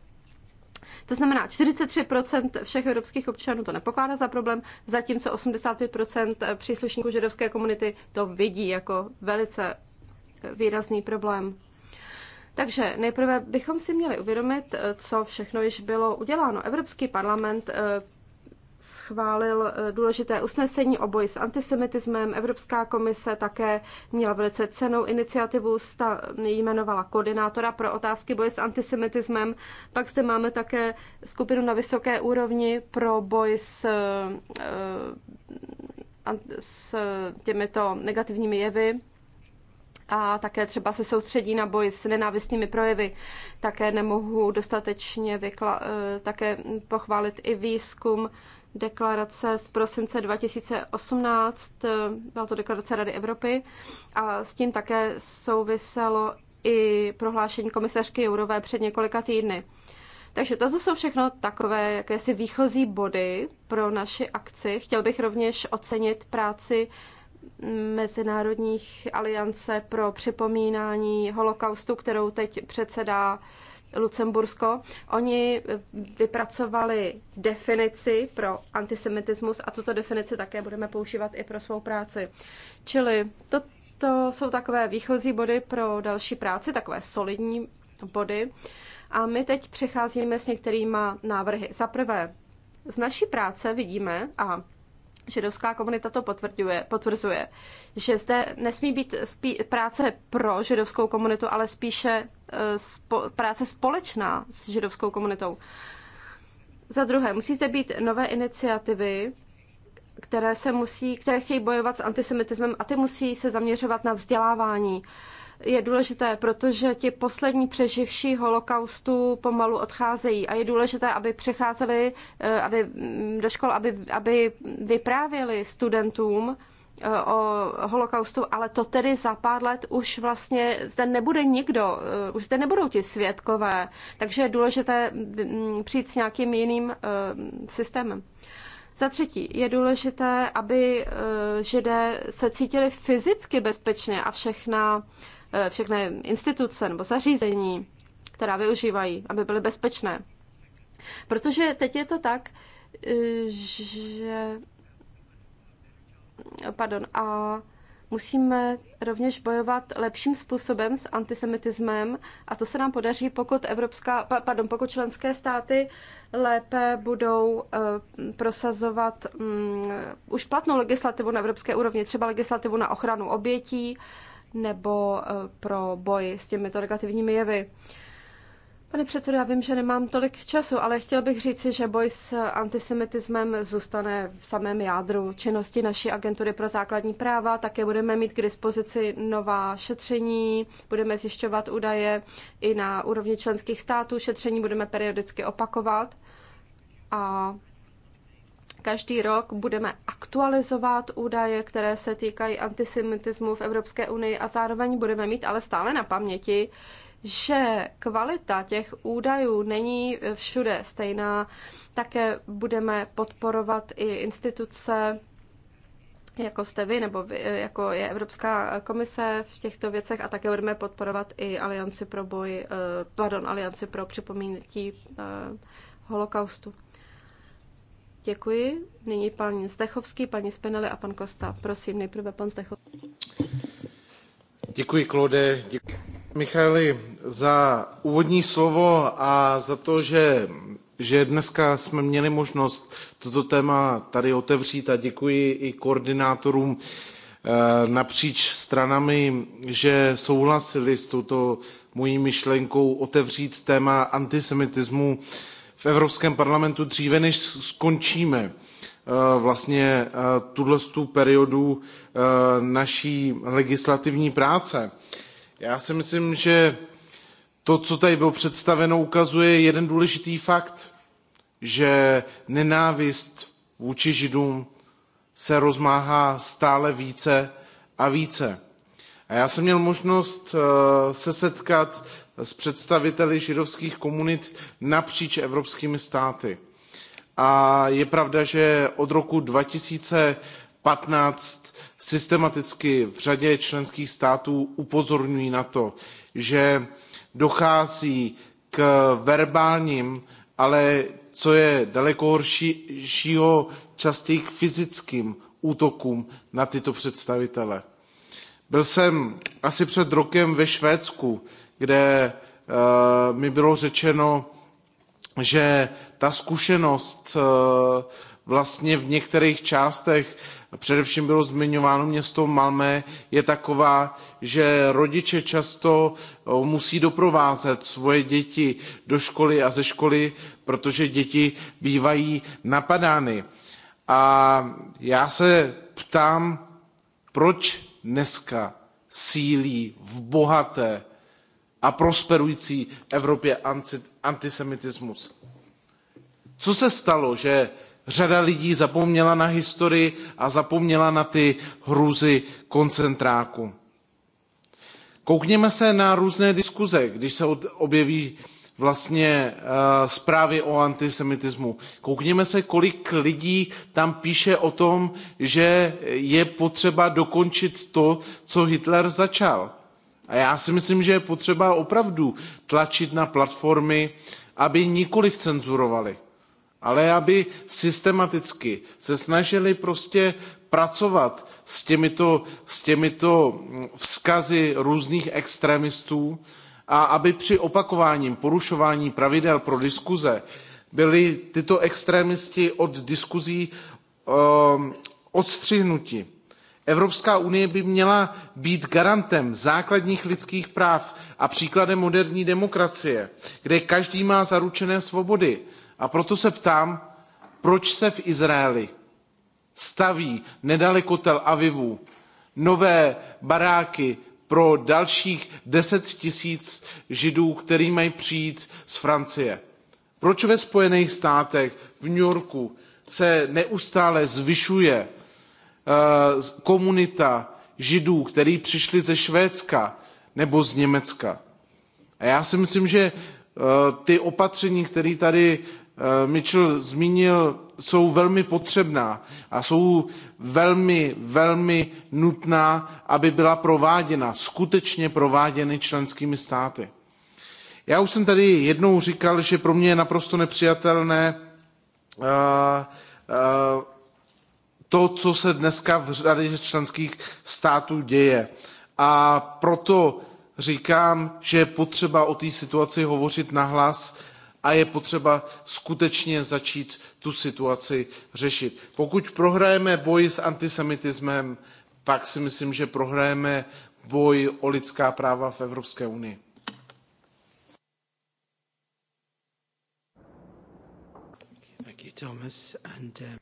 Speaker 2: To znamená, 43% všech evropských občanů to nepokládá za problém, zatímco 85% příslušníků židovské komunity to vidí jako velice výrazný problém. Takže nejprve bychom si měli uvědomit, co všechno již bylo uděláno. Evropský parlament eh, schválil eh, důležité usnesení o boji s antisemitismem. Evropská komise také měla velice cenou iniciativu, sta, jmenovala koordinátora pro otázky boje s antisemitismem. Pak zde máme také skupinu na vysoké úrovni pro boj s, eh, eh, s těmito negativními jevy a také třeba se soustředí na boj s nenávistnými projevy. Také nemohu dostatečně vykla- také pochválit i výzkum, deklarace z prosince 2018, eh, byla to deklarace Rady Evropy, a s tím také souviselo i prohlášení komisařky Jourové před několika týdny. Takže toto jsou všechno takové jakési výchozí body pro naši akci. Chtěl bych rovněž ocenit práci Mezinárodních aliance pro připomínání holokaustu, kterou teď předsedá Lucembursko. Oni eh, vypracovali definici pro antisemitismus a tuto definici také budeme používat i pro svou práci. Čili to, to jsou takové výchozí body pro další práci, takové solidní body. A my teď přecházíme s některýma návrhy. Za prvé, z naší práce vidíme, a Židovská komunita to potvrduje, potvrzuje, že zde nesmí být spí, práce pro židovskou komunitu, ale spíše eh, spo, práce společná s židovskou komunitou. Za druhé, musí zde být nové iniciativy, které, se musí, které chtějí bojovat s antisemitismem a ty musí se zaměřovat na vzdělávání. Je důležité, protože ti poslední přeživší holokaustu pomalu odcházejí a je důležité, aby přecházeli eh, aby, mm, do škol, aby, aby vyprávěli studentům, eh, o holokaustu, ale to tedy za pár let už vlastně zde nebude nikdo, eh, už zde nebudou ti svědkové, takže je důležité mm, přijít s nějakým jiným systémem. Za třetí, je důležité, aby eh, židé se cítili fyzicky bezpečně a všechna, eh, všechny instituce nebo zařízení, která využívají, aby byly bezpečné. Protože teď je to tak, eh, že... Pardon, a Musíme rovněž bojovat lepším způsobem s antisemitismem a to se nám podaří, pokud, Evropská, pardon, pokud členské státy lépe budou eh, prosazovat mm, už platnou legislativu na evropské úrovni, třeba legislativu na ochranu obětí nebo eh, pro boj s těmito negativními jevy. Pane předsedo, já vím, že nemám tolik času, ale chtěl bych říci, že boj s antisemitismem zůstane v samém jádru činnosti naší agentury pro základní práva. Také budeme mít k dispozici nová šetření, budeme zjišťovat údaje i na úrovni členských států. Šetření budeme periodicky opakovat a každý rok budeme aktualizovat údaje, které se týkají antisemitismu v Evropské unii a zároveň budeme mít ale stále na paměti, že kvalita těch údajů není všude stejná. Také budeme podporovat i instituce, jako jste vy, nebo vy, jako je Evropská komise v těchto věcech a také budeme podporovat i Alianci pro boj, eh, pardon, Alianci pro připomínití eh, holokaustu. Děkuji. Nyní pan Zdechovský, paní Spinelli a pan Kosta. Prosím, nejprve pan Zdechovský.
Speaker 5: Děkuji, Klode. Děkuji Michaeli, za úvodní slovo a za to, že, že dneska jsme měli možnost toto téma tady otevřít a děkuji i koordinátorům eh, napříč stranami, že souhlasili s touto mojí myšlenkou otevřít téma antisemitismu v Evropském parlamentu dříve, než skončíme eh, vlastně eh, tuhle periodu naší legislativní práce. Já si myslím, že to, co tady bylo představeno, ukazuje jeden důležitý fakt, že nenávist vůči Židům se rozmáhá stále více a více. A já jsem měl možnost eh, se setkat s představiteli židovských komunit napříč evropskými státy. A je pravda, že od roku 2015 systematicky v řadě členských států upozorňují na to, že dochází k verbálním, ale co je daleko horšího, častěji k fyzickým útokům na tyto představitele. Byl jsem asi před rokem ve Švédsku, kde eh, mi bylo řečeno, že ta zkušenost eh, vlastně v některých částech především bylo zmiňováno město Malmé, je taková, že rodiče často musí doprovázet svoje děti do školy a ze školy, protože děti bývají napadány. A já se ptám, proč dneska sílí v bohaté a prosperující Evropě antisemitismus. Co se stalo, že řada lidí zapomněla na historii a zapomněla na ty hrůzy koncentráku. Koukněme se na různé diskuze, když se objeví vlastně eh, zprávy o antisemitismu. Koukněme se, kolik lidí tam píše o tom, že je potřeba dokončit to, co Hitler začal. A já si myslím, že je potřeba opravdu tlačit na platformy, aby nikoli cenzurovali, ale aby systematicky se snažili prostě pracovat s těmito, s těmito mm, vzkazy různých extremistů a aby při opakování porušování pravidel pro diskuze byli tyto extremisti od diskuzí um, odstřihnuti. Evropská unie by měla být garantem základních lidských práv a příkladem moderní demokracie, kde každý má zaručené svobody. A proto se ptám, proč se v Izraeli staví nedaleko Tel Avivu nové baráky pro dalších deset tisíc židů, kteří mají přijít z Francie. Proč ve Spojených státech, v New Yorku se neustále zvyšuje uh, komunita židů, kteří přišli ze Švédska nebo z Německa. A já si myslím, že uh, ty opatření, které tady Eh, Mitchell zmínil, jsou velmi potřebná a jsou velmi, velmi nutná, aby byla prováděna, skutečně prováděny členskými státy. Já už jsem tady jednou říkal, že pro mě je naprosto nepřijatelné eh, eh, to, co se dneska v řadě členských států děje. A proto říkám, že je potřeba o té situaci hovořit nahlas, a je potřeba skutečně začít tu situaci řešit. Pokud prohrajeme boj s antisemitismem, pak si myslím, že prohrajeme boj o lidská práva v Evropské unii.
Speaker 1: Um,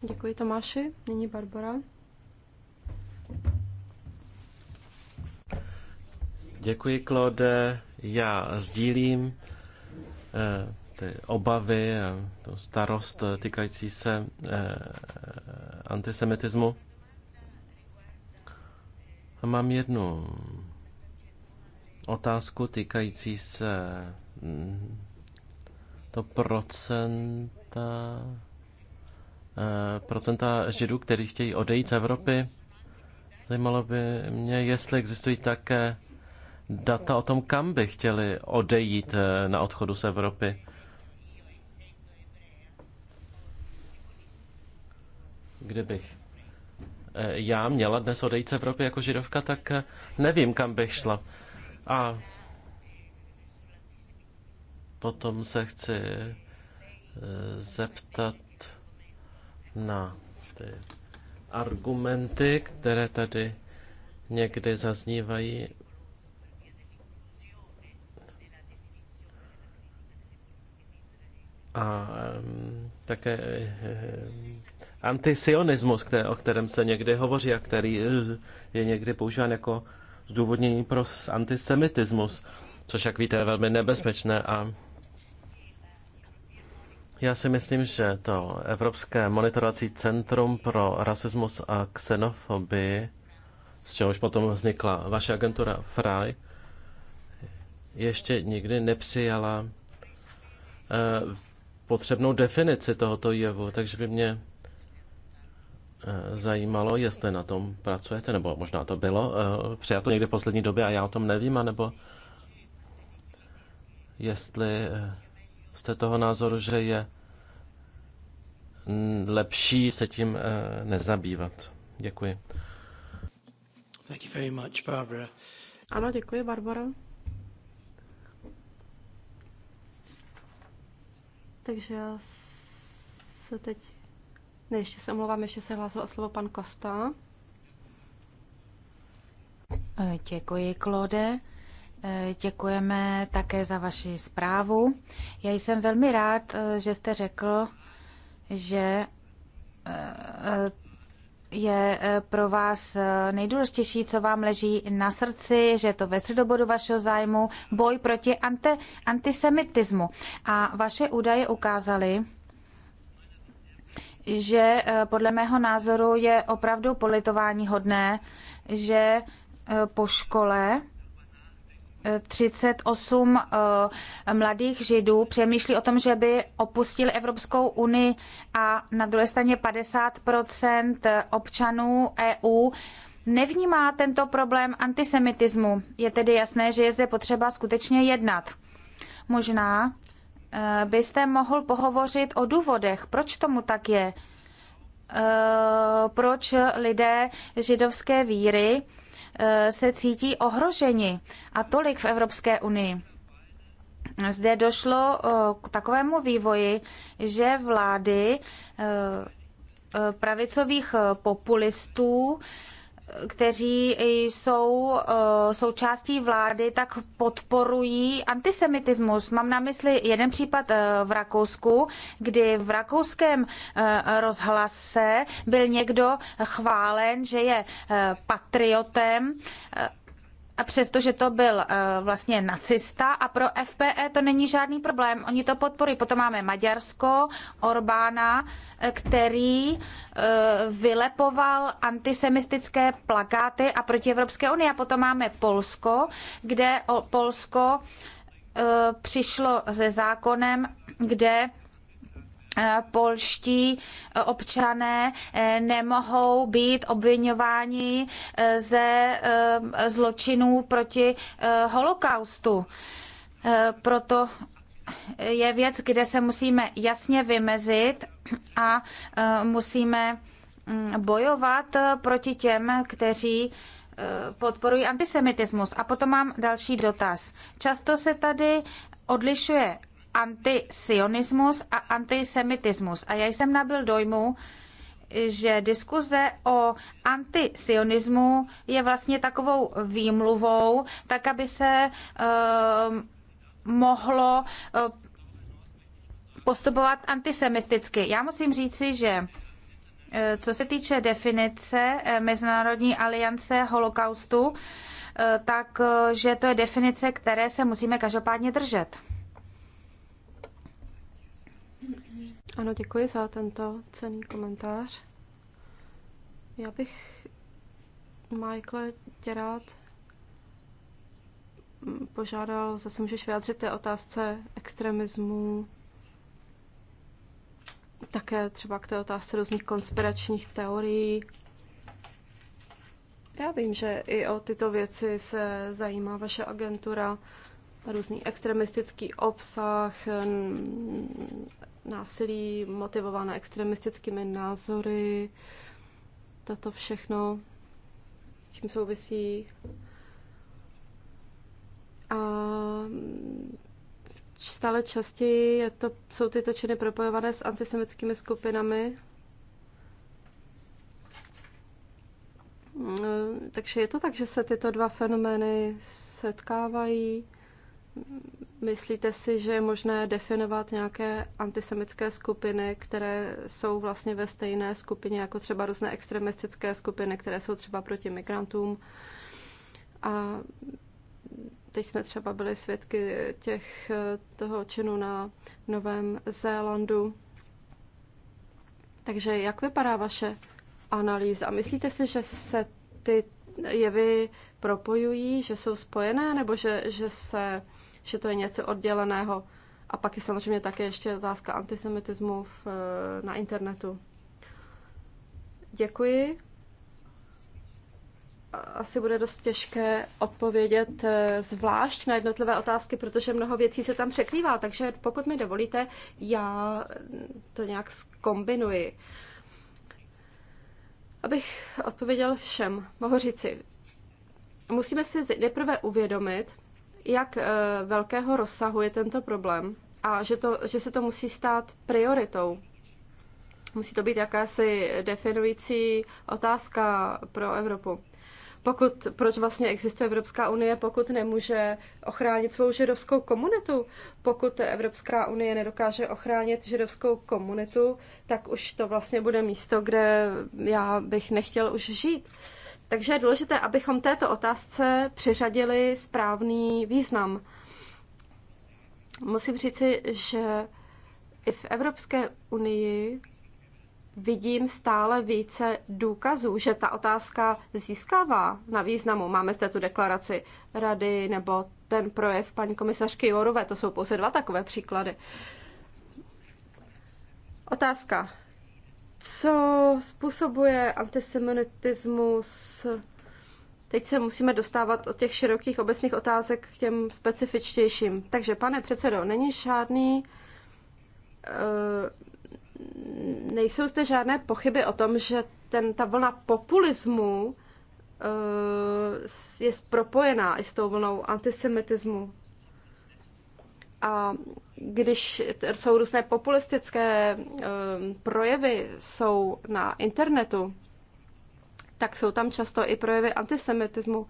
Speaker 2: Děkuji Tomáši. Nyní Barbara.
Speaker 4: Děkuji, Claude. Já sdílím eh, ty obavy a tu starost týkající se eh, antisemitismu. A mám jednu otázku týkající se mm, to procenta, eh, procenta židů, kteří chtějí odejít z Evropy. Zajímalo by mě, jestli existují také data o tom, kam by chtěli odejít eh, na odchodu z Evropy. Kdybych eh, já měla dnes odejít z Evropy jako židovka, tak eh, nevím, kam bych šla. A potom se chci eh, zeptat na ty argumenty, které tady někdy zaznívají. A také antisionismus, o kterém se někdy hovoří a který eh, je někdy používán jako zdůvodnění pro antisemitismus, což, jak víte, je velmi nebezpečné a já si myslím, že to Evropské monitorovací centrum pro rasismus a xenofobii, z čehož potom vznikla vaše agentura FRAI, ještě nikdy nepřijala eh, potřebnou definici tohoto jevu, takže by mě Eh, zajímalo, jestli na tom pracujete, nebo možná to bylo eh, přijato někdy v poslední době a já o tom nevím, anebo jestli eh, jste toho názoru, že je lepší se tím nezabývat. Děkuji.
Speaker 1: Thank you very much, Barbara.
Speaker 2: Ano, děkuji, Barbara. Takže já se teď ne, ještě se omlouvám, ještě se hlásil o slovo pan Kosta.
Speaker 3: Eh, děkuji, Klode. Eh, děkujeme také za vaši zprávu. Já jsem velmi rád, eh, že jste řekl, že je pro vás nejdůležitější, co vám leží na srdci, že je to ve středobodu vašeho zájmu, boj proti anti, antisemitismu. A vaše údaje ukázaly, že eh, podle mého názoru je opravdu politování hodné, že eh, po škole 38 eh, mladých Židů přemýšlí o tom, že by opustili Evropskou unii a na druhé straně 50 občanů EU nevnímá tento problém antisemitismu. Je tedy jasné, že je zde potřeba skutečně jednat. Možná Eh, byste mohl pohovořit o důvodech, proč tomu tak je, eh, proč lidé židovské víry eh, se cítí ohroženi a tolik v Evropské unii. Zde došlo k takovému vývoji, že vlády pravicových populistů kteří jsou eh, součástí vlády, tak podporují antisemitismus. Mám na mysli jeden případ eh, v Rakousku, kdy v rakouském eh, rozhlase byl někdo chválen, že je patriotem a přestože to byl eh, vlastně nacista a pro FPE to není žádný problém, oni to podporují. Potom máme Maďarsko, Orbána, eh, který eh, vylepoval antisemistické plakáty a proti Evropské unii. A potom máme Polsko, kde Polsko přišlo se zákonem, kde Eh, polští eh, občané eh, nemohou být obvinováni ze zločinů proti holokaustu. Proto je věc, kde se musíme jasně vymezit a musíme mm, bojovat proti těm, kteří podporují antisemitismus. A potom mám další dotaz. Často se tady odlišuje antisionismus a antisemitismus. A já jsem nabil dojmu, že diskuze o antisionismu je vlastně takovou výmluvou, tak aby se uh, mohlo uh, postupovat antisemisticky. Já musím říci, že eh, co se týče definice eh, Mezinárodní aliance holokaustu, tak že to je definice, které se musíme každopádně držet. Ano, děkuji za tento
Speaker 2: cený komentář. Já bych Michael tě rád mm, požádal, zase můžeš vyjádřit té otázce extremismu, také třeba k té otázce různých konspiračních teorií. Já vím, že i o tyto věci se zajímá vaše agentura, různý extremistický obsah, násilí motivována extremistickými názory, tato všechno s tím souvisí. A stále častěji je to, jsou tyto činy propojované s antisemickými skupinami. Mm, takže je to tak, že se tyto dva fenomény setkávají. Myslíte si, že je možné definovat nějaké antisemické skupiny, které jsou vlastně ve stejné skupině jako třeba různé extremistické skupiny, které jsou třeba proti migrantům? A teď jsme třeba byli svědky těch, eh, toho činu na Novém Zélandu. Takže jak vypadá vaše analýza? Myslíte si, že se ty jevy propojují, že jsou spojené, nebo že, že se že to je něco odděleného. A pak je samozřejmě také ještě otázka antisemitismu v, eh, na internetu. Děkuji. Asi bude dost těžké odpovědět eh, zvlášť na jednotlivé otázky, protože mnoho věcí se tam překrývá, takže pokud mi dovolíte, já to nějak skombinuji. Abych odpověděl všem, mohu říci, musíme si nejprve uvědomit, jak eh, velkého rozsahu je tento problém a že, to, že se to musí stát prioritou. Musí to být jakási definující otázka pro Evropu. Pokud, proč vlastně existuje Evropská unie, pokud nemůže ochránit svou židovskou komunitu? Pokud Evropská unie nedokáže ochránit židovskou komunitu, tak už to vlastně bude místo, kde já bych nechtěl už žít. Uh, takže je důležité, abychom této otázce přiřadili správný význam. Musím říci, že i v Evropské unii vidím stále více důkazů, že ta otázka získává na významu. Máme zde tu deklaraci rady nebo ten projev paní komisařky Jourové. To jsou pouze dva takové příklady. Otázka co způsobuje antisemitismus. Teď se musíme dostávat od těch širokých obecných otázek k těm specifičtějším. Takže, pane předsedo, není žádný. Eh, nejsou zde žádné pochyby o tom, že ten, ta vlna populismu eh, je propojená i s tou vlnou antisemitismu. A když jsou různé populistické ehm, projevy, jsou na internetu, tak jsou tam často i projevy antisemitismu.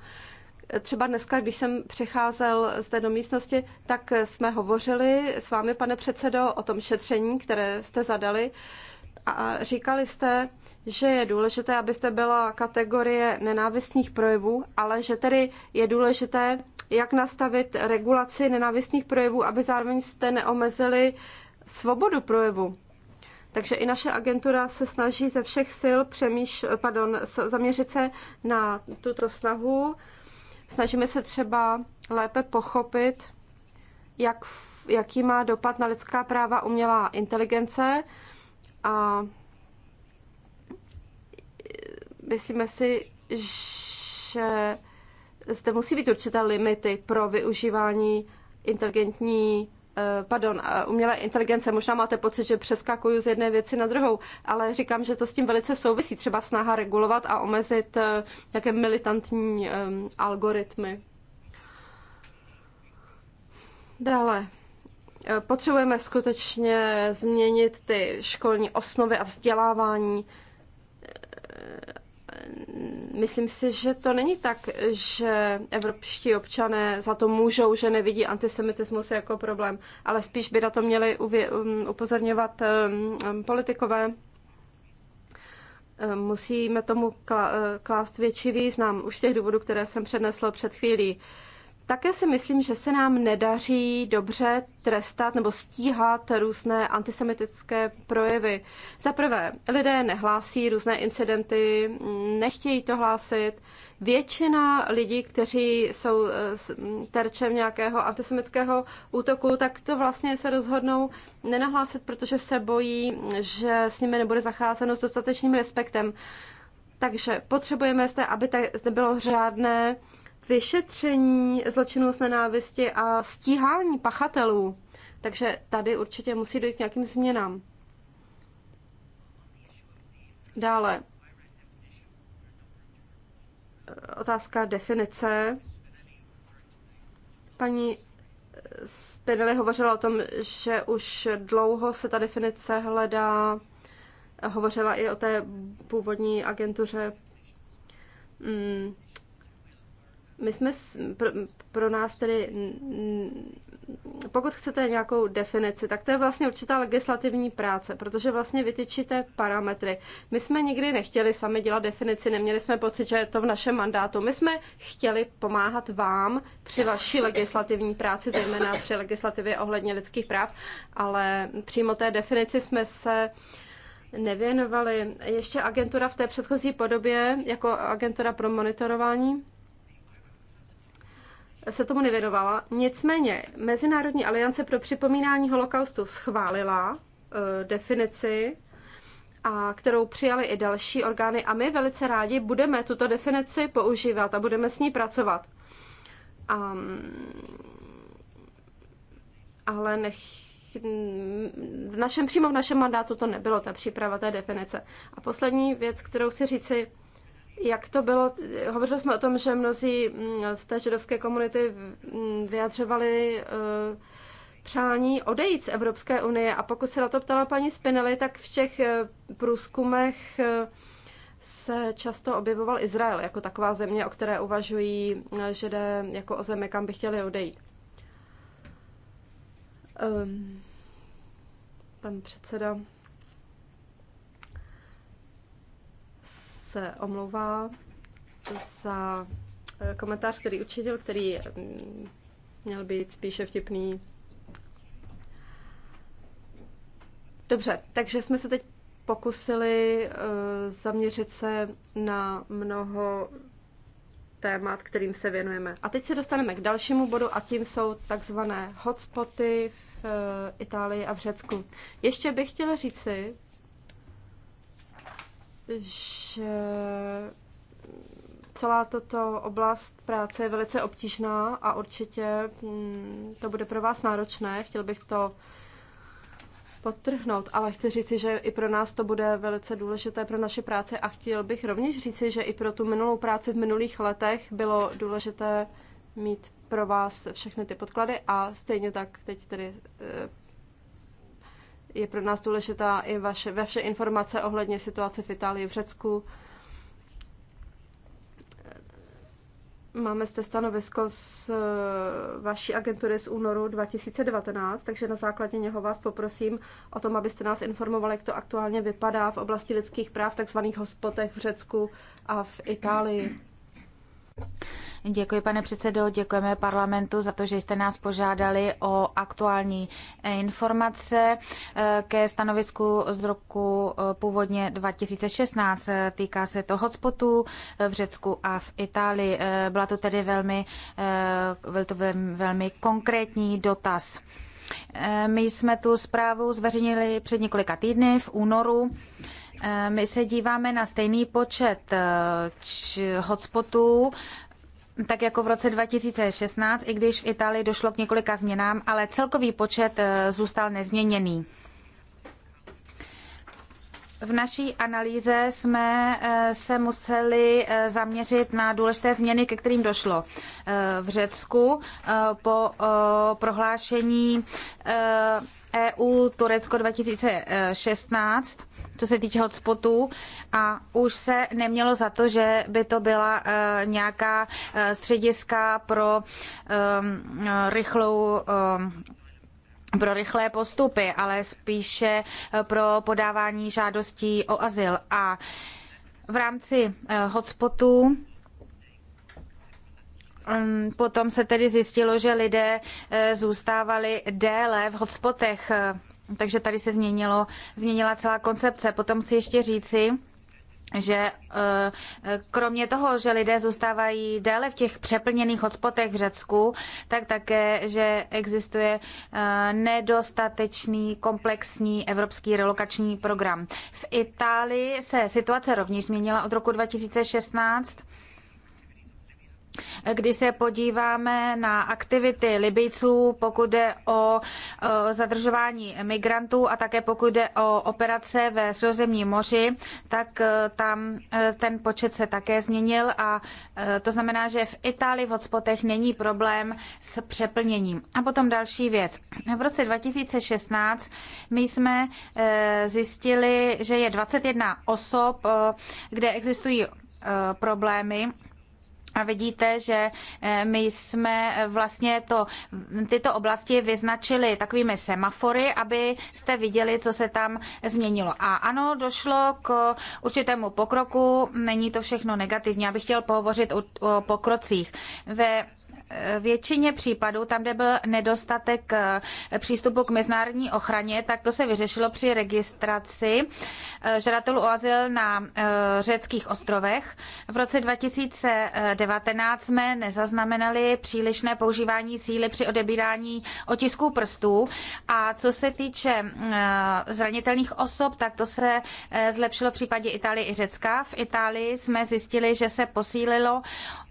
Speaker 2: Třeba dneska, když jsem přicházel zde do místnosti, tak jsme hovořili s vámi, pane předsedo, o tom šetření, které jste zadali. A říkali jste, že je důležité, abyste byla kategorie nenávistných projevů, ale že tedy je důležité jak nastavit regulaci nenávistných projevů, aby zároveň jste neomezili svobodu projevu. Takže i naše agentura se snaží ze všech sil přemýš, pardon, zaměřit se na tuto snahu. Snažíme se třeba lépe pochopit, jak, jaký má dopad na lidská práva umělá inteligence a myslíme si, že zde musí být určité limity pro využívání inteligentní eh, pardon, eh, umělé inteligence, možná máte pocit, že přeskakuju z jedné věci na druhou, ale říkám, že to s tím velice souvisí, třeba snaha regulovat a omezit eh, nějaké militantní algoritmy. Dále. Potřebujeme skutečně změnit ty školní osnovy a vzdělávání myslím si, že to není tak, že evropští občané za to můžou, že nevidí antisemitismus jako problém, ale spíš by na to měli um, upozorňovat um, um, politikové. Musíme tomu uh, klást větší význam, už z těch důvodů, které jsem přednesl před chvílí. Také si myslím, že se nám nedaří dobře trestat nebo stíhat různé antisemitické projevy. Za prvé, lidé nehlásí různé incidenty, nechtějí to hlásit. Většina lidí, kteří jsou eh, terčem nějakého antisemitského útoku, tak to vlastně se rozhodnou nenahlásit, protože se bojí, že s nimi nebude zacházeno s dostatečným respektem. Takže potřebujeme zde, aby zde bylo řádné vyšetření zločinů z nenávisti a stíhání pachatelů. Takže tady určitě musí dojít k nějakým změnám. Dále. Otázka definice. Paní Spinelli hovořila o tom, že už dlouho se ta definice hledá. Hovořila i o té původní agentuře. Hmm my jsme, pro, pro nás tedy, pokud chcete nějakou definici, tak to je vlastně určitá legislativní práce, protože vlastně vytyčíte parametry. My jsme nikdy nechtěli sami dělat definici, neměli jsme pocit, že je to v našem mandátu. My jsme chtěli pomáhat vám při vaší legislativní práci, zejména při legislativě ohledně lidských práv, ale přímo té definici jsme se nevěnovali. Ještě agentura v té předchozí podobě, jako agentura pro monitorování, se tomu nevěnovala. Nicméně Mezinárodní aliance pro připomínání holokaustu schválila uh, definici, a kterou přijali i další orgány a my velice rádi budeme tuto definici používat a budeme s ní pracovat. Um, ale nech, v našem, přímo v našem mandátu to nebylo, ta příprava té definice. A poslední věc, kterou chci říci, jak to bylo, hovořili jsme o tom, že mnozí mm, z té židovské komunity mm, vyjadřovali eh, přání odejít z Evropské unie a pokud se na to ptala paní Spinelli, tak v těch eh, průzkumech eh, se často objevoval Izrael jako taková země, o které uvažují židé jako o zemi, kam by chtěli odejít. Um, pan předseda se omlouvá za eh, komentář, který učinil, který mm, měl být spíše vtipný. Dobře, takže jsme se teď pokusili eh, zaměřit se na mnoho témat, kterým se věnujeme. A teď se dostaneme k dalšímu bodu a tím jsou takzvané hotspoty v eh, Itálii a v Řecku. Ještě bych chtěla říci, že celá tato oblast práce je velice obtížná a určitě mm, to bude pro vás náročné. Chtěl bych to podtrhnout, ale chci říci, že i pro nás to bude velice důležité pro naše práce a chtěl bych rovněž říci, že i pro tu minulou práci v minulých letech bylo důležité mít pro vás všechny ty podklady a stejně tak teď tedy eh, je pro nás důležitá i vaše, vaše informace ohledně situace v Itálii, v Řecku. Máme zde stanovisko z eh, vaší agentury z únoru 2019, takže na základě něho vás poprosím o tom, abyste nás informovali, jak to aktuálně vypadá v
Speaker 3: oblasti lidských práv, takzvaných hospotech v Řecku a v Itálii. Děkuji, pane předsedo, děkujeme parlamentu za to, že jste nás požádali o aktuální informace eh, ke stanovisku z roku eh, původně 2016. Eh, týká se to hotspotů v Řecku a v Itálii. Byla to tedy velmi, byl to velmi konkrétní dotaz. My jsme tu zprávu zveřejnili před několika týdny v únoru. Eh, my se díváme na stejný počet eh, hotspotů, tak jako v roce 2016, i když v Itálii došlo k několika změnám, ale celkový počet eh, zůstal nezměněný. V naší analýze jsme se museli zaměřit na důležité změny, ke kterým došlo v Řecku po prohlášení EU e Turecko 2016 co se týče hotspotů a už se nemělo za to, že by to byla eh, nějaká eh, střediska pro ehm, rychlou ehm, pro rychlé postupy, ale spíše eh, pro podávání žádostí o azyl. A v rámci hotspotů ehm, potom se tedy zjistilo, že lidé zůstávali déle v hotspotech takže tady se změnilo, změnila celá koncepce. Potom chci ještě říci, že eh, kromě toho, že lidé zůstávají déle v těch přeplněných hotspotech v Řecku, tak také, že existuje eh, nedostatečný komplexní evropský relokační program. V Itálii se situace rovněž změnila od roku 2016 když se podíváme na aktivity libyců, pokud jde o zadržování migrantů a také pokud jde o operace ve Středozemním moři, tak e, tam e, ten počet se také změnil a e, to znamená, že v Itálii v hotspotech není problém s přeplněním. A potom další věc. V roce 2016 my jsme zjistili, že je 21 osob, kde existují problémy a vidíte, že eh, my jsme eh, vlastně to, tyto oblasti vyznačili takovými semafory, abyste viděli, co se tam změnilo. A ano, došlo k určitému pokroku, není to všechno negativní. Já bych chtěl pohovořit o, o pokrocích. Ve většině případů, tam, kde byl nedostatek eh, přístupu k mezinárodní ochraně, tak to se vyřešilo při registraci eh, žadatelů o azyl na eh, řeckých ostrovech. V roce 2019 jsme nezaznamenali přílišné používání síly při odebírání otisků prstů a co se týče zranitelných osob, tak to se zlepšilo v případě Itálie i Řecka. V Itálii jsme zjistili, že se posílilo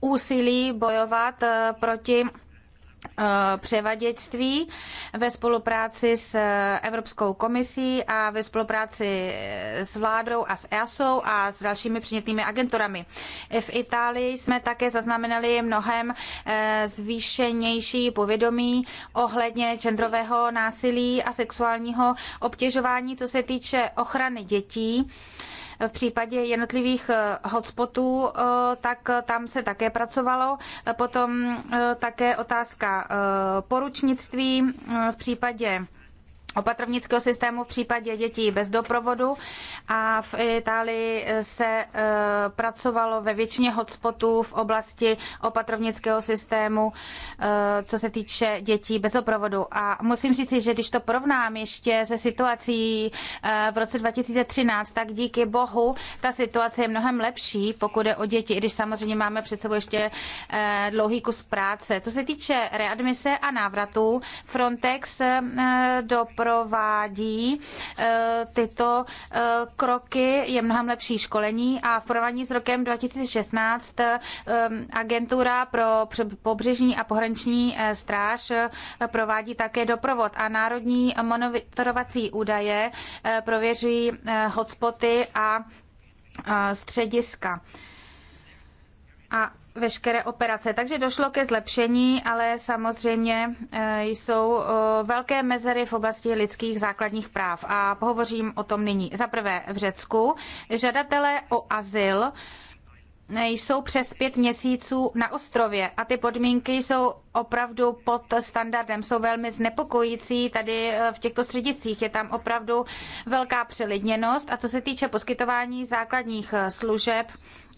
Speaker 3: úsilí bojovat pro proti eh, převaděčství ve spolupráci s Evropskou komisí a ve spolupráci eh, s vládou a s EASO a s dalšími přinětými agenturami. V Itálii jsme také zaznamenali mnohem eh, zvýšenější povědomí ohledně čendrového násilí a sexuálního obtěžování, co se týče ochrany dětí v případě jednotlivých eh, hotspotů, eh, tak tam se také pracovalo. Potom eh, také otázka poručnictví v případě opatrovnického systému v případě dětí bez doprovodu a v Itálii se e, pracovalo ve většině hotspotů v oblasti opatrovnického systému, e, co se týče dětí bez doprovodu. A musím říct, že když to porovnám ještě se situací e, v roce 2013, tak díky bohu ta situace je mnohem lepší, pokud je o děti, i když samozřejmě máme před sebou ještě dlouhý kus práce. Co se týče readmise a návratu, Frontex do provádí eh, tyto eh, kroky, je mnohem lepší školení a v porovnání s rokem 2016 eh, agentura pro pobřežní a pohraniční stráž provádí také doprovod a národní monitorovací údaje prověřují hotspoty a střediska. A veškeré operace. Takže došlo ke zlepšení, ale samozřejmě eh, jsou eh, velké mezery v oblasti lidských základních práv. A pohovořím o tom nyní. Za prvé v Řecku žadatelé o azyl eh, jsou přes pět měsíců na ostrově a ty podmínky jsou opravdu pod standardem, jsou velmi znepokojící tady v těchto střediscích. Je tam opravdu velká přelidněnost a co se týče poskytování základních služeb,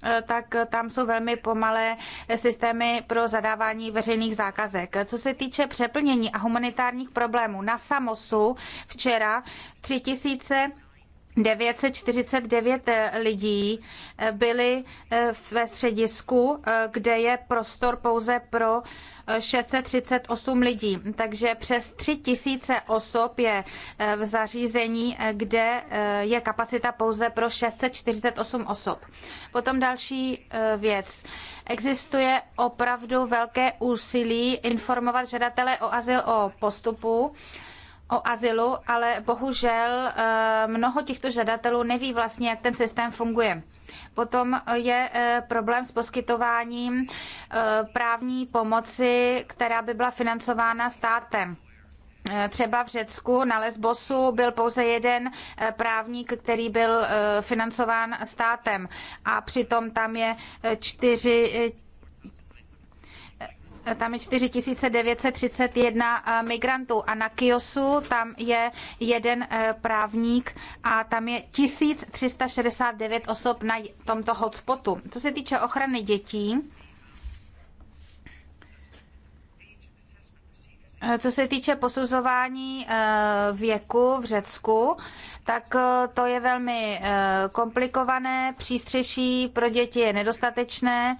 Speaker 3: Eh, tak eh, tam jsou velmi pomalé eh, systémy pro zadávání veřejných zákazek. Co se týče přeplnění a humanitárních problémů, na Samosu včera 3000 949 eh, lidí eh, byli eh, ve středisku, kde je prostor pouze pro 638 lidí. Takže přes 3000 osob je v zařízení, kde je kapacita pouze pro 648 osob. Potom další věc. Existuje opravdu velké úsilí informovat žadatele o azyl o postupu o azylu, ale bohužel eh, mnoho těchto žadatelů neví vlastně, jak ten systém funguje. Potom je eh, problém s poskytováním eh, právní pomoci, která by byla financována státem. Třeba v Řecku na Lesbosu byl pouze jeden právník, který byl financován státem a přitom tam je 4 tam je 4931 eh, migrantů a na Kiosu tam je jeden eh, právník a tam je 1369 osob na tomto hotspotu. Co se týče ochrany dětí, eh, Co se týče posuzování věku v Řecku, tak to je velmi komplikované, přístřeší pro děti je nedostatečné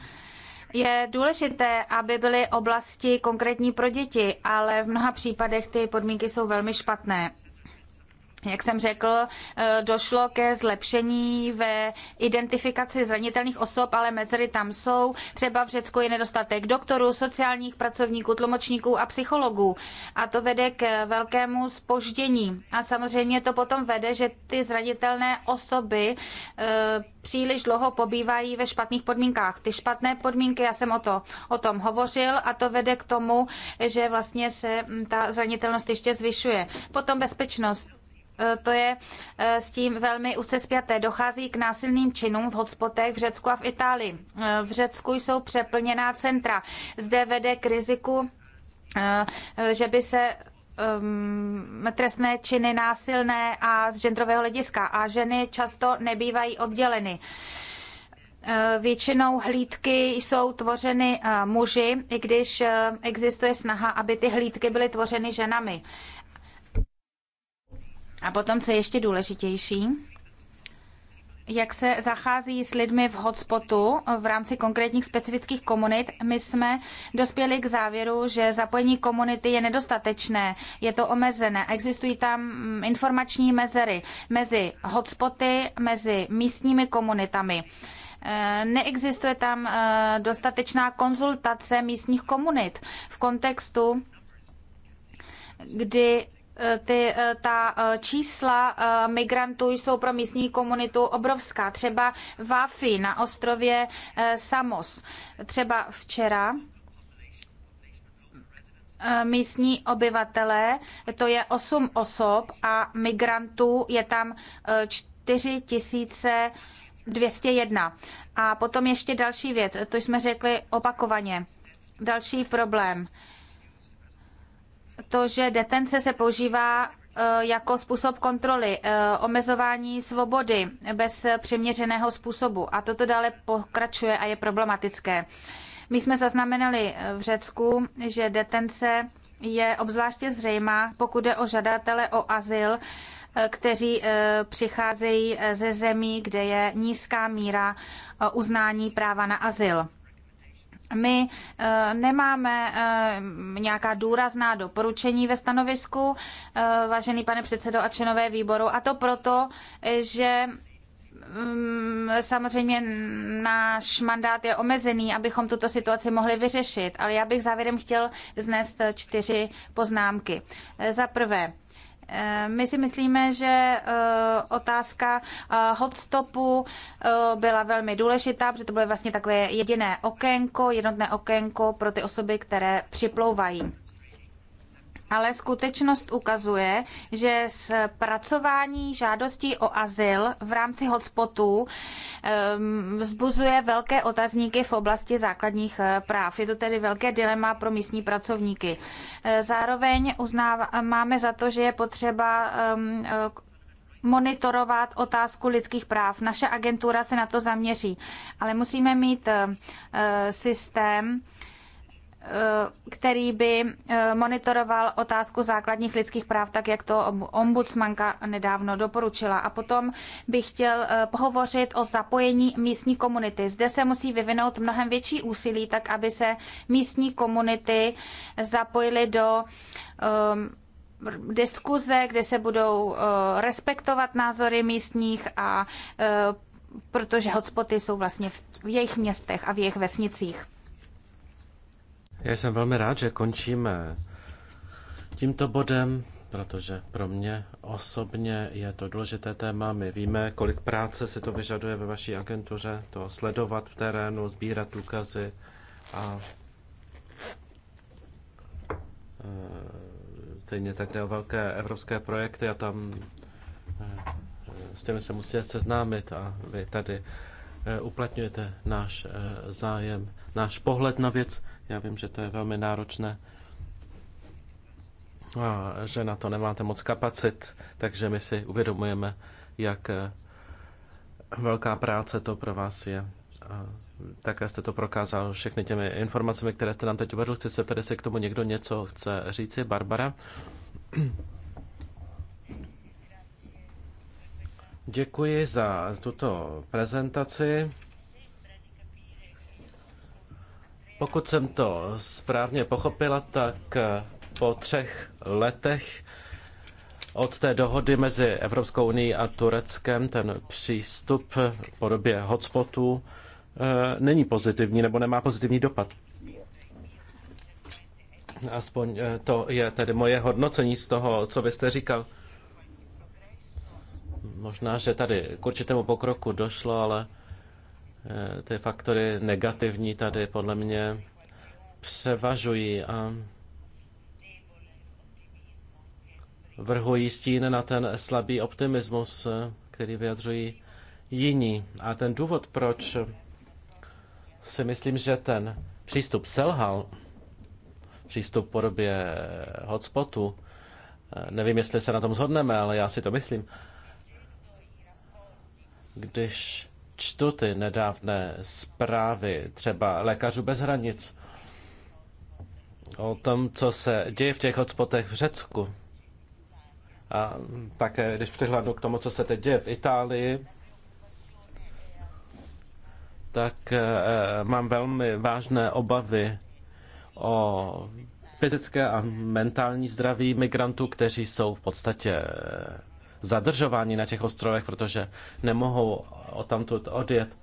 Speaker 3: je důležité, aby byly oblasti konkrétní pro děti, ale v mnoha případech ty podmínky jsou velmi špatné jak jsem řekl, eh, došlo ke zlepšení ve identifikaci zranitelných osob, ale mezery tam jsou. Třeba v Řecku je nedostatek doktorů, sociálních pracovníků, tlumočníků a psychologů. A to vede k velkému spoždění. A samozřejmě to potom vede, že ty zranitelné osoby eh, příliš dlouho pobývají ve špatných podmínkách. Ty špatné podmínky, já jsem o, to, o tom hovořil a to vede k tomu, že vlastně se mm, ta zranitelnost ještě zvyšuje. Potom bezpečnost E, to je e, s tím velmi úzce spjaté. Dochází k násilným činům v hotspotech v Řecku a v Itálii. E, v Řecku jsou přeplněná centra. Zde vede k riziku, že by se trestné činy násilné a z genderového hlediska a ženy často nebývají odděleny. Většinou hlídky jsou tvořeny muži, i když existuje snaha, aby ty hlídky byly tvořeny ženami. A potom, co je ještě důležitější, jak se zachází s lidmi v hotspotu v rámci konkrétních specifických komunit. My jsme dospěli k závěru, že zapojení komunity je nedostatečné, je to omezené. Existují tam mm, informační mezery mezi hotspoty, mezi místními komunitami. E, neexistuje tam e, dostatečná konzultace místních komunit v kontextu, kdy Eh, ty, eh, ta eh, čísla migrantů jsou pro místní komunitu obrovská. Třeba v Afi na ostrově Samos. Třeba včera místní obyvatelé, to je 8 osob a migrantů je tam 4 tisíce 201. A potom ještě další věc, to jsme řekli opakovaně. Další problém to, že detence se používá eh, jako způsob kontroly, eh, omezování svobody bez přiměřeného způsobu. A toto dále pokračuje a je problematické. My jsme zaznamenali eh, v Řecku, že detence je obzvláště zřejmá, pokud jde o žadatele o azyl, kteří přicházejí ze zemí, kde je nízká míra uznání práva na azyl. My eh, nemáme eh, nějaká důrazná doporučení ve stanovisku, eh, vážený pane předsedo a členové výboru, a to proto, že mm, samozřejmě náš mandát je omezený, abychom tuto situaci mohli vyřešit, ale já bych závěrem chtěl znést čtyři poznámky. Za prvé, Eh, my si myslíme, že eh, otázka eh, hotstopu byla velmi důležitá, protože to bylo vlastně takové jediné okénko, jednotné okénko pro ty osoby, které připlouvají ale skutečnost ukazuje, že zpracování žádostí o azyl v rámci hotspotů ehm, vzbuzuje velké otazníky v oblasti základních eh, práv. Je to tedy velké dilema pro místní pracovníky. Eh, zároveň máme za to, že je potřeba ehm, eh, monitorovat otázku lidských práv. Naše agentura se na to zaměří, ale musíme mít systém, Eh, který by eh, monitoroval otázku základních lidských práv, tak jak to ombudsmanka nedávno doporučila. A potom bych chtěl eh, pohovořit o zapojení místní komunity. Zde se musí vyvinout mnohem větší úsilí, tak aby se místní komunity zapojily do um, diskuze, kde se budou uh, respektovat názory místních a uh, protože hotspoty jsou vlastně v, v jejich městech a v jejich vesnicích.
Speaker 4: Já jsem velmi rád, že končíme tímto bodem, protože pro mě osobně je to důležité téma. My víme, kolik práce si to vyžaduje ve vaší agentuře, to sledovat v terénu, sbírat důkazy a e, stejně tak jde o velké evropské projekty a tam e, s těmi se musíte seznámit a vy tady e, uplatňujete náš zájem, náš pohled na věc. Já vím, že to je velmi náročné a že na to nemáte moc kapacit, takže my si uvědomujeme, jak eh, velká práce to pro vás je. A také jste to prokázal všechny těmi informacemi, které jste nám teď uvedl. Chci se tedy se k tomu někdo něco chce říci. Barbara. Děkuji za tuto prezentaci. Pokud jsem to správně pochopila, tak eh, po třech letech od té dohody mezi Evropskou unii a Tureckem ten přístup v podobě hotspotů eh, není pozitivní nebo nemá pozitivní dopad. Aspoň eh, to je tedy moje hodnocení z toho, co vy jste říkal. Možná, že tady k určitému pokroku došlo, ale Eh, ty faktory negativní tady podle mě převažují a vrhují stín na ten slabý optimismus, eh, který vyjadřují jiní. A ten důvod, proč si myslím, že ten přístup selhal, přístup v podobě hotspotu, eh, nevím, jestli se na tom zhodneme, ale já si to myslím, když čtu ty nedávné zprávy třeba Lékařů bez hranic o tom, co se děje v těch hotspotech v Řecku. A také, když přihlédnu k tomu, co se teď děje v Itálii, tak eh, mám velmi vážné obavy o fyzické a mentální zdraví migrantů, kteří jsou v podstatě eh, zadržováni na těch ostrovech, protože nemohou odtamtud odjet.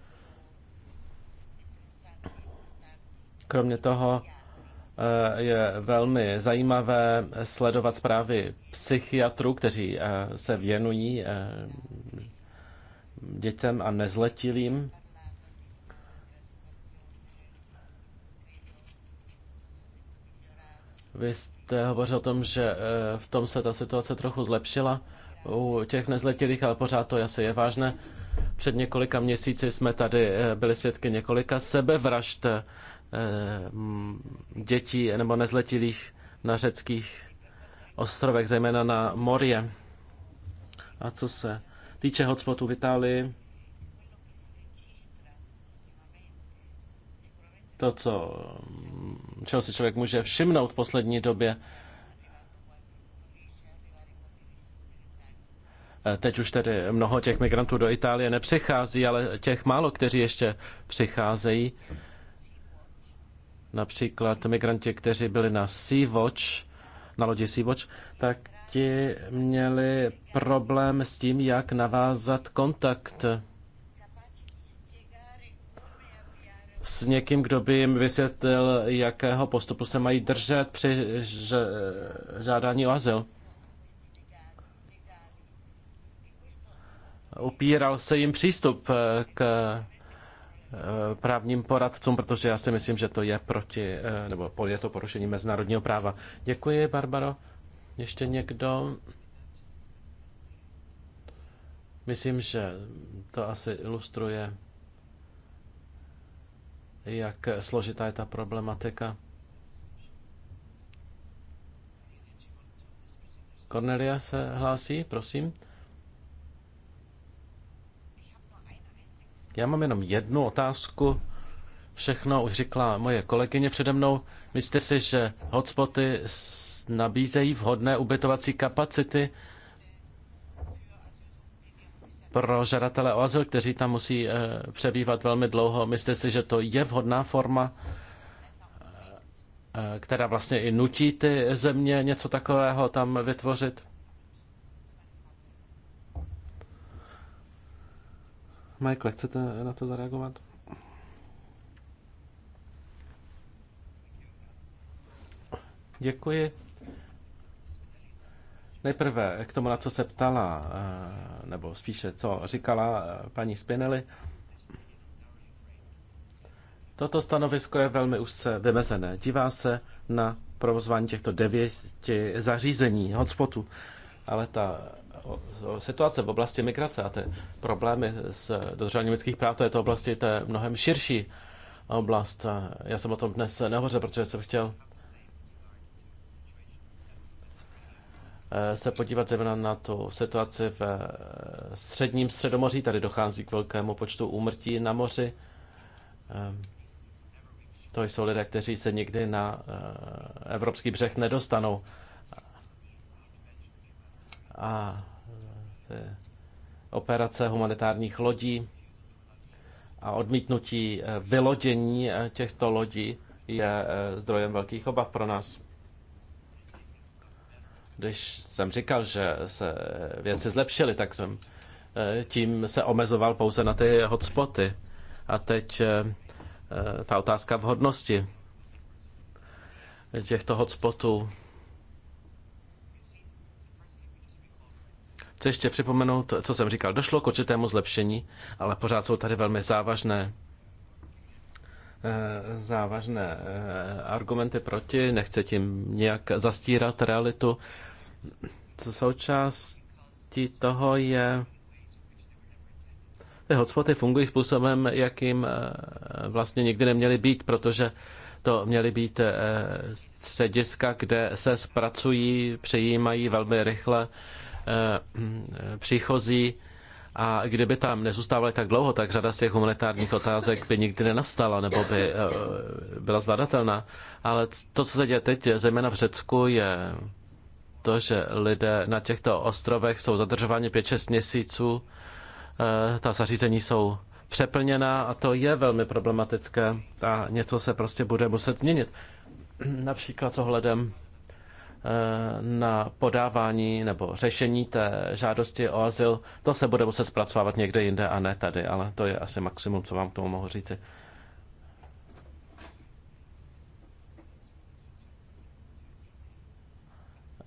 Speaker 4: Kromě toho eh, je velmi zajímavé sledovat zprávy psychiatrů, kteří eh, se věnují eh, dětem a nezletilým. Vy jste hovořil o tom, že v tom se ta situace trochu zlepšila u těch nezletilých, ale pořád to asi je vážné. Před několika měsíci jsme tady eh, byli svědky několika sebevražd eh, dětí nebo nezletilých na řeckých ostrovech, zejména na Morie. A co se týče hotspotu v Itálii, to, co, mm, čeho si člověk může všimnout v poslední době, Eh, teď už tedy mnoho těch migrantů do Itálie nepřichází, ale těch málo, kteří ještě přicházejí, například migranti, kteří byli na Sea-Watch, na lodi Sea-Watch, tak ti měli problém s tím, jak navázat kontakt s někým, kdo by jim vysvětlil, jakého postupu se mají držet při žádání o azyl. upíral se jim přístup eh, k eh, právním poradcům, protože já si myslím, že to je proti, eh, nebo je to porušení mezinárodního práva. Děkuji, Barbaro. Ještě někdo? Myslím, že to asi ilustruje, jak složitá je ta problematika. Cornelia se hlásí, prosím. Já mám jenom jednu otázku. Všechno už řekla moje kolegyně přede mnou. Myslíte si, že hotspoty nabízejí vhodné ubytovací kapacity pro žadatele o azyl, kteří tam musí eh, přebývat velmi dlouho? Myslíte si, že to je vhodná forma, eh, která vlastně i nutí ty země něco takového tam vytvořit? Michael, chcete na to zareagovat? Děkuji. Nejprve k tomu, na co se ptala, eh, nebo spíše co říkala eh, paní Spinelli. Toto stanovisko je velmi úzce vymezené. Dívá se na provozování těchto devěti zařízení, hotspotu, ale ta situace v oblasti migrace a ty problémy s dodržováním lidských práv to oblasti, to je mnohem širší oblast. Já jsem o tom dnes nehovořil, protože jsem chtěl eh, se podívat zejména na tu situaci v eh, středním středomoří. Tady dochází k velkému počtu úmrtí na moři. Eh, to jsou lidé, kteří se nikdy na evropský břeh nedostanou. A Eh, operace humanitárních lodí a odmítnutí eh, vylodění eh, těchto lodí je zdrojem velkých obav pro nás. Když jsem říkal, že se věci zlepšily, tak jsem tím se omezoval pouze na ty hotspoty. A teď ta otázka vhodnosti těchto hotspotů Chci ještě připomenout, co jsem říkal. Došlo k určitému zlepšení, ale pořád jsou tady velmi závažné eh, závažné eh, argumenty proti, nechce tím nějak zastírat realitu. Co součástí toho je, ty hotspoty fungují způsobem, jakým eh, vlastně nikdy neměly být, protože to měly být střediska, kde se zpracují, přejímají velmi rychle Eh, příchozí a kdyby tam nezůstávali tak dlouho, tak řada z těch humanitárních otázek by nikdy nenastala nebo by eh, byla zvladatelná. Ale to, co se děje teď, zejména v Řecku, je to, že lidé na těchto ostrovech jsou zadržováni 5-6 měsíců, eh, ta zařízení jsou přeplněná a to je velmi problematické a něco se prostě bude muset změnit. *clears throat* Například s ohledem Eh, na podávání nebo řešení té žádosti o azyl, to se bude muset zpracovávat někde jinde a ne tady, ale to je asi maximum, co vám k tomu mohu říci.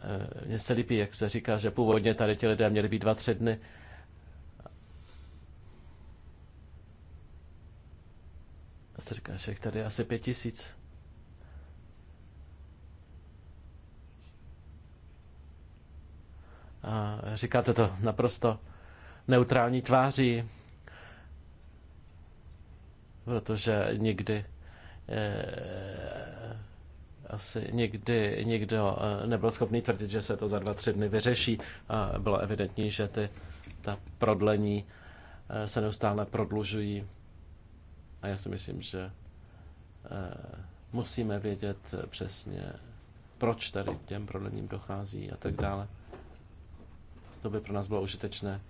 Speaker 4: Eh, mně se líbí, jak se říká, že původně tady ti lidé měli být dva, tři dny. Jste říká, že jich tady asi pět tisíc. A říkáte to naprosto neutrální tváří, protože nikdy eh, asi nikdy nikdo eh, nebyl schopný tvrdit, že se to za dva, tři dny vyřeší. A bylo evidentní, že ty ta prodlení eh, se neustále prodlužují. A já si myslím, že eh, musíme vědět přesně, proč tady k těm prodlením dochází a tak dále to by pro nás bylo užitečné.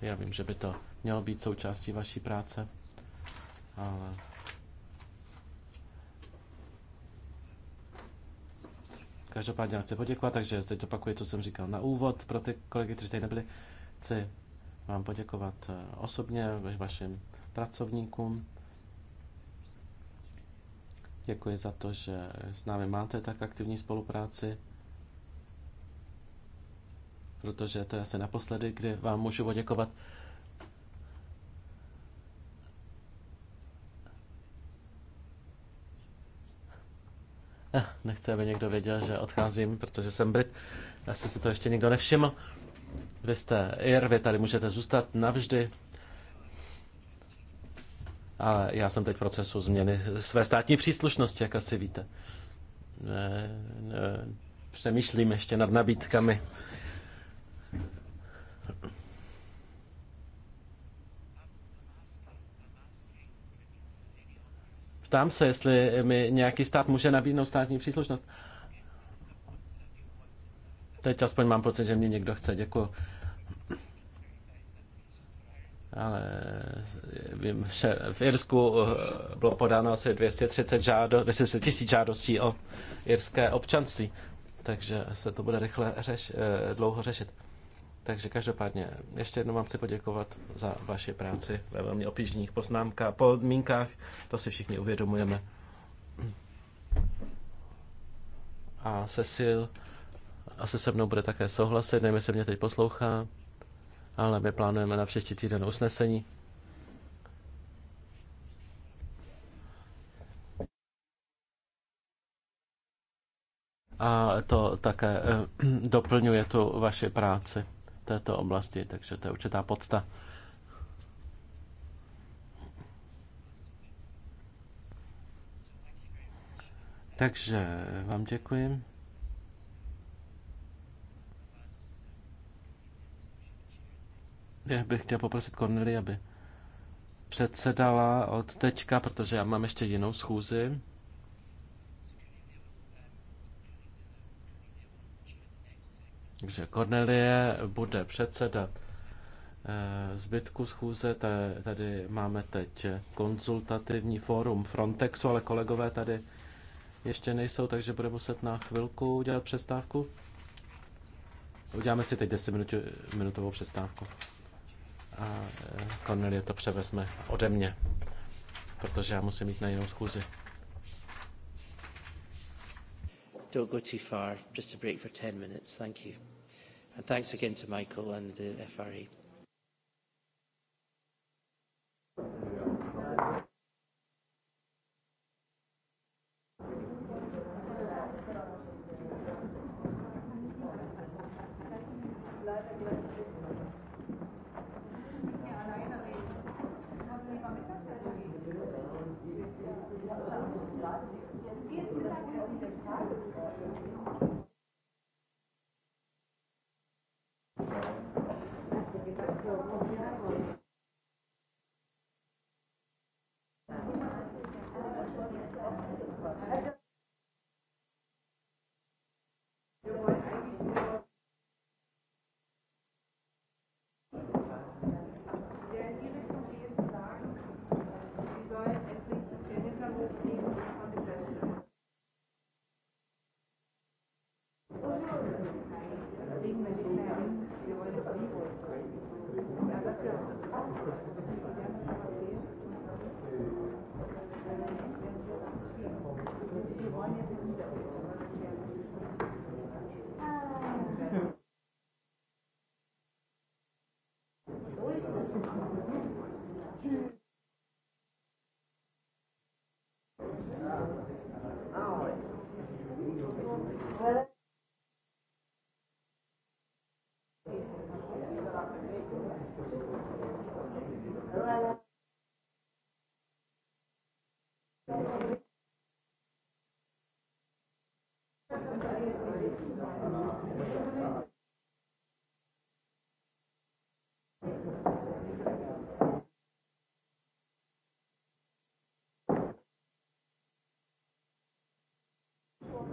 Speaker 4: Já vím, že by to mělo být součástí vaší práce, ale... Každopádně chci poděkovat, takže teď opakuji, co jsem říkal na úvod pro ty kolegy, kteří tady nebyli. Chci vám poděkovat eh, osobně, vašim pracovníkům. Děkuji za to, že s námi máte tak aktivní spolupráci protože to je asi naposledy, kdy vám můžu poděkovat. Eh, nechci, aby někdo věděl, že odcházím, protože jsem Brit. Asi si to ještě nikdo nevšiml. Vy jste IR, vy tady můžete zůstat navždy. Ale já jsem teď v procesu změny své státní příslušnosti, jak asi víte. Ne, ne, přemýšlím ještě nad nabídkami. Ptám se, jestli mi nějaký stát může nabídnout státní příslušnost. Teď aspoň mám pocit, že mě někdo chce. Děkuji. Ale vím, že v Irsku eh, bylo podáno asi 230 žádo, 230 tisíc žádostí o irské občanství, takže se to bude rychle řeš, eh, dlouho řešit. Takže každopádně ještě jednou vám chci poděkovat za vaši práci ve velmi obtížných poznámkách, podmínkách, to si všichni uvědomujeme. A Cecil asi se mnou bude také souhlasit, nevím, jestli mě teď poslouchá, ale my plánujeme na příští týden usnesení. A to také eh, doplňuje tu vaši práci této oblasti, takže to je určitá podsta. Takže vám děkuji. Já bych chtěl poprosit Cornelie, aby předsedala od teďka, protože já mám ještě jinou schůzi. Takže Cornelie bude předsedat eh, zbytku schůze. Tady máme teď konzultativní fórum Frontexu, ale kolegové tady ještě nejsou, takže bude muset na chvilku udělat přestávku. Uděláme si teď 10 minutu, minutovou přestávku. A eh, Cornelie to převezme ode mě, protože já musím jít na jinou schůzi.
Speaker 1: Don't go too far, just a break for 10 minutes, thank you. And thanks again to Michael and the FRA. E.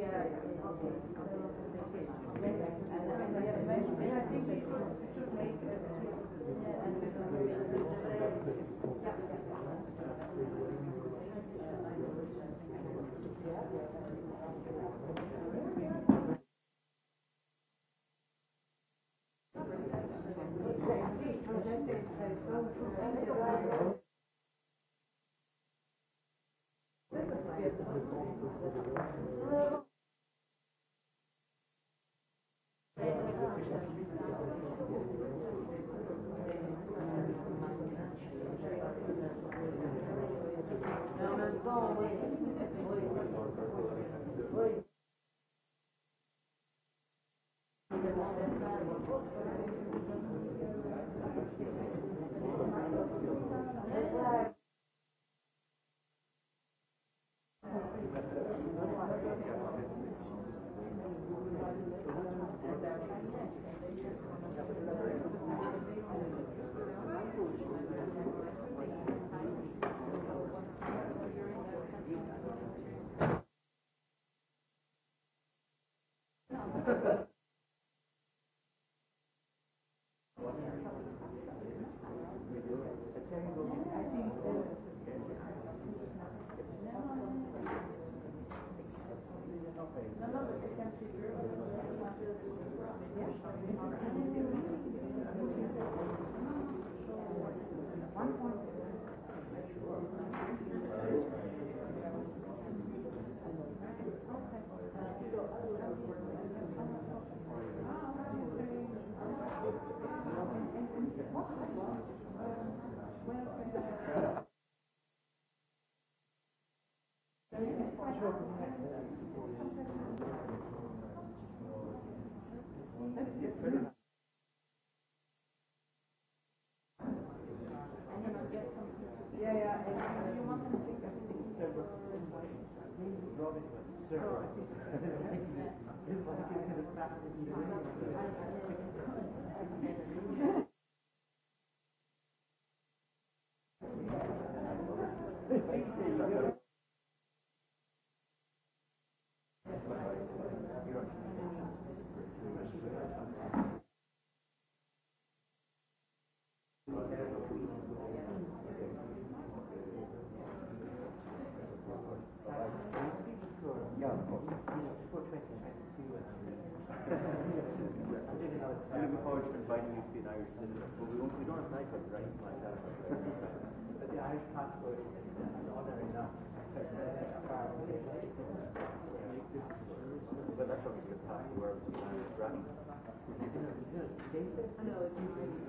Speaker 6: Yeah, okay. životu. and I could write but the Irish passport is an honor enough. But that's only I know,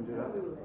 Speaker 6: Honduras.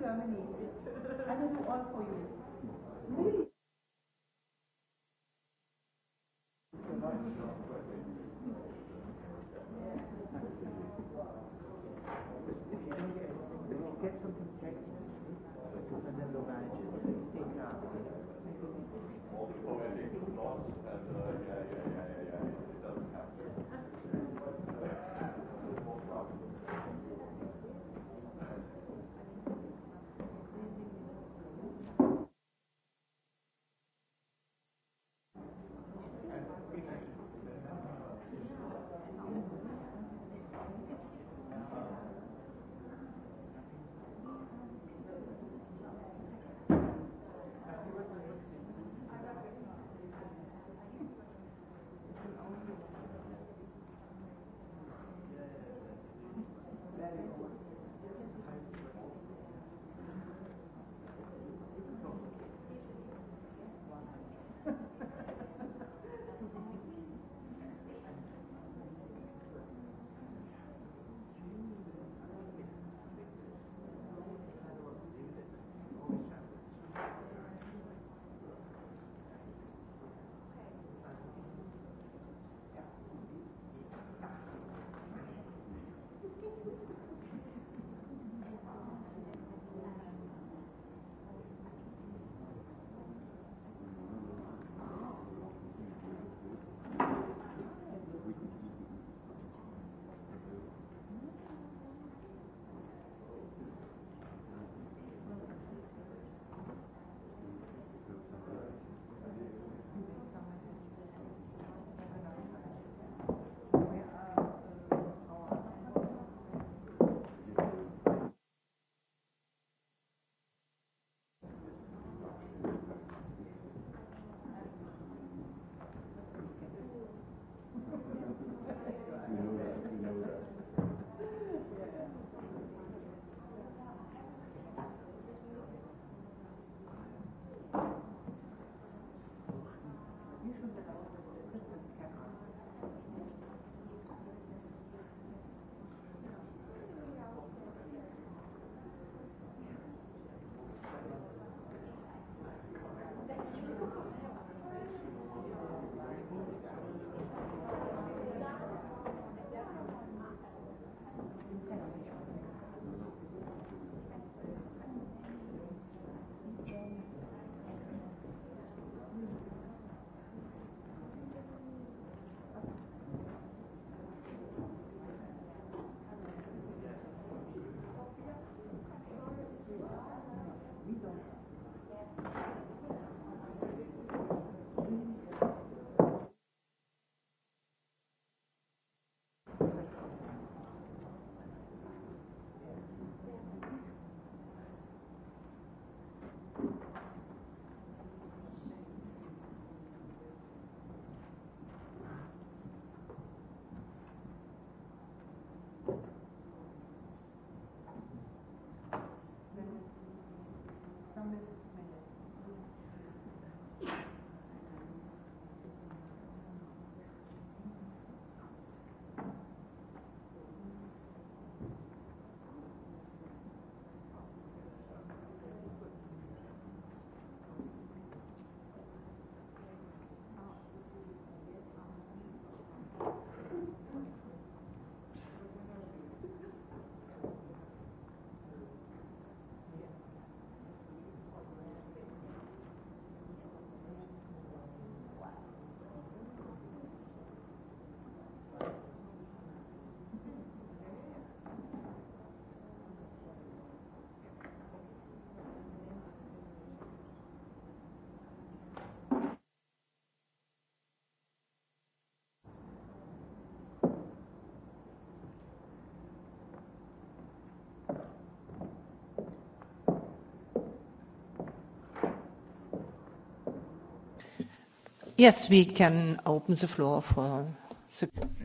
Speaker 6: Germany. I will do all for you.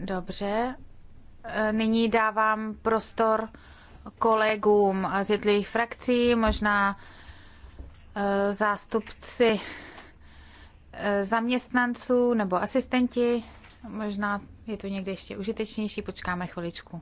Speaker 3: Dobře. E, nyní dávám prostor kolegům z jednotlivých frakcí, možná e, zástupci e, zaměstnanců nebo asistenti. Možná je to někde ještě užitečnější, počkáme chviličku.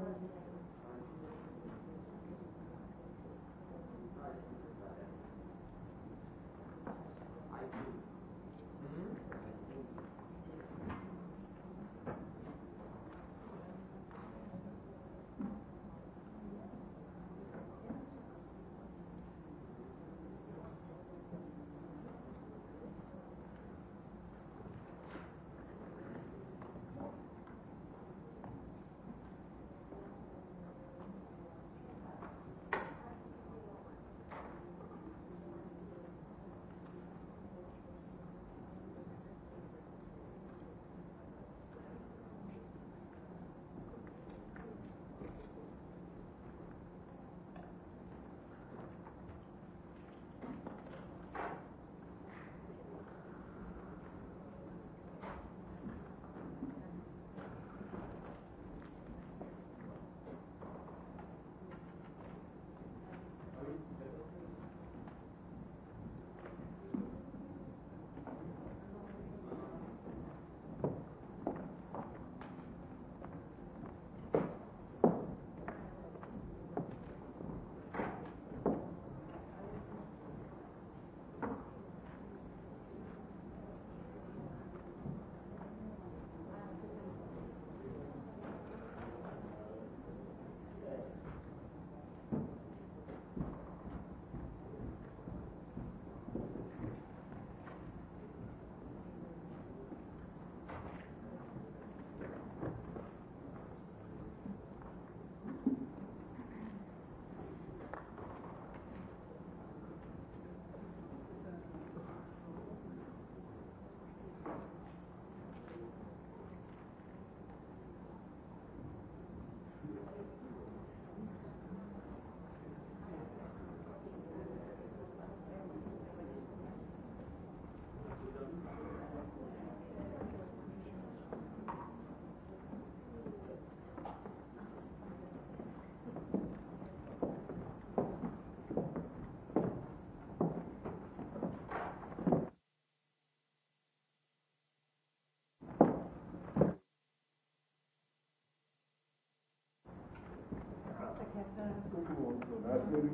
Speaker 6: Sorry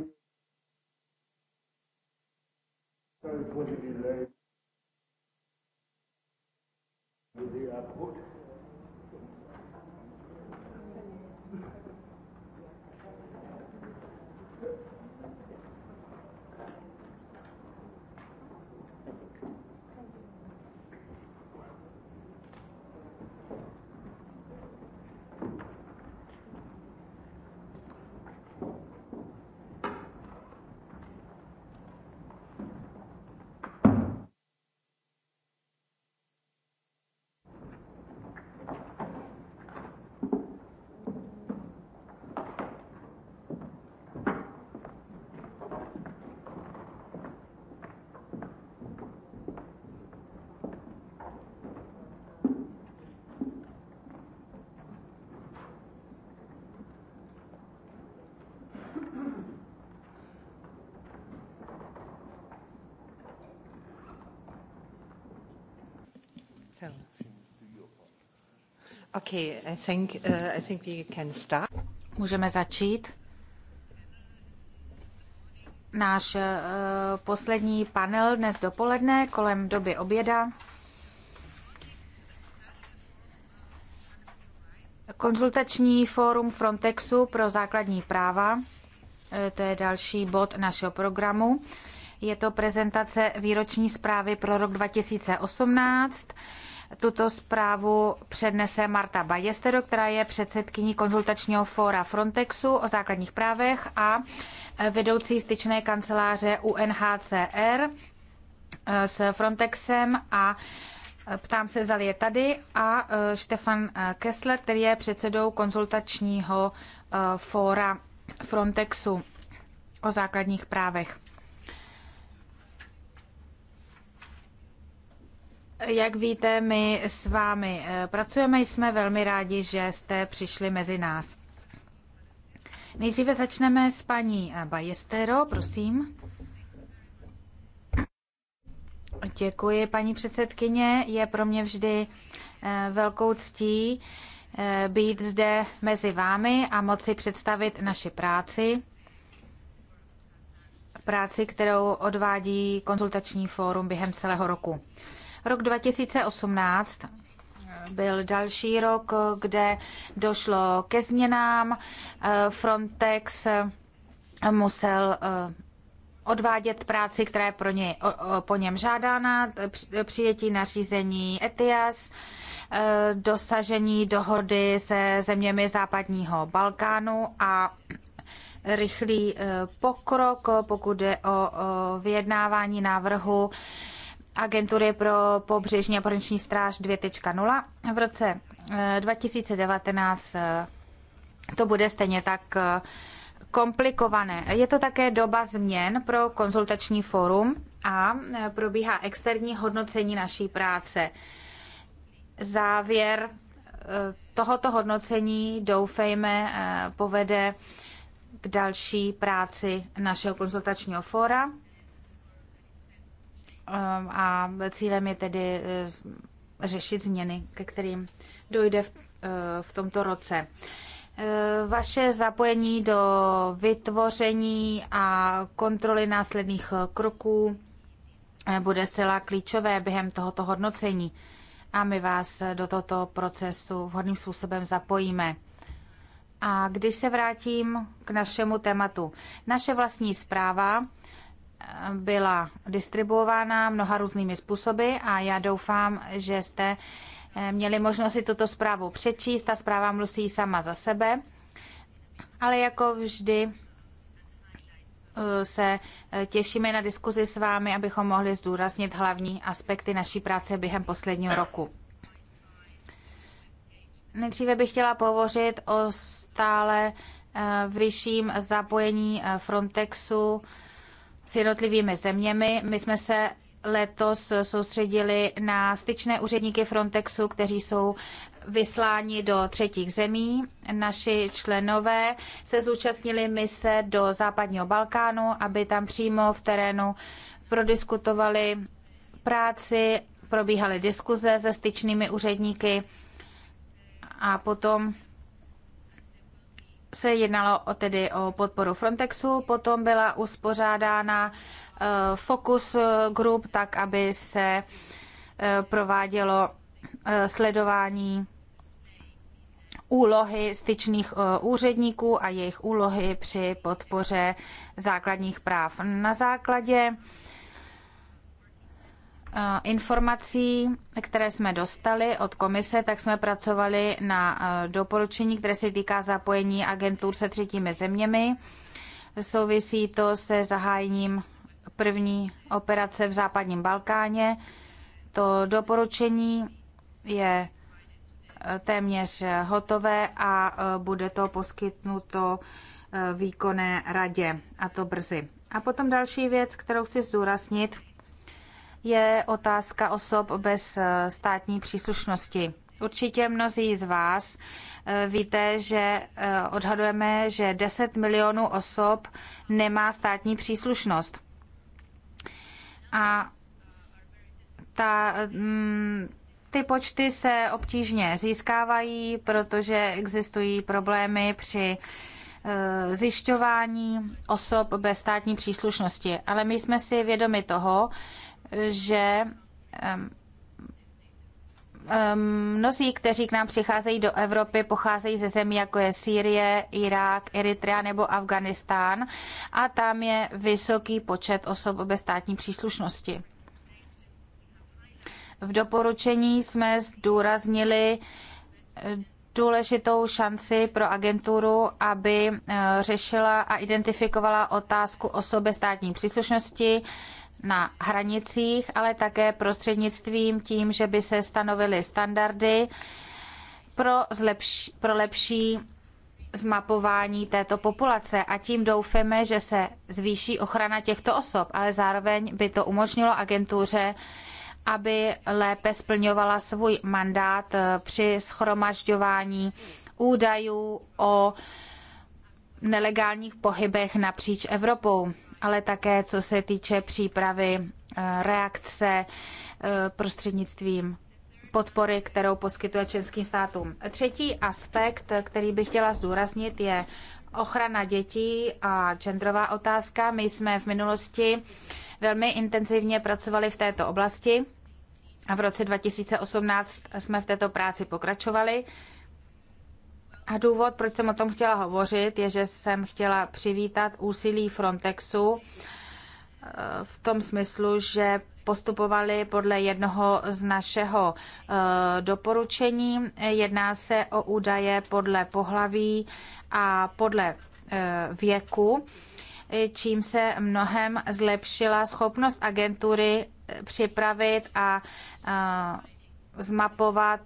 Speaker 6: for the delay with the output.
Speaker 3: So. Okay, I think, uh, I think we can start. Můžeme začít. Náš uh, poslední panel dnes dopoledne kolem doby oběda. Konzultační fórum Frontexu pro základní práva, eh, to je další bod našeho programu. Je to prezentace výroční zprávy pro rok 2018. Tuto zprávu přednese Marta Bajestero, která je předsedkyní konzultačního fóra Frontexu o základních právech a vedoucí styčné kanceláře UNHCR eh, s Frontexem a eh, Ptám se, zali je tady a eh, Štefan Kessler, který je předsedou konzultačního fóra Frontexu o základních právech. Jak víte, my s vámi eh, pracujeme, jsme velmi rádi, že jste přišli mezi nás. Nejdříve začneme s paní eh, Bajestero, prosím. Děkuji, paní předsedkyně. Je pro mě vždy eh, velkou ctí být zde mezi vámi a moci představit naši práci. Práci, kterou odvádí konzultační fórum během celého roku. Rok 2018 byl další rok, kde došlo ke změnám. Frontex musel eh, odvádět práci, která je pro ně, po něm žádána, přijetí nařízení ETIAS, eh, dosažení dohody se zeměmi západního Balkánu a rychlý eh, pokrok, pokud je o vyjednávání návrhu agentury pro pobřežní a pohraniční stráž 2.0. V roce 2019 eh, eh, to bude stejně tak eh, komplikované. Je to také doba změn pro konzultační fórum a probíhá externí hodnocení naší práce. Závěr tohoto hodnocení doufejme povede k další práci našeho konzultačního fóra Ehm, a cílem je tedy eh, řešit změny, ke kterým dojde v, eh, v tomto roce. Eh, vaše zapojení do vytvoření a kontroly následných kroků bude zcela klíčové během tohoto hodnocení a my vás do tohoto procesu vhodným způsobem zapojíme. A když se vrátím k našemu tématu, naše vlastní zpráva byla distribuována mnoha různými způsoby a já doufám, že jste eh, měli možnost si tuto zprávu přečíst. Ta zpráva mluví sama za sebe, ale jako vždy eh, se eh, těšíme na diskuzi s vámi, abychom mohli zdůraznit hlavní aspekty naší práce během posledního roku. Nejdříve bych chtěla pohovořit o stále vyšším zapojení Frontexu s jednotlivými zeměmi. My jsme se letos soustředili na styčné úředníky Frontexu, kteří jsou vysláni do třetích zemí. Naši členové se zúčastnili mise do západního Balkánu, aby tam přímo v terénu prodiskutovali práci, probíhaly diskuze se styčnými úředníky a potom se jednalo o, tedy o podporu Frontexu, potom byla uspořádána eh, focus eh, group, tak aby se eh, provádělo sledování úlohy styčných úředníků a jejich úlohy při podpoře základních práv. Na základě informací, které jsme dostali od komise, tak jsme pracovali na e, doporučení, které se týká zapojení agentur se třetími zeměmi. Souvisí to se zahájením první operace v západním Balkáně. To doporučení je e, téměř hotové a e, bude to poskytnuto výkonné radě a to brzy. A potom další věc, kterou chci zdůraznit, je otázka osob bez eh, státní příslušnosti. Určitě mnozí z vás eh, víte, že eh, odhadujeme, že 10 milionů osob nemá státní příslušnost. A ta, mm, ty počty se obtížně získávají, protože existují problémy při zjišťování osob bez státní příslušnosti. Ale my jsme si vědomi toho, že mnozí, kteří k nám přicházejí do Evropy, pocházejí ze zemí jako je Sýrie, Irák, Eritrea nebo Afganistán a tam je vysoký počet osob bez státní příslušnosti. V doporučení jsme zdůraznili eh, důležitou šanci pro agenturu, aby eh, řešila a identifikovala otázku osoby státní příslušnosti, na hranicích, ale také prostřednictvím tím, že by se stanovily standardy pro, zlepš- pro lepší zmapování této populace a tím doufáme, že se zvýší ochrana těchto osob, ale zároveň by to umožnilo agentuře, aby lépe splňovala svůj mandát eh, při schromažďování údajů o nelegálních pohybech napříč Evropou ale také co se týče přípravy eh, reakce eh, prostřednictvím podpory, kterou poskytuje členským státům. Třetí aspekt, který bych chtěla zdůraznit, je ochrana dětí a genderová otázka. My jsme v minulosti velmi intenzivně pracovali v této oblasti a v roce 2018 jsme v této práci pokračovali. A důvod, proč jsem o tom chtěla hovořit, je, že jsem chtěla přivítat úsilí Frontexu eh, v tom smyslu, že postupovali podle jednoho z našeho eh, doporučení. Jedná se o údaje podle pohlaví a podle eh, věku, čím se mnohem zlepšila schopnost agentury připravit a zmapovat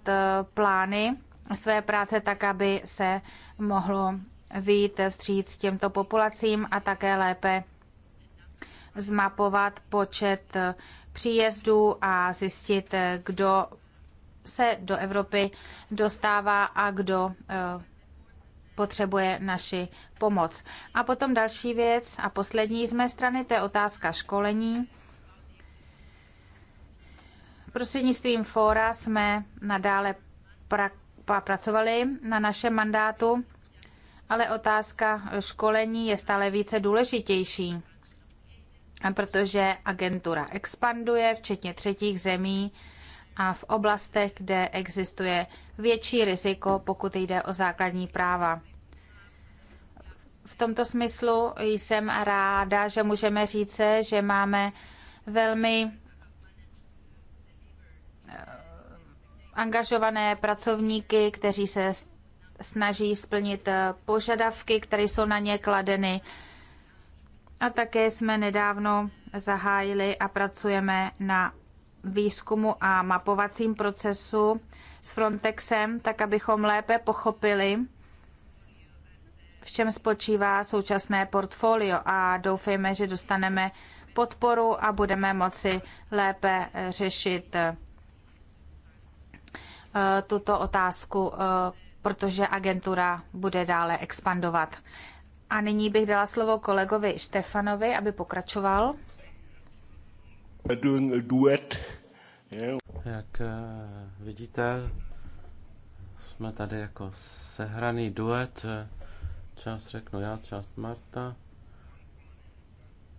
Speaker 3: plány své práce tak, aby se mohlo vyjít vstříc těmto populacím a také lépe zmapovat počet příjezdů a zjistit, kdo se do Evropy dostává a kdo eh, potřebuje naši pomoc. A potom další věc a poslední z mé strany, to je otázka školení. Prostřednictvím fóra jsme nadále prak pracovali na našem mandátu, ale otázka školení je stále více důležitější, protože agentura expanduje, včetně třetích zemí a v oblastech, kde existuje větší riziko, pokud jde o základní práva. V tomto smyslu jsem ráda, že můžeme říct, že máme velmi angažované pracovníky, kteří se snaží splnit eh, požadavky, které jsou na ně kladeny. A také jsme nedávno zahájili a pracujeme na výzkumu a mapovacím procesu s Frontexem, tak abychom lépe pochopili, v čem spočívá současné portfolio a doufejme, že dostaneme podporu a budeme moci lépe řešit Eh, tuto otázku, eh, protože agentura bude dále expandovat. A nyní bych dala slovo kolegovi Štefanovi, aby pokračoval.
Speaker 4: Duet. Jak eh, vidíte, jsme tady jako sehraný duet. Část řeknu já, část Marta.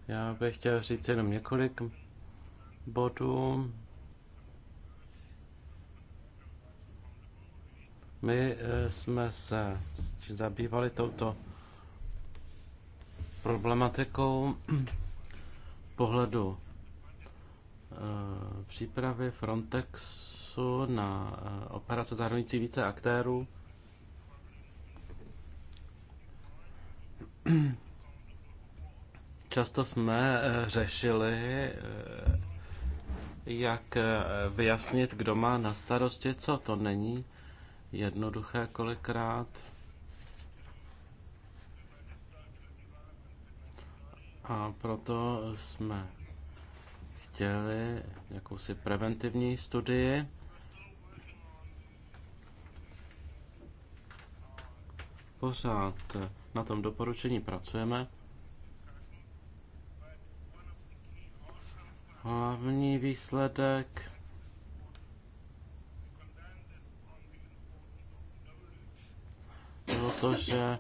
Speaker 4: Já bych chtěl říct jenom několik bodů. My eh, jsme se zabývali touto problematikou *clears throat* pohledu eh, přípravy Frontexu na eh, operace zahrnující více aktérů. *clears throat* Často jsme řešili, jak vyjasnit, kdo má na starosti co. To není jednoduché kolikrát. A proto jsme chtěli jakousi preventivní studii. Pořád na tom doporučení pracujeme. Hlavní výsledek bylo to, že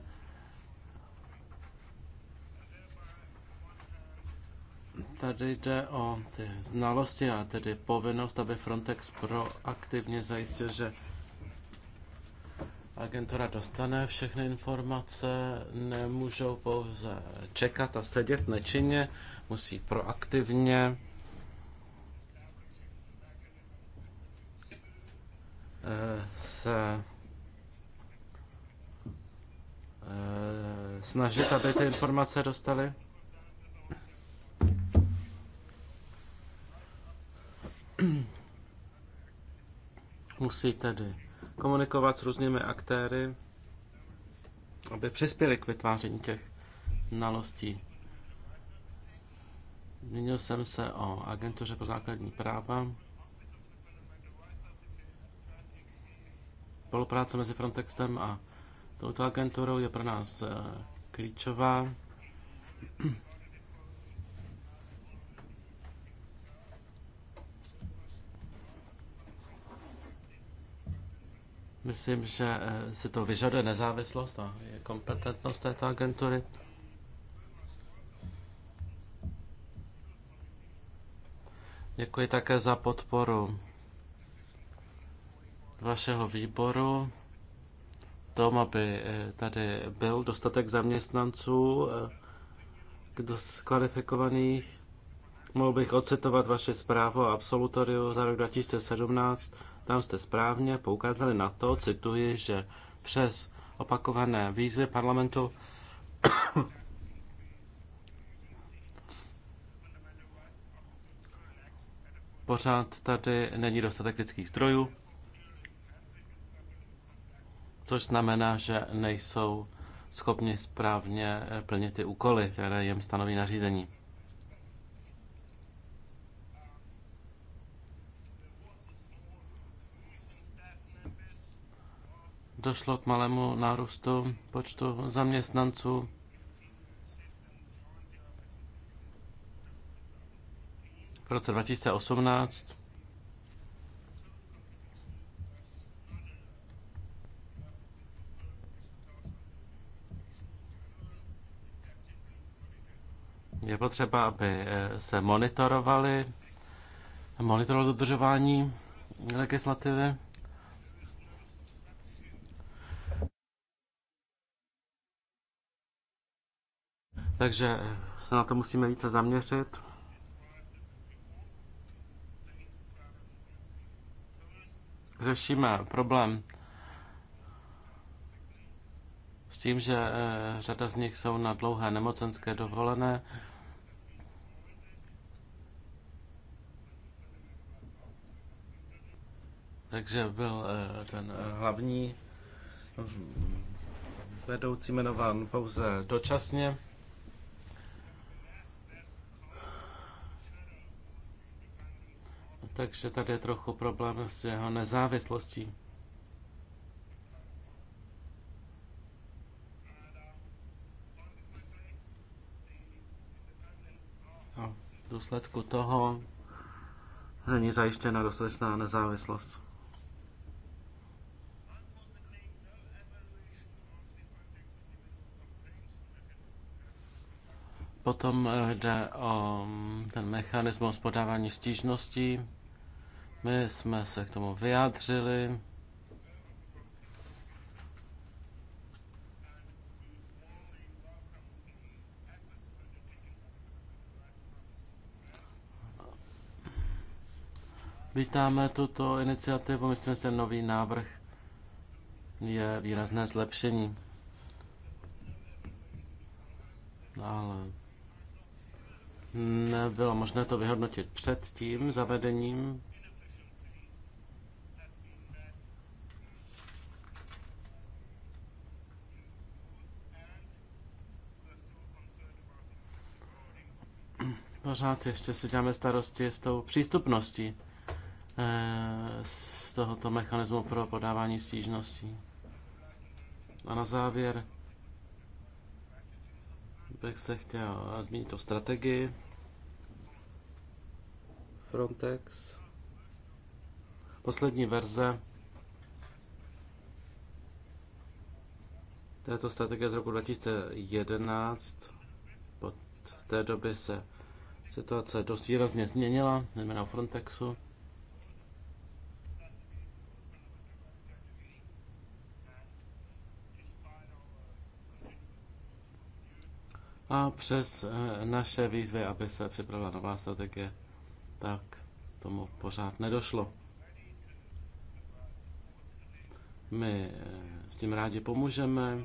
Speaker 4: tady jde o ty znalosti a tedy povinnost, aby Frontex proaktivně zajistil, že agentura dostane všechny informace, nemůžou pouze čekat a sedět nečinně, musí proaktivně eh, se Eh, snažit, aby ty informace dostali. Musí tedy komunikovat s různými aktéry, aby přispěli k vytváření těch znalostí. Měnil jsem se o agentuře pro základní práva. Spolupráce mezi Frontextem a touto agenturou je pro nás eh, klíčová. Myslím, že eh, si to vyžaduje nezávislost a kompetentnost této agentury. Děkuji také za podporu vašeho výboru tom, aby eh, tady byl dostatek zaměstnanců eh, kvalifikovaných. Mohl bych ocitovat vaši zprávu o absolutoriu za rok 2017. Tam jste správně poukázali na to, cituji, že přes opakované výzvy parlamentu *coughs* pořád tady není dostatek lidských zdrojů což znamená, že nejsou schopni správně eh, plnit ty úkoly, které jim stanoví nařízení. Došlo k malému nárůstu počtu zaměstnanců. V roce 2018 Je potřeba, aby eh, se monitorovali, monitorovalo dodržování legislativy. Takže eh, se na to musíme více zaměřit. Řešíme problém s tím, že eh, řada z nich jsou na dlouhé nemocenské dovolené. Takže byl eh, ten eh, hlavní eh, vedoucí jmenován pouze dočasně. Takže tady je trochu problém s jeho nezávislostí. A v důsledku toho není zajištěna dostatečná nezávislost. Potom eh, jde o mm, ten mechanismus podávání stížností. My jsme se k tomu vyjádřili. Vítáme tuto iniciativu, myslím, že nový návrh je výrazné zlepšení. Ale Nebylo možné to vyhodnotit před tím zavedením. Pořád ještě si děláme starosti s tou přístupností z eh, tohoto mechanismu pro podávání stížností. A na závěr bych se chtěl zmínit o strategii. Frontex. Poslední verze této strategie z roku 2011. Od té doby se situace dost výrazně změnila, zejména Frontexu. A přes eh, naše výzvy, aby se připravila nová strategie, tak tomu pořád nedošlo. My eh, s tím rádi pomůžeme.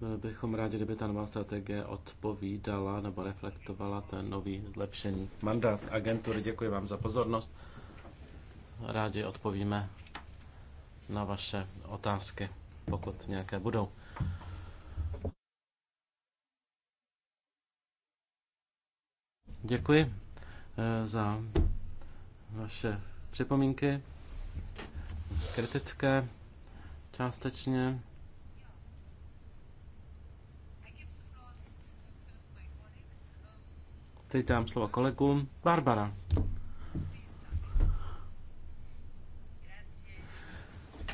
Speaker 4: Byli bychom rádi, kdyby ta nová strategie odpovídala nebo reflektovala ten nový zlepšený mandát agentury. Děkuji vám za pozornost. Rádi odpovíme na vaše otázky, pokud nějaké budou. Děkuji eh, za vaše připomínky, kritické částečně. Teď dám slovo kolegům. Barbara.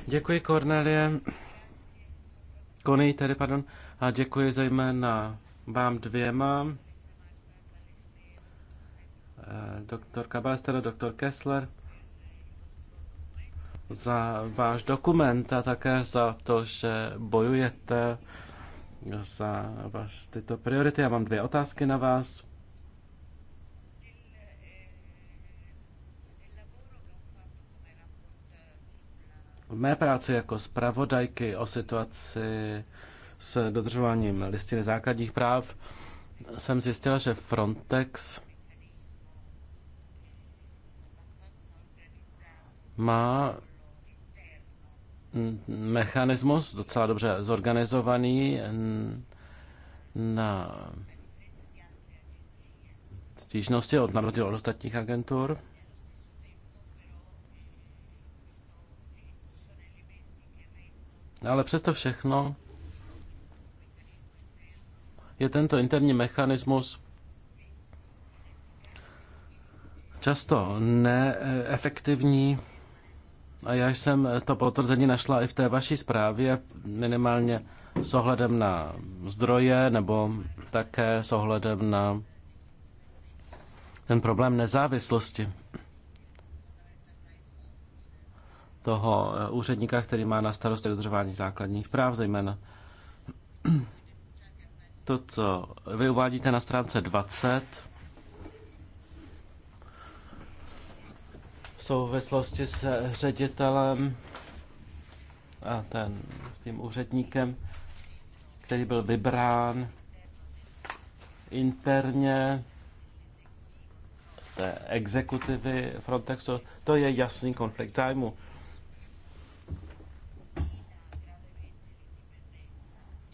Speaker 4: Děkuji, Cornelie. Konej tedy, pardon. A děkuji zejména vám dvěma Eh, doktorka Balester, doktor Kessler za váš dokument a také za to, že bojujete za vaš, tyto priority. Já mám dvě otázky na vás. V mé práci jako zpravodajky o situaci s dodržováním listiny základních práv jsem zjistila, že Frontex má mechanismus docela dobře zorganizovaný na stížnosti od narodil od ostatních agentur. Ale přesto všechno je tento interní mechanismus často neefektivní. A já jsem to potvrzení našla i v té vaší zprávě, minimálně s ohledem na zdroje nebo také s ohledem na ten problém nezávislosti toho eh, úředníka, který má na starosti dodržování základních práv, zejména to, co vy uvádíte na stránce 20, v souvislosti s ředitelem a ten, s tím úředníkem, který byl vybrán interně z té exekutivy Frontexu. To je jasný konflikt zájmu.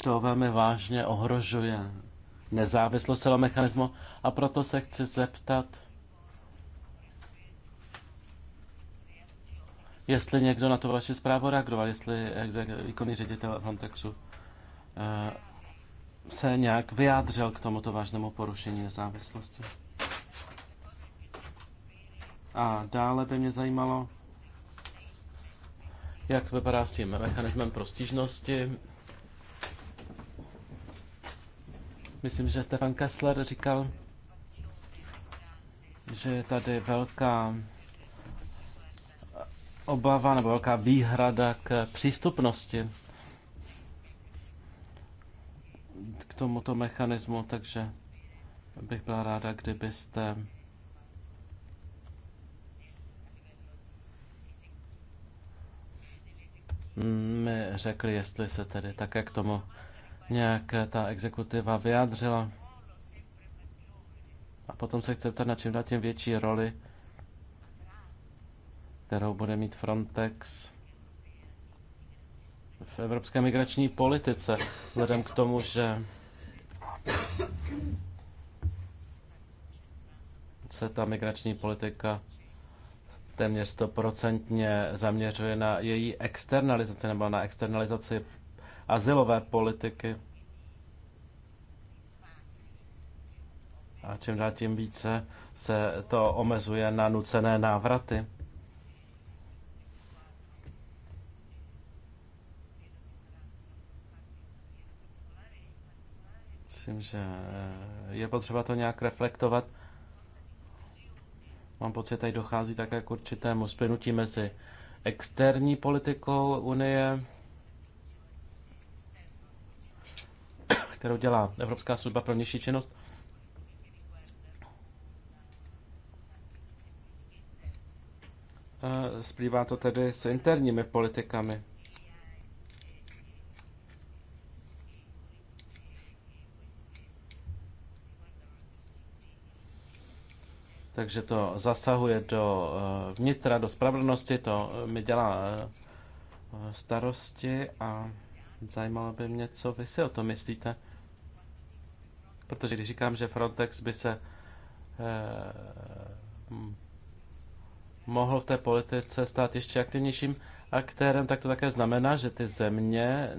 Speaker 4: To velmi vážně ohrožuje nezávislost celého mechanismu a proto se chci zeptat, jestli někdo na to vaši zprávu reagoval, jestli výkonný ředitel Frontexu eh, se nějak vyjádřil k tomuto vážnému porušení nezávislosti. A dále by mě zajímalo, jak to vypadá s tím mechanismem pro stížnosti. Myslím, že Stefan Kessler říkal, že je tady velká obava nebo velká výhrada k přístupnosti k tomuto mechanismu, takže bych byla ráda, kdybyste mi řekli, jestli se tedy také k tomu nějak ta exekutiva vyjádřila. A potom se chcete na čím dát tím větší roli kterou bude mít Frontex v evropské migrační politice, vzhledem k tomu, že se ta migrační politika téměř stoprocentně zaměřuje na její externalizaci nebo na externalizaci asilové politiky. A čím dál tím více se to omezuje na nucené návraty. myslím, že eh, je potřeba to nějak reflektovat. Mám pocit, že tady dochází také k určitému splnutí mezi externí politikou Unie, kterou dělá Evropská služba pro nižší činnost, eh, Splývá to tedy s interními politikami. takže to zasahuje do eh, vnitra, do spravedlnosti, to eh, mi dělá eh, starosti a zajímalo by mě, co vy si o tom myslíte. Protože když říkám, že Frontex by se mohl v té politice stát ještě aktivnějším aktérem, tak to také znamená, že ty země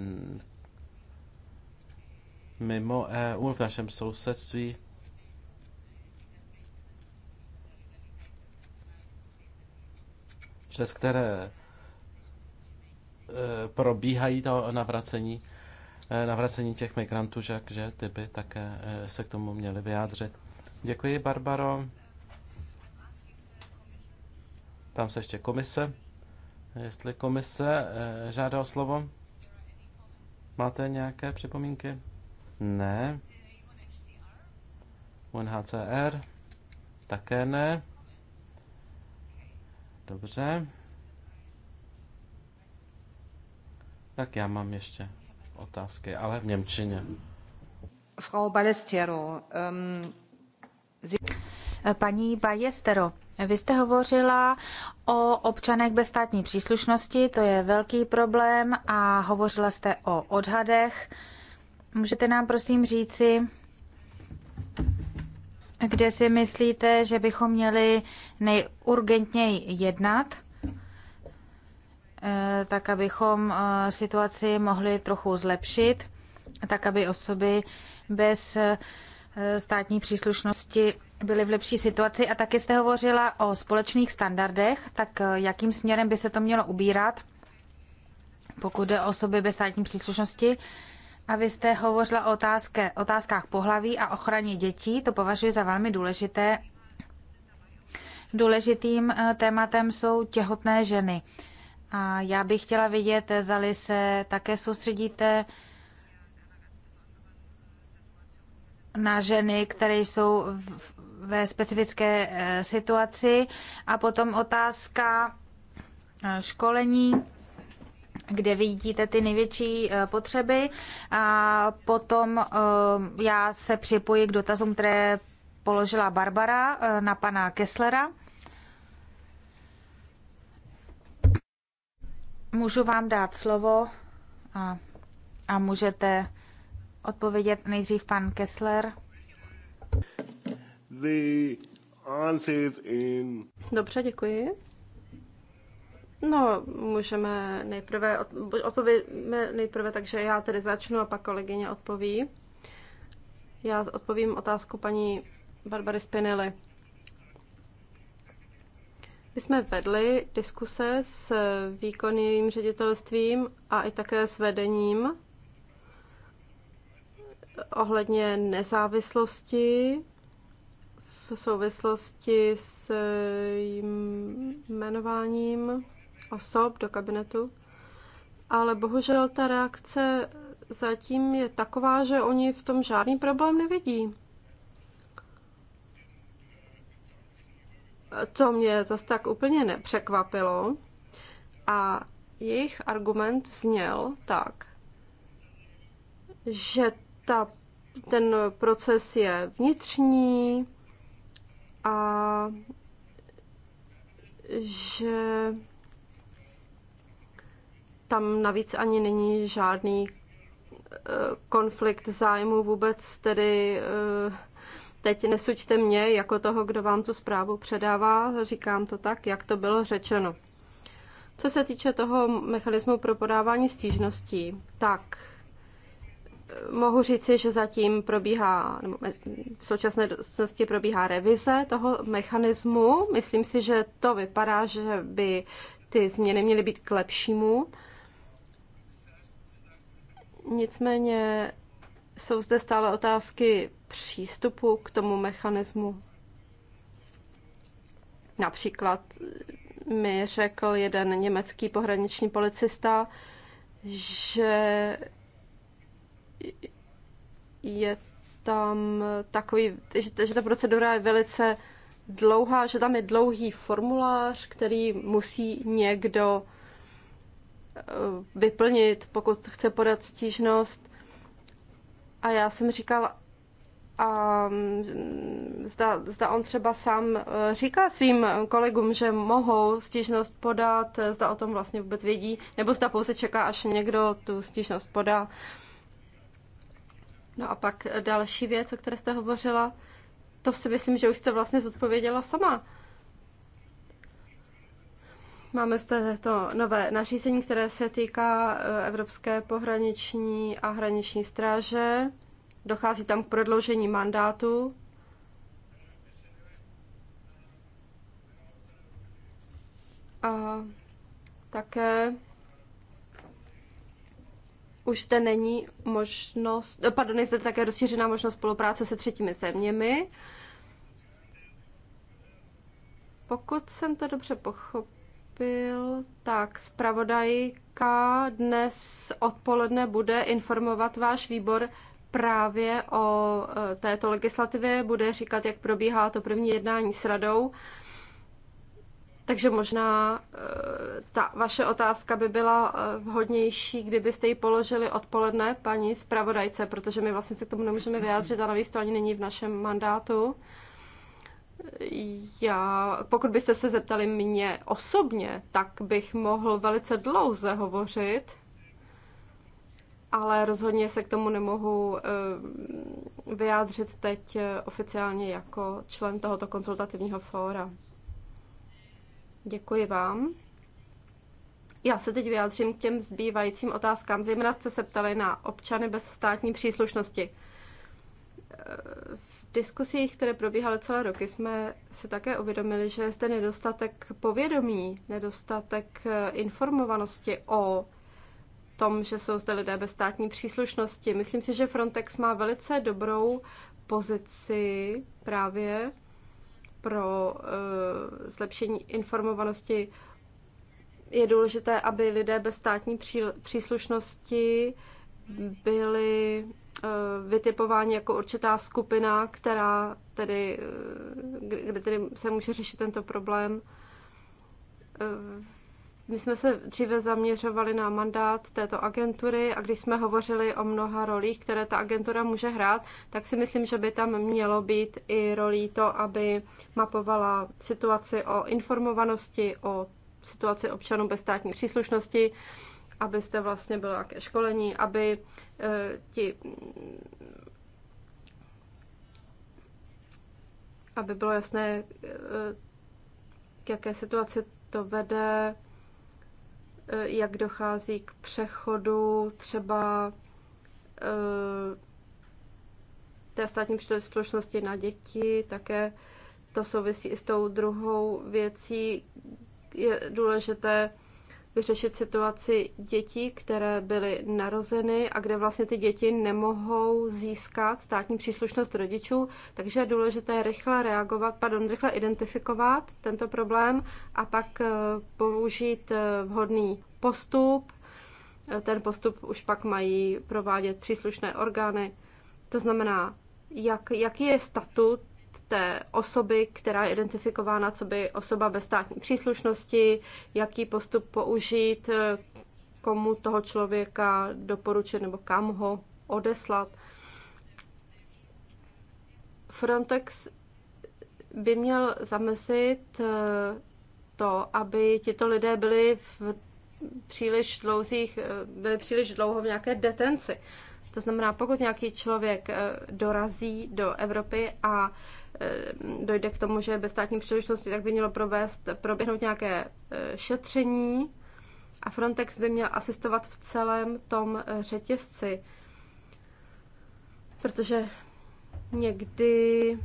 Speaker 4: mimo EU v našem sousedství přes které eh, probíhají to navracení, eh, navracení těch migrantů, že, že ty by také eh, se k tomu měli vyjádřit. Děkuji, Barbaro. Tam se ještě komise. Jestli komise žádá o slovo, máte nějaké připomínky? Ne. UNHCR? Také ne. Dobře. Tak já mám ještě otázky, ale v Němčině.
Speaker 3: Frau Balestero, um, Sie... Paní Balestero, vy jste hovořila o občanech bez státní příslušnosti, to je velký problém a hovořila jste o odhadech. Můžete nám prosím říci, kde si myslíte, že bychom měli nejurgentněji jednat, eh, tak abychom eh, situaci mohli trochu zlepšit, tak aby osoby bez eh, státní příslušnosti byly v lepší situaci. A taky jste hovořila o společných standardech, tak jakým směrem by se to mělo ubírat, pokud jde o osoby bez státní příslušnosti? A vy jste hovořila o otázke, otázkách pohlaví a ochraně dětí. To považuji za velmi důležité. Důležitým eh, tématem jsou těhotné ženy. A já bych chtěla vidět, zali se také soustředíte na ženy, které jsou ve specifické eh, situaci. A potom otázka eh, školení kde vidíte ty největší eh, potřeby a potom eh, já se připoji k dotazům, které položila Barbara eh, na pana Kesslera. Můžu vám dát slovo a, a můžete odpovědět nejdřív pan Kessler.
Speaker 6: The answers
Speaker 2: in... Dobře, děkuji. No, můžeme nejprve, odpovíme nejprve, takže já tedy začnu a pak kolegyně odpoví. Já odpovím otázku paní Barbary Spinelli. My jsme vedli diskuse s výkonným ředitelstvím a i také s vedením ohledně nezávislosti v souvislosti s jmenováním osob do kabinetu, ale bohužel ta reakce zatím je taková, že oni v tom žádný problém nevidí. To mě zase tak úplně nepřekvapilo. A jejich argument zněl tak, že ta, ten proces je vnitřní a že tam navíc ani není žádný eh, konflikt zájmu vůbec, tedy eh, teď nesuďte mě jako toho, kdo vám tu zprávu předává, říkám to tak, jak to bylo řečeno. Co se týče toho mechanismu pro podávání stížností, tak eh, mohu říci, že zatím probíhá, nebo v současné dosti probíhá revize toho mechanismu. Myslím si, že to vypadá, že by ty změny měly být k lepšímu. Nicméně jsou zde stále otázky přístupu k tomu mechanismu. Například mi řekl jeden německý pohraniční policista, že je tam takový, že, že ta procedura je velice dlouhá, že tam je dlouhý formulář, který musí někdo Eh, vyplnit, pokud chce podat stížnost. A já jsem říkala, a mm, zda, zda on třeba sám eh, říká svým kolegům, že mohou stížnost podat, eh, zda o tom vlastně vůbec vědí, nebo zda pouze čeká, až někdo tu stížnost podá. No a pak další věc, o které jste hovořila, to si myslím, že už jste vlastně zodpověděla sama. Máme zde to nové nařízení, které se týká eh, Evropské pohraniční a hraniční stráže. Dochází tam k prodloužení mandátu. A také už zde není možnost, eh, pardon, je zde také rozšířená možnost spolupráce se třetími zeměmi. Pokud jsem to dobře pochopil, pochopil, tak zpravodajka dnes odpoledne bude informovat váš výbor právě o e, této legislativě, bude říkat, jak probíhá to první jednání s radou. Takže možná e, ta vaše otázka by byla e, vhodnější, kdybyste ji položili odpoledne paní zpravodajce, protože my vlastně se k tomu nemůžeme vyjádřit a navíc to ani není v našem mandátu já, pokud byste se zeptali mě osobně, tak bych mohl velice dlouze hovořit, ale rozhodně se k tomu nemohu eh, vyjádřit teď eh, oficiálně jako člen tohoto konzultativního fóra. Děkuji vám. Já se teď vyjádřím k těm zbývajícím otázkám. Zejména jste se ptali na občany bez státní příslušnosti eh, diskusích, které probíhaly celé roky, jsme si také uvědomili, že je zde nedostatek povědomí, nedostatek eh, informovanosti o tom, že jsou zde lidé bez státní příslušnosti. Myslím si, že Frontex má velice dobrou pozici právě pro uh, zlepšení informovanosti. Je důležité, aby lidé bez státní příslušnosti byli Eh, vytipování jako určitá skupina, která tedy, eh, kde tedy se může řešit tento problém. Eh, my jsme se dříve zaměřovali na mandát této agentury a když jsme hovořili o mnoha rolích, které ta agentura může hrát, tak si myslím, že by tam mělo být i rolí to, aby mapovala situaci o informovanosti, o situaci občanů bez státní příslušnosti, abyste vlastně bylo nějaké školení, aby eh, ti aby bylo jasné, eh, k jaké situaci to vede, eh, jak dochází k přechodu třeba té státní příslušnosti na děti, také to souvisí i s tou druhou věcí. Je důležité vyřešit situaci dětí, které byly narozeny a kde vlastně ty děti nemohou získat státní příslušnost rodičů, takže je důležité rychle reagovat, pardon, rychle identifikovat tento problém a pak eh, použít eh, vhodný postup. Eh, ten postup už pak mají provádět příslušné orgány. To znamená, jak, jaký je statut té osoby, která je identifikována, co by osoba bez státní příslušnosti, jaký postup použít, komu toho člověka doporučit nebo kam ho odeslat. Frontex by měl zamezit eh, to, aby tito lidé byli v příliš dlouzích, eh, byli příliš dlouho v nějaké detenci. To znamená, pokud nějaký člověk eh, dorazí do Evropy a Eh, dojde k tomu, že bez státní příležitosti, tak by mělo provést, proběhnout nějaké eh, šetření a Frontex by měl asistovat v celém tom eh, řetězci, protože někdy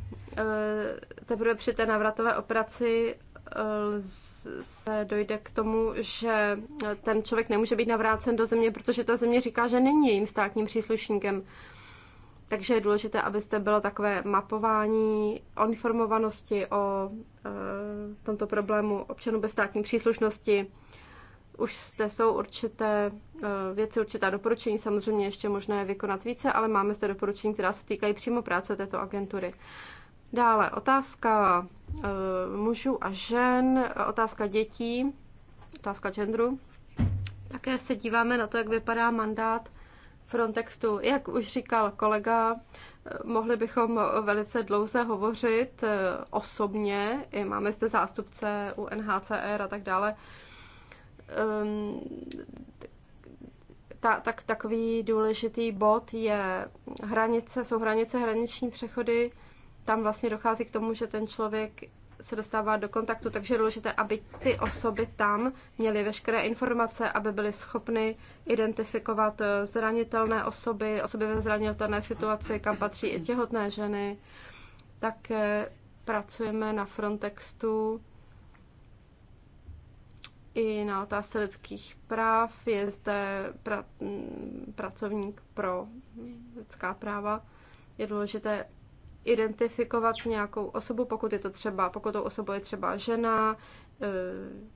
Speaker 2: teprve při té navratové operaci se dojde k tomu, že ten člověk nemůže být navrácen do země, protože ta země říká, že není jejím státním příslušníkem. Takže je důležité, abyste bylo takové mapování o informovanosti o e, tomto problému občanů bez státní příslušnosti. Už zde jsou určité e, věci, určitá doporučení, samozřejmě ještě možné vykonat více, ale máme zde doporučení, která se týkají přímo práce této agentury. Dále otázka e, mužů a žen, otázka dětí, otázka genderu. Také se díváme na to, jak vypadá mandát Frontextu. Jak už říkal kolega, eh, mohli bychom velice dlouze hovořit eh, osobně, I máme zde zástupce UNHCR a tak dále. Ehm, ta, tak, takový důležitý bod je hranice, jsou hranice hraniční přechody, tam vlastně dochází k tomu, že ten člověk se dostává do kontaktu, takže je důležité, aby ty osoby tam měly veškeré informace, aby byly schopny identifikovat eh, zranitelné osoby, osoby ve zranitelné situaci, kam patří i těhotné ženy. Také eh, pracujeme na Frontextu i na otázce lidských práv. Je zde pra, pracovník pro lidská práva. Je důležité identifikovat nějakou osobu, pokud je to třeba, pokud tou osobou je třeba žena, eh,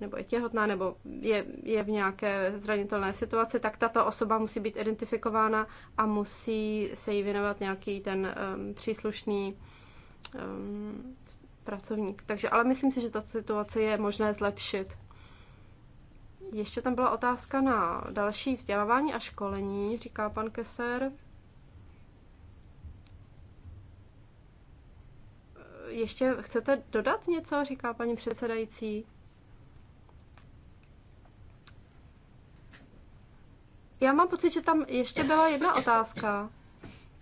Speaker 2: nebo je těhotná, nebo je, je v nějaké zranitelné situaci, tak tato osoba musí být identifikována a musí se jí věnovat nějaký ten um, příslušný um, pracovník. Takže, ale myslím si, že ta situace je možné zlepšit. Ještě tam byla otázka na další vzdělávání a školení, říká pan Keser. ještě chcete dodat něco, říká paní předsedající. Já mám pocit, že tam ještě byla jedna otázka,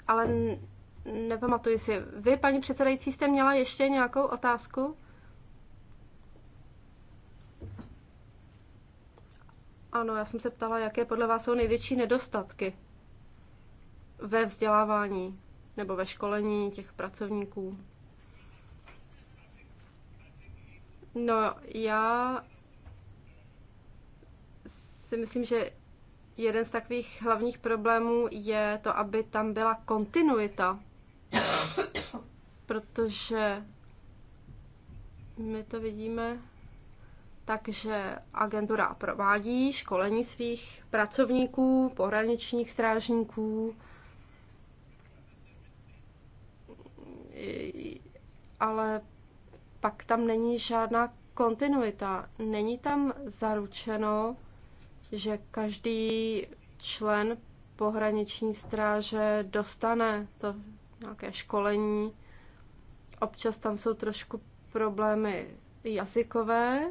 Speaker 2: ale nepamatuji si. Vy, paní předsedající, jste měla ještě nějakou otázku? Ano, já jsem se ptala, jaké podle vás jsou největší nedostatky ve vzdělávání nebo ve školení těch pracovníků. No, já si myslím, že jeden z takových hlavních problémů je to, aby tam byla kontinuita. Protože my to vidíme takže agentura provádí školení svých pracovníků, pohraničních strážníků, ale pak tam není žádná kontinuita. Není tam zaručeno, že každý člen pohraniční stráže dostane to nějaké školení. Občas tam jsou trošku problémy jazykové.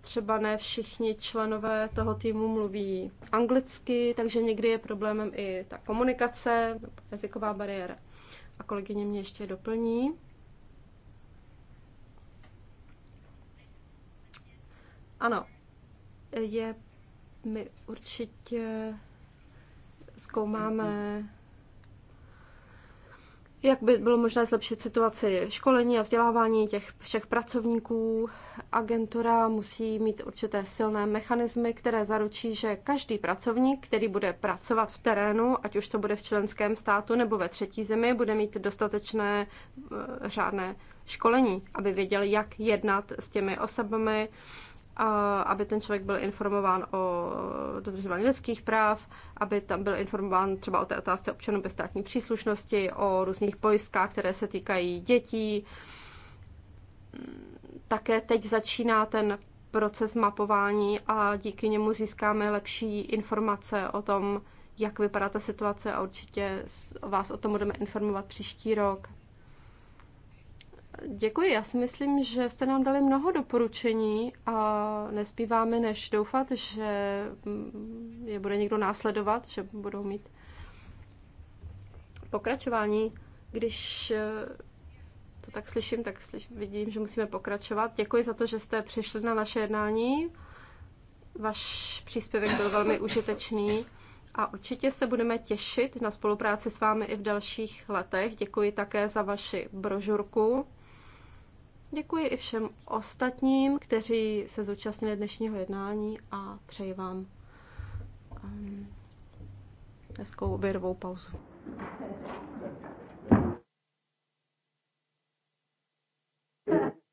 Speaker 2: Třeba ne všichni členové toho týmu mluví anglicky, takže někdy je problémem i ta komunikace, jazyková bariéra. A kolegyně mě ještě doplní. Ano, je, my určitě zkoumáme, jak by bylo možné zlepšit situaci školení a vzdělávání těch všech pracovníků. Agentura musí mít určité silné mechanismy, které zaručí, že každý pracovník, který bude pracovat v terénu, ať už to bude v členském státu nebo ve třetí zemi, bude mít dostatečné eh, řádné školení, aby věděl, jak jednat s těmi osobami, a aby ten člověk byl informován o dodržování lidských práv, aby tam byl informován třeba o té otázce občanů bez státní příslušnosti, o různých pojistkách, které se týkají dětí. Také teď začíná ten proces mapování a díky němu získáme lepší informace o tom, jak vypadá ta situace a určitě vás o tom budeme informovat příští rok. Děkuji, já si myslím, že jste nám dali mnoho doporučení a nespíváme než doufat, že mm, je bude někdo následovat, že budou mít pokračování. Když eh, to tak slyším, tak slyším, vidím, že musíme pokračovat. Děkuji za to, že jste přišli na naše jednání. Vaš příspěvek byl velmi *laughs* užitečný a určitě se budeme těšit na spolupráci s vámi i v dalších letech. Děkuji také za vaši brožurku. Děkuji i všem ostatním, kteří se zúčastnili dnešního jednání a přeji vám um, hezkou obědovou pauzu. Yeah.